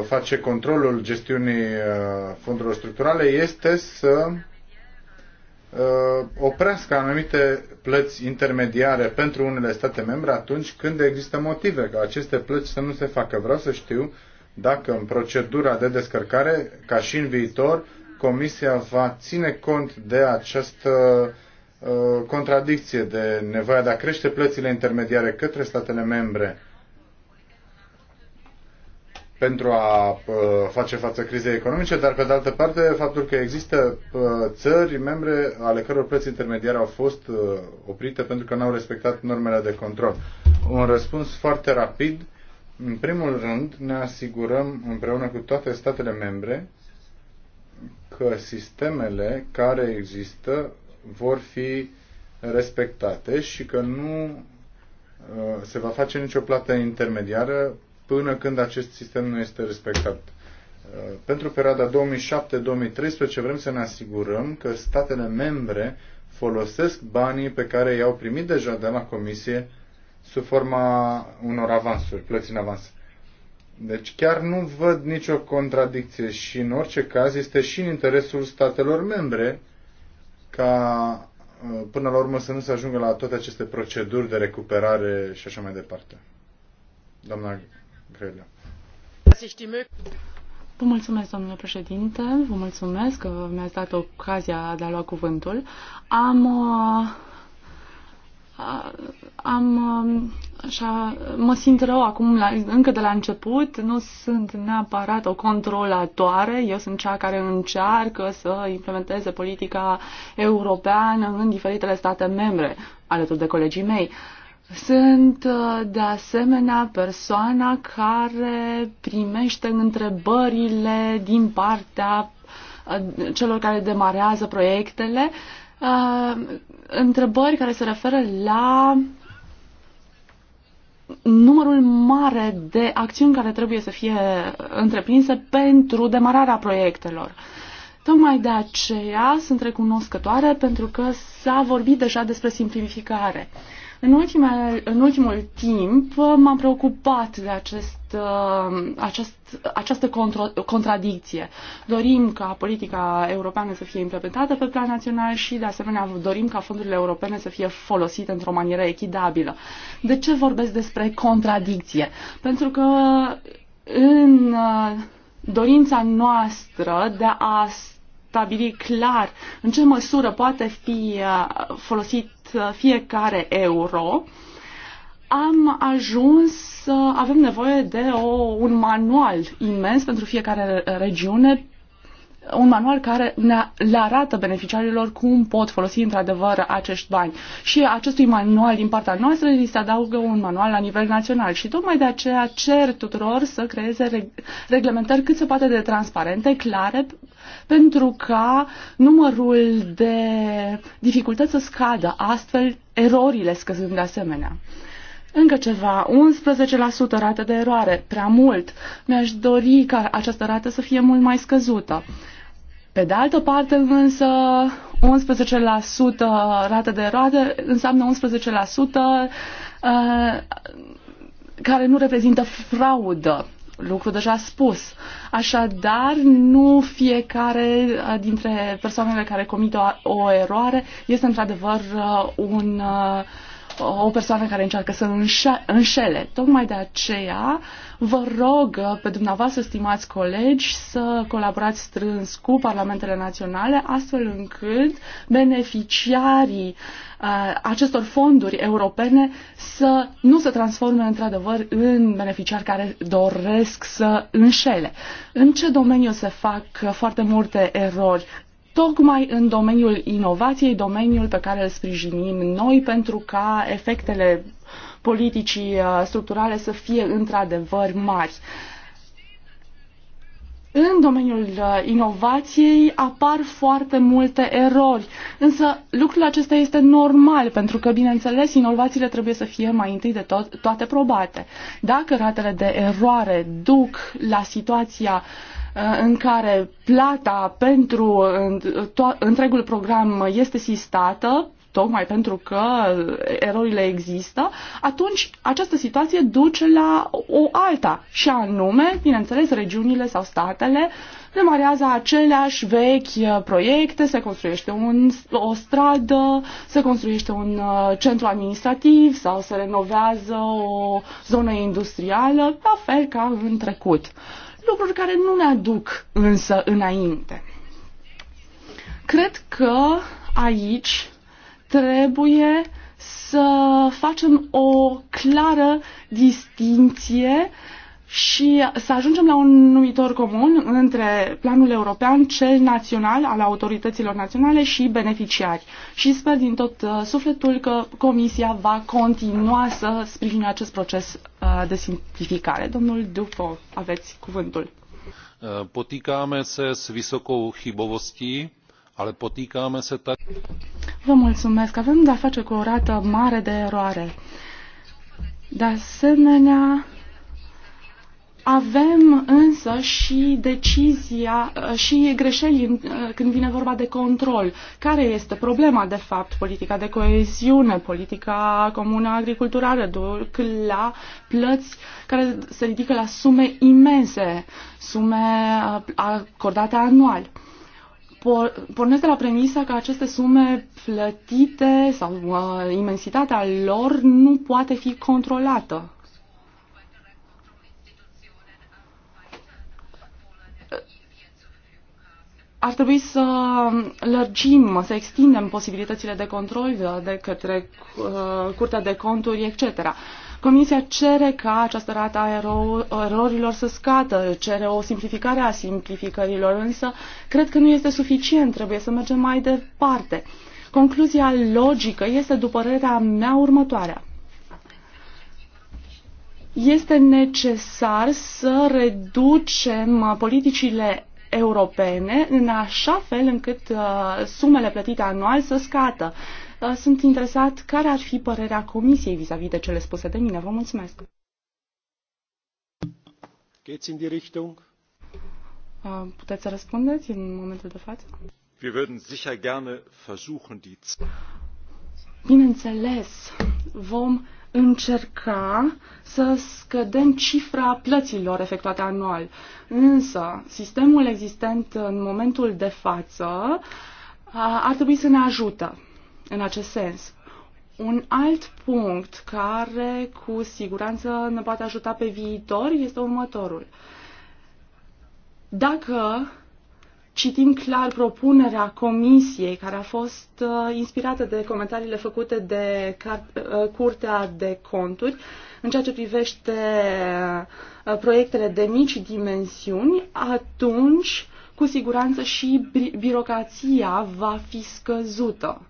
face controlul gestiunii uh, fondurilor structurale, este să uh, oprească anumite plăți intermediare pentru unele state membre atunci când există motive ca aceste plăți să nu se facă. Vreau să știu dacă în procedura de descărcare, ca și în viitor, Comisia va ține cont de această uh, contradicție, de nevoia de a crește plățile intermediare către statele membre pentru a uh, face față crizei economice, dar pe de altă parte faptul că există uh, țări membre ale căror plăți intermediare au fost uh, oprite pentru că n-au respectat normele de control. Un răspuns foarte rapid în primul rând, ne asigurăm împreună cu toate statele membre că sistemele care există vor fi respectate și că nu uh, se va face nicio plată intermediară până când acest sistem nu este respectat. Uh, pentru perioada 2007-2013 vrem să ne asigurăm că statele membre folosesc banii pe care i-au primit deja de la Comisie sub forma unor avansuri, plăți în avans. Deci chiar nu văd nicio contradicție și în orice caz este și în interesul statelor membre ca uh, până la urmă să nu se ajungă la toate aceste proceduri de recuperare și așa mai departe. Doamna Grelea. Vă mulțumesc, domnule președinte, vă mulțumesc că mi-ați dat ocazia de a lua cuvântul. Am uh, am, um, așa, mă simt rău acum, la, încă de la început, nu sunt neapărat o controlatoare, eu sunt cea care încearcă să implementeze politica europeană în diferitele state membre, alături de colegii mei. Sunt, uh, de asemenea, persoana care primește întrebările din partea uh, celor care demarează proiectele uh, întrebări care se referă la numărul mare de acțiuni care trebuie să fie întreprinse pentru demararea proiectelor. Tocmai de aceea sunt recunoscătoare pentru că s-a vorbit deja despre simplificare. Uh, în, ultime, în ultimul timp m-am preocupat de acest, uh, acest, această contra, contradicție. Dorim ca politica europeană să fie implementată pe plan național și, de asemenea, dorim ca fondurile europene să fie folosite într-o manieră echidabilă. De ce vorbesc despre contradicție? Pentru că în uh, dorința noastră de a stabili clar în ce măsură poate fi uh, folosit uh, fiecare euro, am ajuns să avem nevoie de o, un manual imens pentru fiecare uh, regiune un manual care ne le arată beneficiarilor cum pot folosi într-adevăr acești bani. Și acestui manual din partea noastră li se adaugă un manual la nivel național și tocmai de aceea cer tuturor să creeze reglementări cât se poate de transparente, clare, pentru ca numărul de dificultăți să scadă, astfel erorile scăzând de asemenea. Încă ceva, 11% rată de eroare, prea mult. Mi-aș dori ca această rată să fie mult mai scăzută. Pe de altă parte însă 11% rată de roade înseamnă 11% uh, care nu reprezintă fraudă lucru deja spus. Așadar, nu fiecare uh, dintre persoanele care comit o, o eroare este într-adevăr uh, un uh, o persoană care încearcă să înșele. Tocmai de aceea vă rog uh, pe dumneavoastră, stimați colegi, să colaborați strâns cu parlamentele naționale, astfel încât beneficiarii uh, acestor fonduri europene să nu se transforme într-adevăr în beneficiari care doresc să înșele. În ce domeniu se fac foarte multe erori? tocmai în domeniul inovației, domeniul pe care îl sprijinim noi pentru ca efectele politicii uh, structurale să fie într-adevăr mari. În domeniul uh, inovației apar foarte multe erori, însă lucrul acesta este normal, pentru că, bineînțeles, inovațiile trebuie să fie mai întâi de tot, toate probate. Dacă ratele de eroare duc la situația uh, Uh, în care plata pentru întregul program este sistată, tocmai pentru că erorile există, atunci această situație duce la o alta și anume, bineînțeles, regiunile sau statele demarează aceleași vechi uh, proiecte, se construiește un, o stradă, se construiește un uh, centru administrativ sau se renovează o zonă industrială, la fel ca în trecut. Uh, lucruri care nu ne aduc însă înainte. Cred că aici trebuie să facem o clară distinție uh, și să ajungem la un numitor comun între planul european, cel național al autorităților naționale și beneficiari. Și sper din tot uh, sufletul că Comisia va continua să sprijine acest proces uh, de simplificare. Domnul Dupo, aveți cuvântul. Uh, potýkáme se s vysokou chybovostí, ale potýkáme se tak... Vă mulțumesc. Avem de-a face cu o rată mare de eroare. De asemenea, avem însă și decizia uh, și greșeli uh, când vine vorba de control. Care este problema, de fapt? Politica de coeziune, politica comună agriculturală, duc la plăți care se ridică la sume imense, sume uh, acordate anual pornesc de la premisa că aceste sume plătite sau uh, imensitatea lor nu poate fi controlată. ar trebui să lărgim, să extindem posibilitățile de control de către uh, Curtea de Conturi, etc. Comisia cere ca această rată a ero erorilor să scadă, cere o simplificare a simplificărilor, însă cred că nu este suficient, trebuie să mergem mai departe. Concluzia logică este, după părerea mea, următoarea este necesar să reducem politicile europene în așa fel încât uh, sumele plătite anual să scadă. Uh, Sunt interesat care ar fi părerea Comisiei vis-a-vis -vis de cele spuse de mine. Vă mulțumesc. Geht's in die Richtung? Uh, puteți să răspundeți în momentul de față? Wir würden sicher gerne versuchen, die Bineînțeles, vom încerca să scădem cifra plăților efectuate anual. Însă, sistemul existent în momentul de față ar trebui să ne ajută în acest sens. Un alt punct care cu siguranță ne poate ajuta pe viitor este următorul. Dacă citim clar propunerea comisiei care a fost uh, inspirată de comentariile făcute de uh, Curtea de Conturi în ceea ce privește uh, proiectele de mici dimensiuni, atunci cu siguranță și bi birocrația va fi scăzută.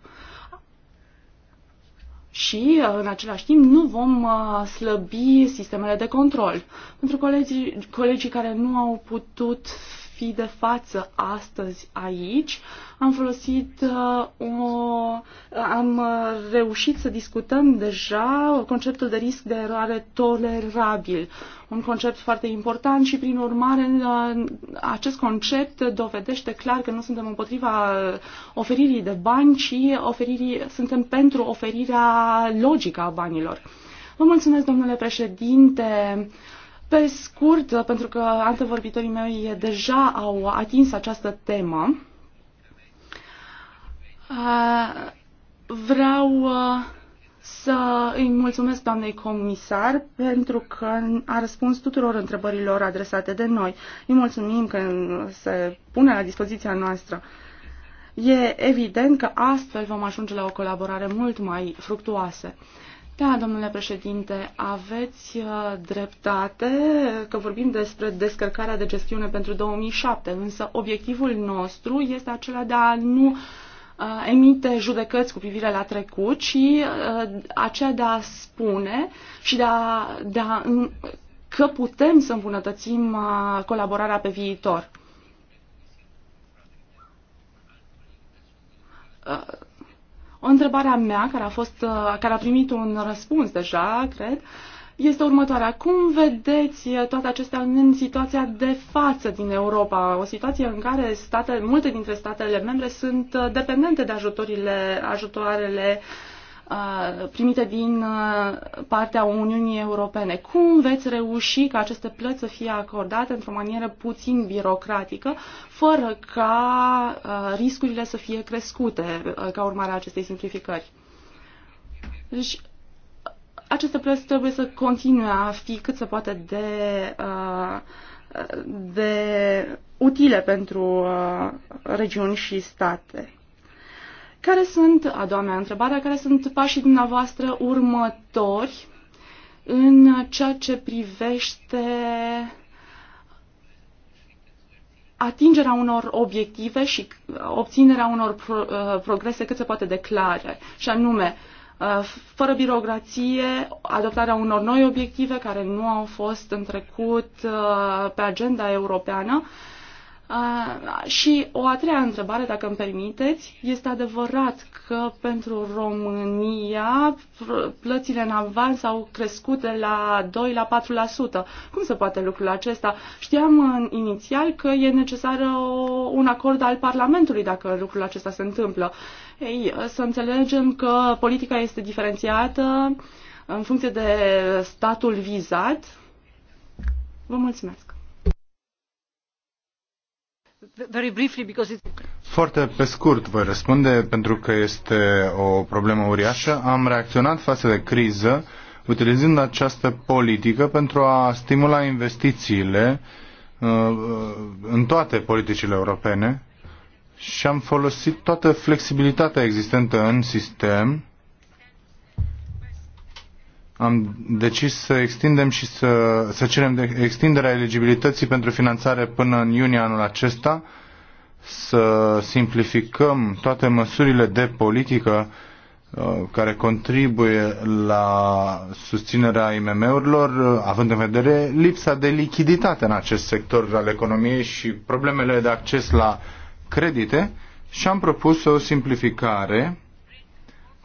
Și, uh, în același timp, nu vom uh, slăbi sistemele de control. Pentru colegii, colegii care nu au putut fi de față astăzi aici. Am folosit uh, o... am reușit să discutăm deja conceptul de risc de eroare tolerabil un concept foarte important și, prin urmare, uh, acest concept dovedește clar că nu suntem împotriva oferirii de bani, ci oferirii, suntem pentru oferirea logică a banilor. Vă mulțumesc, domnule președinte. Pe scurt, pentru că antevorbitorii mei deja au atins această temă, vreau uh, să îi mulțumesc doamnei comisar pentru că a răspuns tuturor întrebărilor adresate de noi. Îi mulțumim că se pune la dispoziția noastră. E evident că astfel vom ajunge la o colaborare mult mai fructuoasă. Da, domnule președinte, aveți uh, dreptate că vorbim despre descărcarea de gestiune pentru 2007, însă obiectivul nostru este acela de a nu uh, emite judecăți cu privire la trecut, ci uh, aceea de a spune și de a, de a, că putem să îmbunătățim colaborarea pe viitor. O întrebare a mea, care a, fost, uh, care a primit un răspuns deja, cred, este următoarea. Cum vedeți toate acestea în situația de față din Europa? O situație în care state, multe dintre statele membre sunt uh, dependente de ajutorile, ajutoarele uh, Uh, primite din uh, partea Uniunii Europene. Cum veți reuși ca aceste plăți să fie acordate într-o manieră puțin birocratică, fără ca uh, riscurile să fie crescute ca urmare a acestei simplificări? Deci, aceste plăți trebuie să continue a fi cât se poate de, de utile pentru regiuni și state. Care sunt, a doua mea întrebare, care sunt pașii dumneavoastră următori în ceea ce privește atingerea unor obiective și uh, obținerea unor pro, uh, progrese cât se poate de clare, și anume, uh, fără birocrație, adoptarea unor noi obiective care nu au fost în trecut pe agenda europeană, și o a treia întrebare, dacă îmi permiteți. Este adevărat că pentru România plățile în avans au crescut de la 2 la 4%. Cum se poate lucrul acesta? Știam în, inițial că e necesar un acord al Parlamentului dacă lucrul acesta se întâmplă. Ei, să înțelegem că politica este diferențiată în funcție de statul vizat. Vă mulțumesc. Foarte pe scurt voi răspunde, pentru că este o problemă uriașă. Am reacționat față de criză utilizând această politică pentru a stimula investițiile uh, în toate politicile europene și am folosit toată flexibilitatea existentă în sistem am decis să extindem și să, să cerem de extinderea eligibilității pentru finanțare până în iunie anul acesta, să simplificăm toate măsurile de politică uh, care contribuie la susținerea IMM-urilor, uh, având în vedere lipsa de lichiditate în acest sector al economiei și problemele de acces la credite, și am propus o simplificare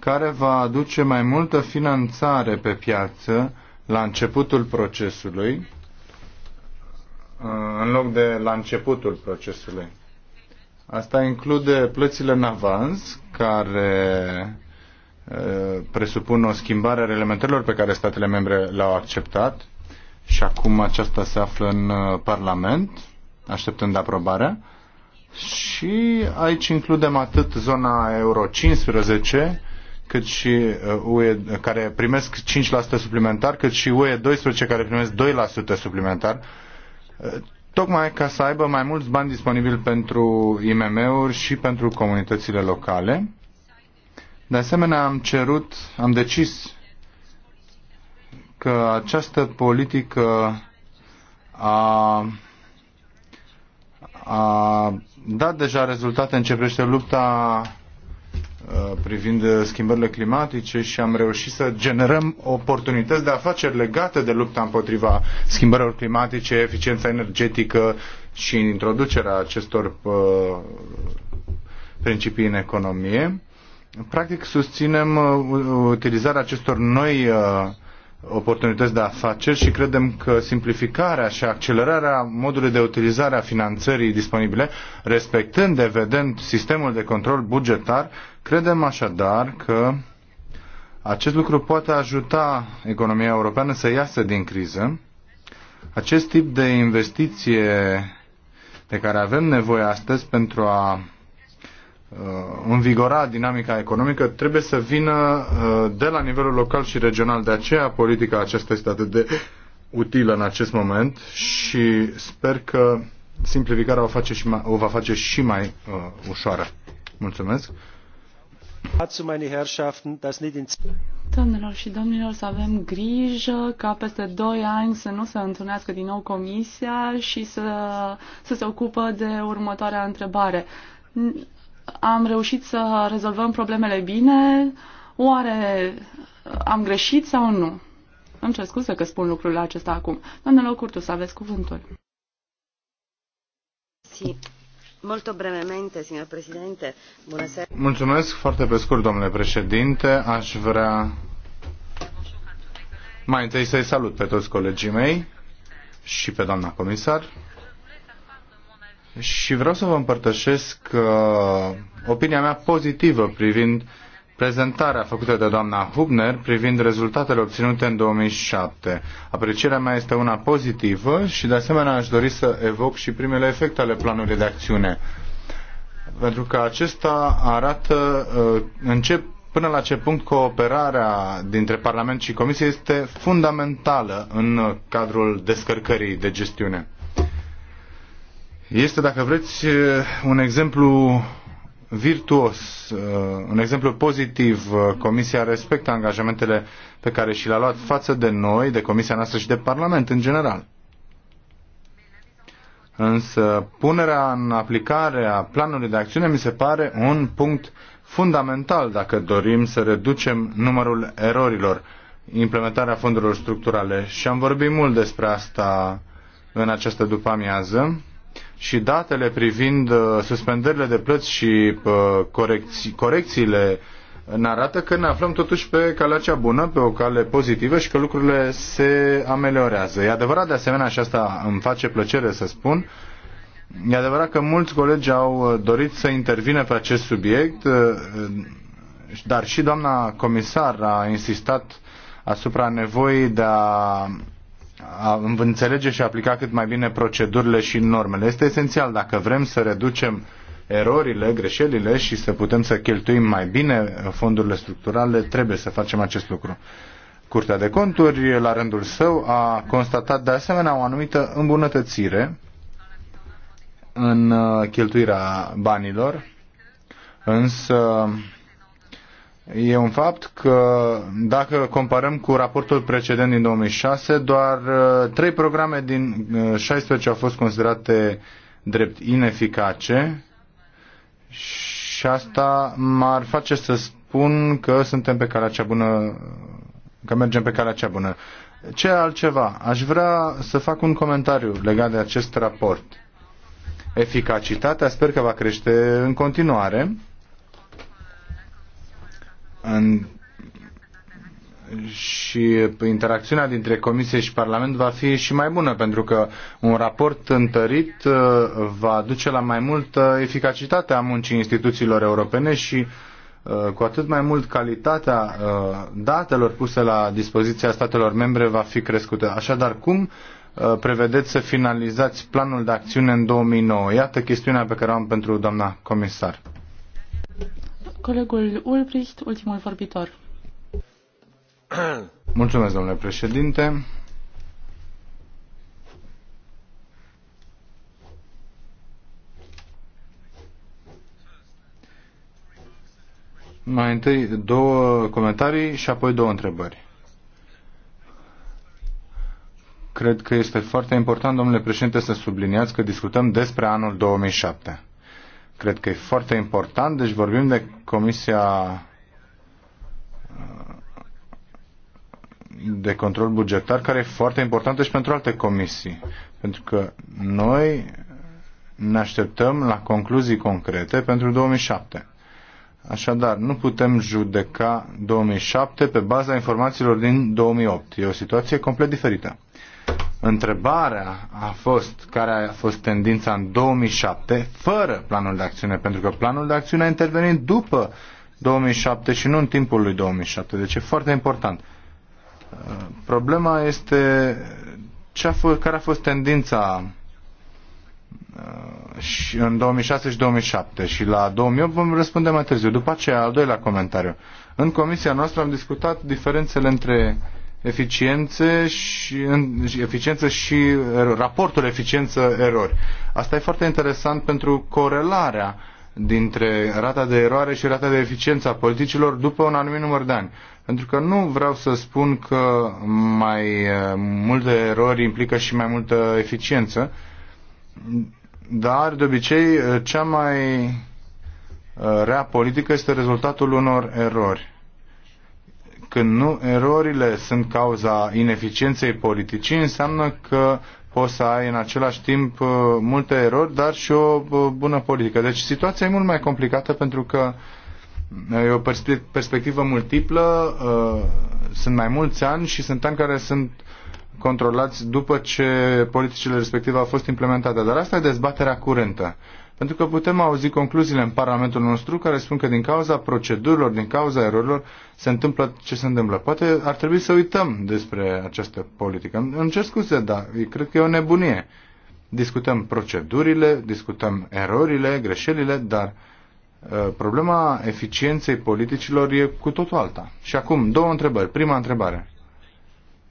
care va aduce mai multă finanțare pe piață la începutul procesului, uh, în loc de la începutul procesului. Asta include plățile în avans, care uh, presupun o schimbare a reglementărilor pe care statele membre le-au acceptat și acum aceasta se află în uh, Parlament, așteptând aprobarea. Și aici includem atât zona Euro 15, cât și uh, UE, care primesc 5% suplimentar, cât și UE 12 care primesc 2% suplimentar, uh, tocmai ca să aibă mai mulți bani disponibili pentru IMM-uri și pentru comunitățile locale. De asemenea, am cerut, am decis că această politică a, a dat deja rezultate în ce privește lupta Uh, privind uh, schimbările climatice și am reușit să generăm oportunități de afaceri legate de lupta împotriva schimbărilor climatice, eficiența energetică și introducerea acestor uh, principii în economie. Practic susținem utilizarea acestor noi oportunități de afaceri și credem că simplificarea și accelerarea modului de utilizare a finanțării disponibile, respectând evident sistemul de control bugetar, credem așadar că acest lucru poate ajuta economia europeană să iasă din criză. Acest tip de investiție de care avem nevoie astăzi pentru a Uh, învigora dinamica economică trebuie să vină uh, de la nivelul local și regional. De aceea politica aceasta este atât de utilă în acest moment și sper că simplificarea o, face și mai, o va face și mai uh, ușoară. Mulțumesc. Domnilor și domnilor, să avem grijă ca peste 2 ani să nu se întâlnească din nou comisia și să, să se ocupă de următoarea întrebare am reușit să rezolvăm problemele bine, oare am greșit sau nu? Îmi cer scuze că spun lucrurile acesta acum. Doamnelor Curtu, să aveți cuvântul. Si. Molto brevemente, signor Presidente. Buonasera. Mulțumesc foarte pe scurt, domnule președinte. Aș vrea mai întâi să-i salut pe toți colegii mei și pe doamna comisar și vreau să vă împărtășesc uh, opinia mea pozitivă privind prezentarea făcută de doamna Hubner privind rezultatele obținute în 2007. Aprecierea mea este una pozitivă și de asemenea aș dori să evoc și primele efecte ale planului de acțiune. Pentru că acesta arată uh, în ce până la ce punct cooperarea dintre Parlament și Comisie este fundamentală în uh, cadrul descărcării de gestiune. Este, dacă vreți, un exemplu virtuos, un exemplu pozitiv. Comisia respectă angajamentele pe care și le-a luat față de noi, de Comisia noastră și de Parlament în general. Însă punerea în aplicare a planului de acțiune mi se pare un punct fundamental dacă dorim să reducem numărul erorilor, implementarea fondurilor structurale și am vorbit mult despre asta în această după amiază și datele privind uh, suspendările de plăți și uh, corecții, corecțiile ne arată că ne aflăm totuși pe calea cea bună, pe o cale pozitivă și că lucrurile se ameliorează. E adevărat de asemenea și asta îmi face plăcere să spun, e adevărat că mulți colegi au uh, dorit să intervine pe acest subiect, dar și doamna comisar a insistat asupra nevoii de a a înțelege și aplica cât mai bine procedurile și normele. Este esențial dacă vrem să reducem erorile, greșelile și să putem să cheltuim mai bine fondurile structurale, trebuie să facem acest lucru. Curtea de conturi, la rândul său, a constatat de asemenea o anumită îmbunătățire în uh, cheltuirea banilor, însă E un fapt că dacă comparăm cu raportul precedent din 2006, doar uh, trei programe din 16 uh, au fost considerate drept ineficace și asta m-ar face să spun că suntem pe calea cea bună, că mergem pe calea cea bună. Ce altceva? Aș vrea să fac un comentariu legat de acest raport. Eficacitatea sper că va crește în continuare în și interacțiunea dintre Comisie și Parlament va fi și mai bună, pentru că un raport întărit uh, va duce la mai multă eficacitate a muncii instituțiilor europene și uh, cu atât mai mult calitatea uh, datelor puse la dispoziția statelor membre va fi crescută. Așadar, cum prevedeți să finalizați planul de acțiune în 2009? Iată chestiunea pe care o am pentru doamna comisar. Colegul Ulbricht, ultimul vorbitor. Mulțumesc, domnule președinte. Mai întâi două comentarii și apoi două întrebări. Cred că este foarte important, domnule președinte, să subliniați că discutăm despre anul 2007. Cred că e foarte important. Deci vorbim de Comisia uh, de control bugetar, care e foarte importantă și pentru alte comisii. Pentru că noi ne așteptăm la concluzii concrete pentru 2007. Așadar, nu putem judeca 2007 pe baza informațiilor din 2008. E o situație complet diferită. Întrebarea a fost care a fost tendința în 2007 fără planul de acțiune, pentru că planul de acțiune a intervenit după 2007 și nu în timpul lui 2007. Deci e foarte important. Problema este ce a fost, care a fost tendința uh, și în 2006 și 2007 și la 2008 vom răspunde mai târziu. După aceea, al doilea comentariu. În comisia noastră am discutat diferențele între uh, eficiențe și, eficiență și erori, raportul eficiență-erori. Asta e foarte interesant pentru corelarea dintre rata de eroare și rata de eficiență a politicilor după un anumit număr de ani. Pentru că nu vreau să spun că mai eh, multe erori implică și mai multă eficiență, dar de obicei eh, cea mai eh, rea politică este rezultatul unor erori. Când nu erorile sunt cauza ineficienței politicii, înseamnă că poți să ai în același timp uh, multe erori, dar și o uh, bună politică. Deci situația e mult mai complicată pentru că uh, e o perspectivă multiplă, sunt mai mulți ani și sunt ani care sunt controlați după ce politicile respective au fost implementate. Dar asta e dezbaterea curentă. Pentru că putem auzi concluziile în Parlamentul nostru care spun că din cauza procedurilor, din cauza erorilor, se întâmplă ce se întâmplă. Poate ar trebui să uităm despre această politică. Îmi cer scuze, dar cred că e o nebunie. Discutăm procedurile, discutăm erorile, greșelile, dar ă, problema eficienței politicilor e cu totul alta. Și acum, două întrebări. Prima întrebare.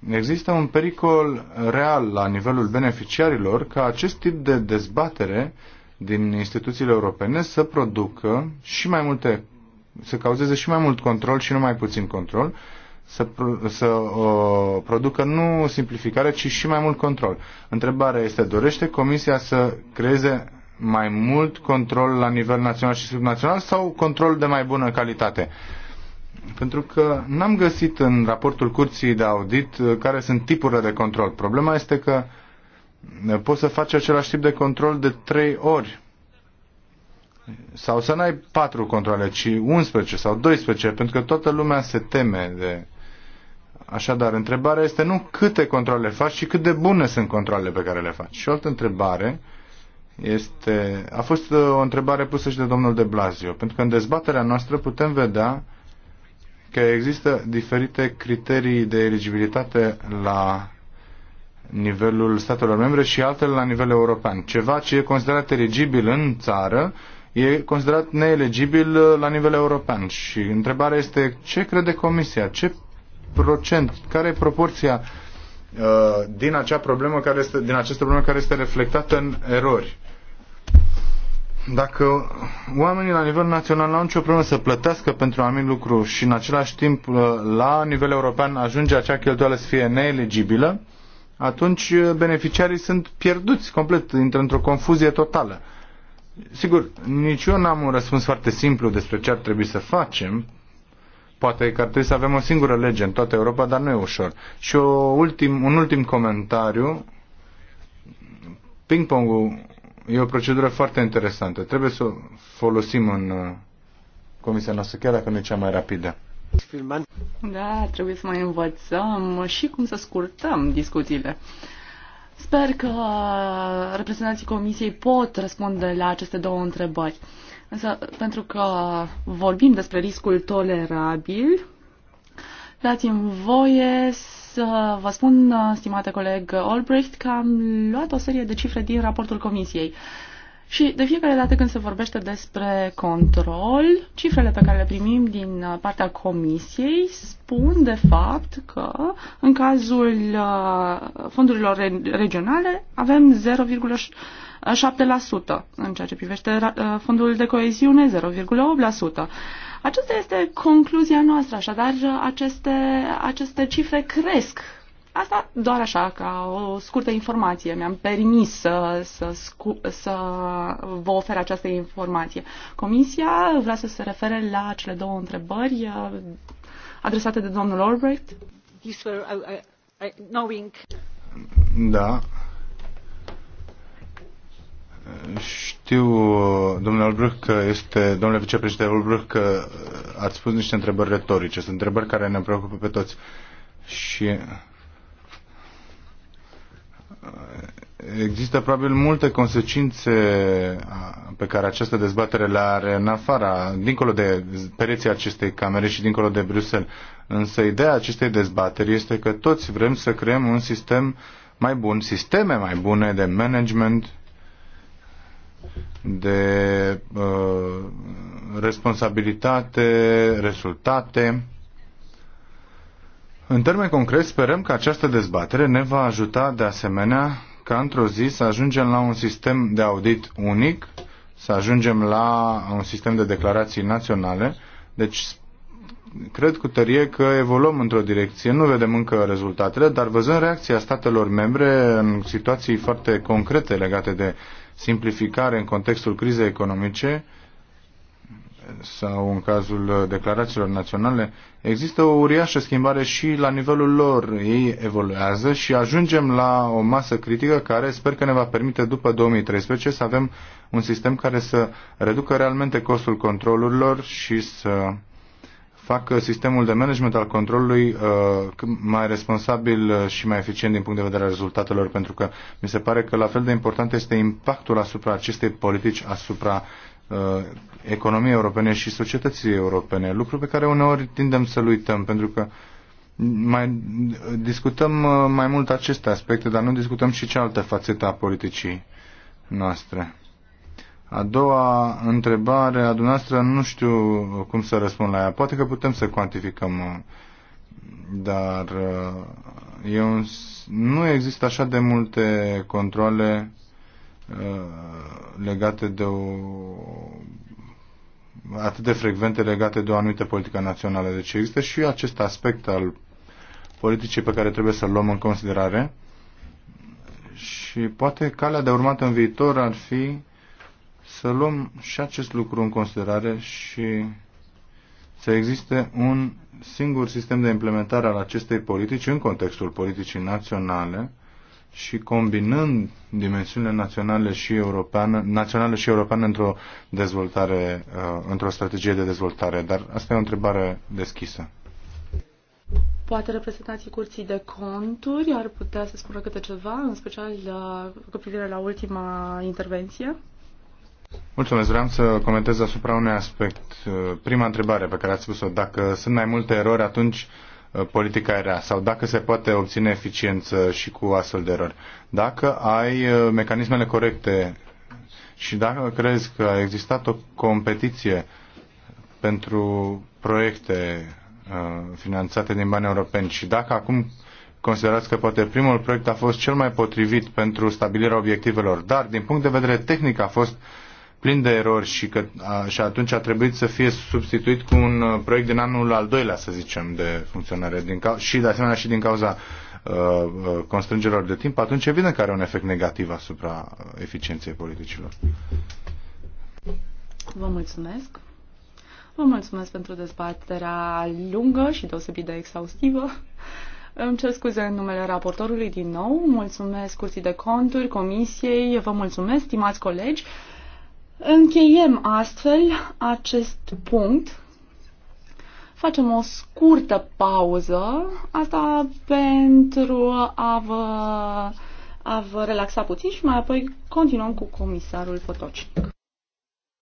Există un pericol real la nivelul beneficiarilor ca acest tip de dezbatere din instituțiile europene să producă și mai multe, să cauzeze și mai mult control și nu mai puțin control, să, să uh, producă nu simplificare, ci și mai mult control. Întrebarea este, dorește Comisia să creeze mai mult control la nivel național și subnațional sau control de mai bună calitate? Pentru că n-am găsit în raportul curții de audit uh, care sunt tipurile de control. Problema este că uh, poți să faci același tip de control de trei ori. Sau să n-ai patru controle, ci 11 sau 12, pentru că toată lumea se teme de... Așadar, întrebarea este nu câte controle faci, ci cât de bune sunt controlele pe care le faci. Și o altă întrebare este... A fost o întrebare pusă și de domnul de Blasio, pentru că în dezbaterea noastră putem vedea că există diferite criterii de eligibilitate la nivelul statelor membre și altele la nivel european. Ceva ce e considerat eligibil în țară e considerat neelegibil uh, la nivel european. Și întrebarea este ce crede Comisia? Ce procent? Care e proporția uh, din, acea problemă care este, din această problemă care este reflectată în erori? Dacă oamenii la nivel național nu au nicio problemă să plătească pentru un anumit lucru și în același timp uh, la nivel european ajunge acea cheltuială să fie neelegibilă, atunci uh, beneficiarii sunt pierduți complet, intră într-o confuzie totală. Sigur, nici eu n-am un răspuns foarte simplu despre ce ar trebui să facem. Poate că ar trebui să avem o singură lege în toată Europa, dar nu e ușor. Și o ultim, un ultim comentariu. Ping-pongul e o procedură foarte interesantă. Trebuie să o folosim în uh, comisia noastră, chiar dacă nu e cea mai rapidă. Da, trebuie să mai învățăm și cum să scurtăm discuțiile. Sper că reprezentanții comisiei pot răspunde la aceste două întrebări. Însă, pentru că vorbim despre riscul tolerabil, dați-mi voie să vă spun, stimate coleg Albrecht, că am luat o serie de cifre din raportul comisiei. Și de fiecare dată când se vorbește despre control, cifrele pe care le primim din uh, partea comisiei spun de fapt că în cazul uh, fondurilor regionale avem 0,7%, uh, în ceea ce privește fondul de coeziune 0,8%. Aceasta este concluzia noastră, așadar aceste, aceste cifre cresc Asta doar așa, ca o scurtă informație. Mi-am permis să, să, scu- să vă ofer această informație. Comisia vrea să se refere la cele două întrebări uh, adresate de domnul Albrecht. Uh, uh, da. Știu, domnule Albrecht, că este, domnule vicepreședinte Albrecht, că ați spus niște întrebări retorice. Sunt întrebări care ne preocupă pe toți. Și există probabil multe consecințe pe care această dezbatere le are în afara, dincolo de pereții acestei camere și dincolo de Bruxelles. Însă ideea acestei dezbateri este că toți vrem să creăm un sistem mai bun, sisteme mai bune de management, de uh, responsabilitate, rezultate în termen concret, sperăm că această dezbatere ne va ajuta de asemenea ca într-o zi să ajungem la un sistem de audit unic, să ajungem la un sistem de declarații naționale. Deci, cred cu tărie că evoluăm într-o direcție. Nu vedem încă rezultatele, dar văzând reacția statelor membre în situații foarte concrete legate de simplificare în contextul crizei economice, sau în cazul uh, declarațiilor naționale, există o uriașă schimbare și la nivelul lor. Ei evoluează și ajungem la o masă critică care sper că ne va permite după 2013 să avem un sistem care să reducă realmente costul controlurilor și să facă sistemul de management al controlului uh, mai responsabil și mai eficient din punct de vedere al rezultatelor, pentru că mi se pare că la fel de important este impactul asupra acestei politici, asupra uh, economiei europene și societății europene, lucru pe care uneori tindem să-l uităm, pentru că mai discutăm uh, mai mult aceste aspecte, dar nu discutăm și cealaltă fațetă a politicii noastre. A doua întrebare a dumneavoastră, nu știu cum să răspund la ea. Poate că putem să cuantificăm, uh, dar un, uh, nu există așa de multe controle legate de o atât de frecvente legate de o anumită politică națională. Deci există și acest aspect al politicii pe care trebuie să-l luăm în considerare și poate calea de urmat în viitor ar fi să luăm și acest lucru în considerare și să existe un singur sistem de implementare al acestei politici în contextul politicii naționale și combinând dimensiunile naționale și europeană, naționale și europeană într-o dezvoltare, uh, într-o strategie de dezvoltare. Dar asta e o întrebare deschisă. Poate reprezentanții curții de conturi ar putea să spună câte ceva, în special uh, cu privire la ultima intervenție. Mulțumesc. Vreau să comentez asupra unui aspect. Uh, prima întrebare pe care ați spus-o, dacă sunt mai multe erori, atunci uh, Uh, politica era sau dacă se poate obține eficiență și cu astfel de erori. Dacă ai uh, mecanismele corecte și dacă crezi că a existat o competiție pentru proiecte uh, finanțate din bani europeni și dacă acum considerați că poate primul proiect a fost cel mai potrivit pentru stabilirea obiectivelor, dar din punct de vedere tehnic a fost uh, plin de erori și, că, a, și atunci a trebuit să fie substituit cu un uh, proiect din anul al doilea, să zicem, de funcționare din cau- și de asemenea și din cauza uh, uh, constrângerilor de timp, atunci evident că are un efect negativ asupra eficienței politicilor. Vă mulțumesc. Vă mulțumesc pentru dezbaterea lungă și deosebit de exhaustivă. Îmi cer scuze în numele raportorului din nou. Mulțumesc Curții de Conturi, Comisiei. Vă mulțumesc, stimați colegi. Încheiem astfel acest punct. Facem o scurtă pauză, asta pentru a vă, a vă relaxa puțin și mai apoi continuăm cu comisarul Potocnic.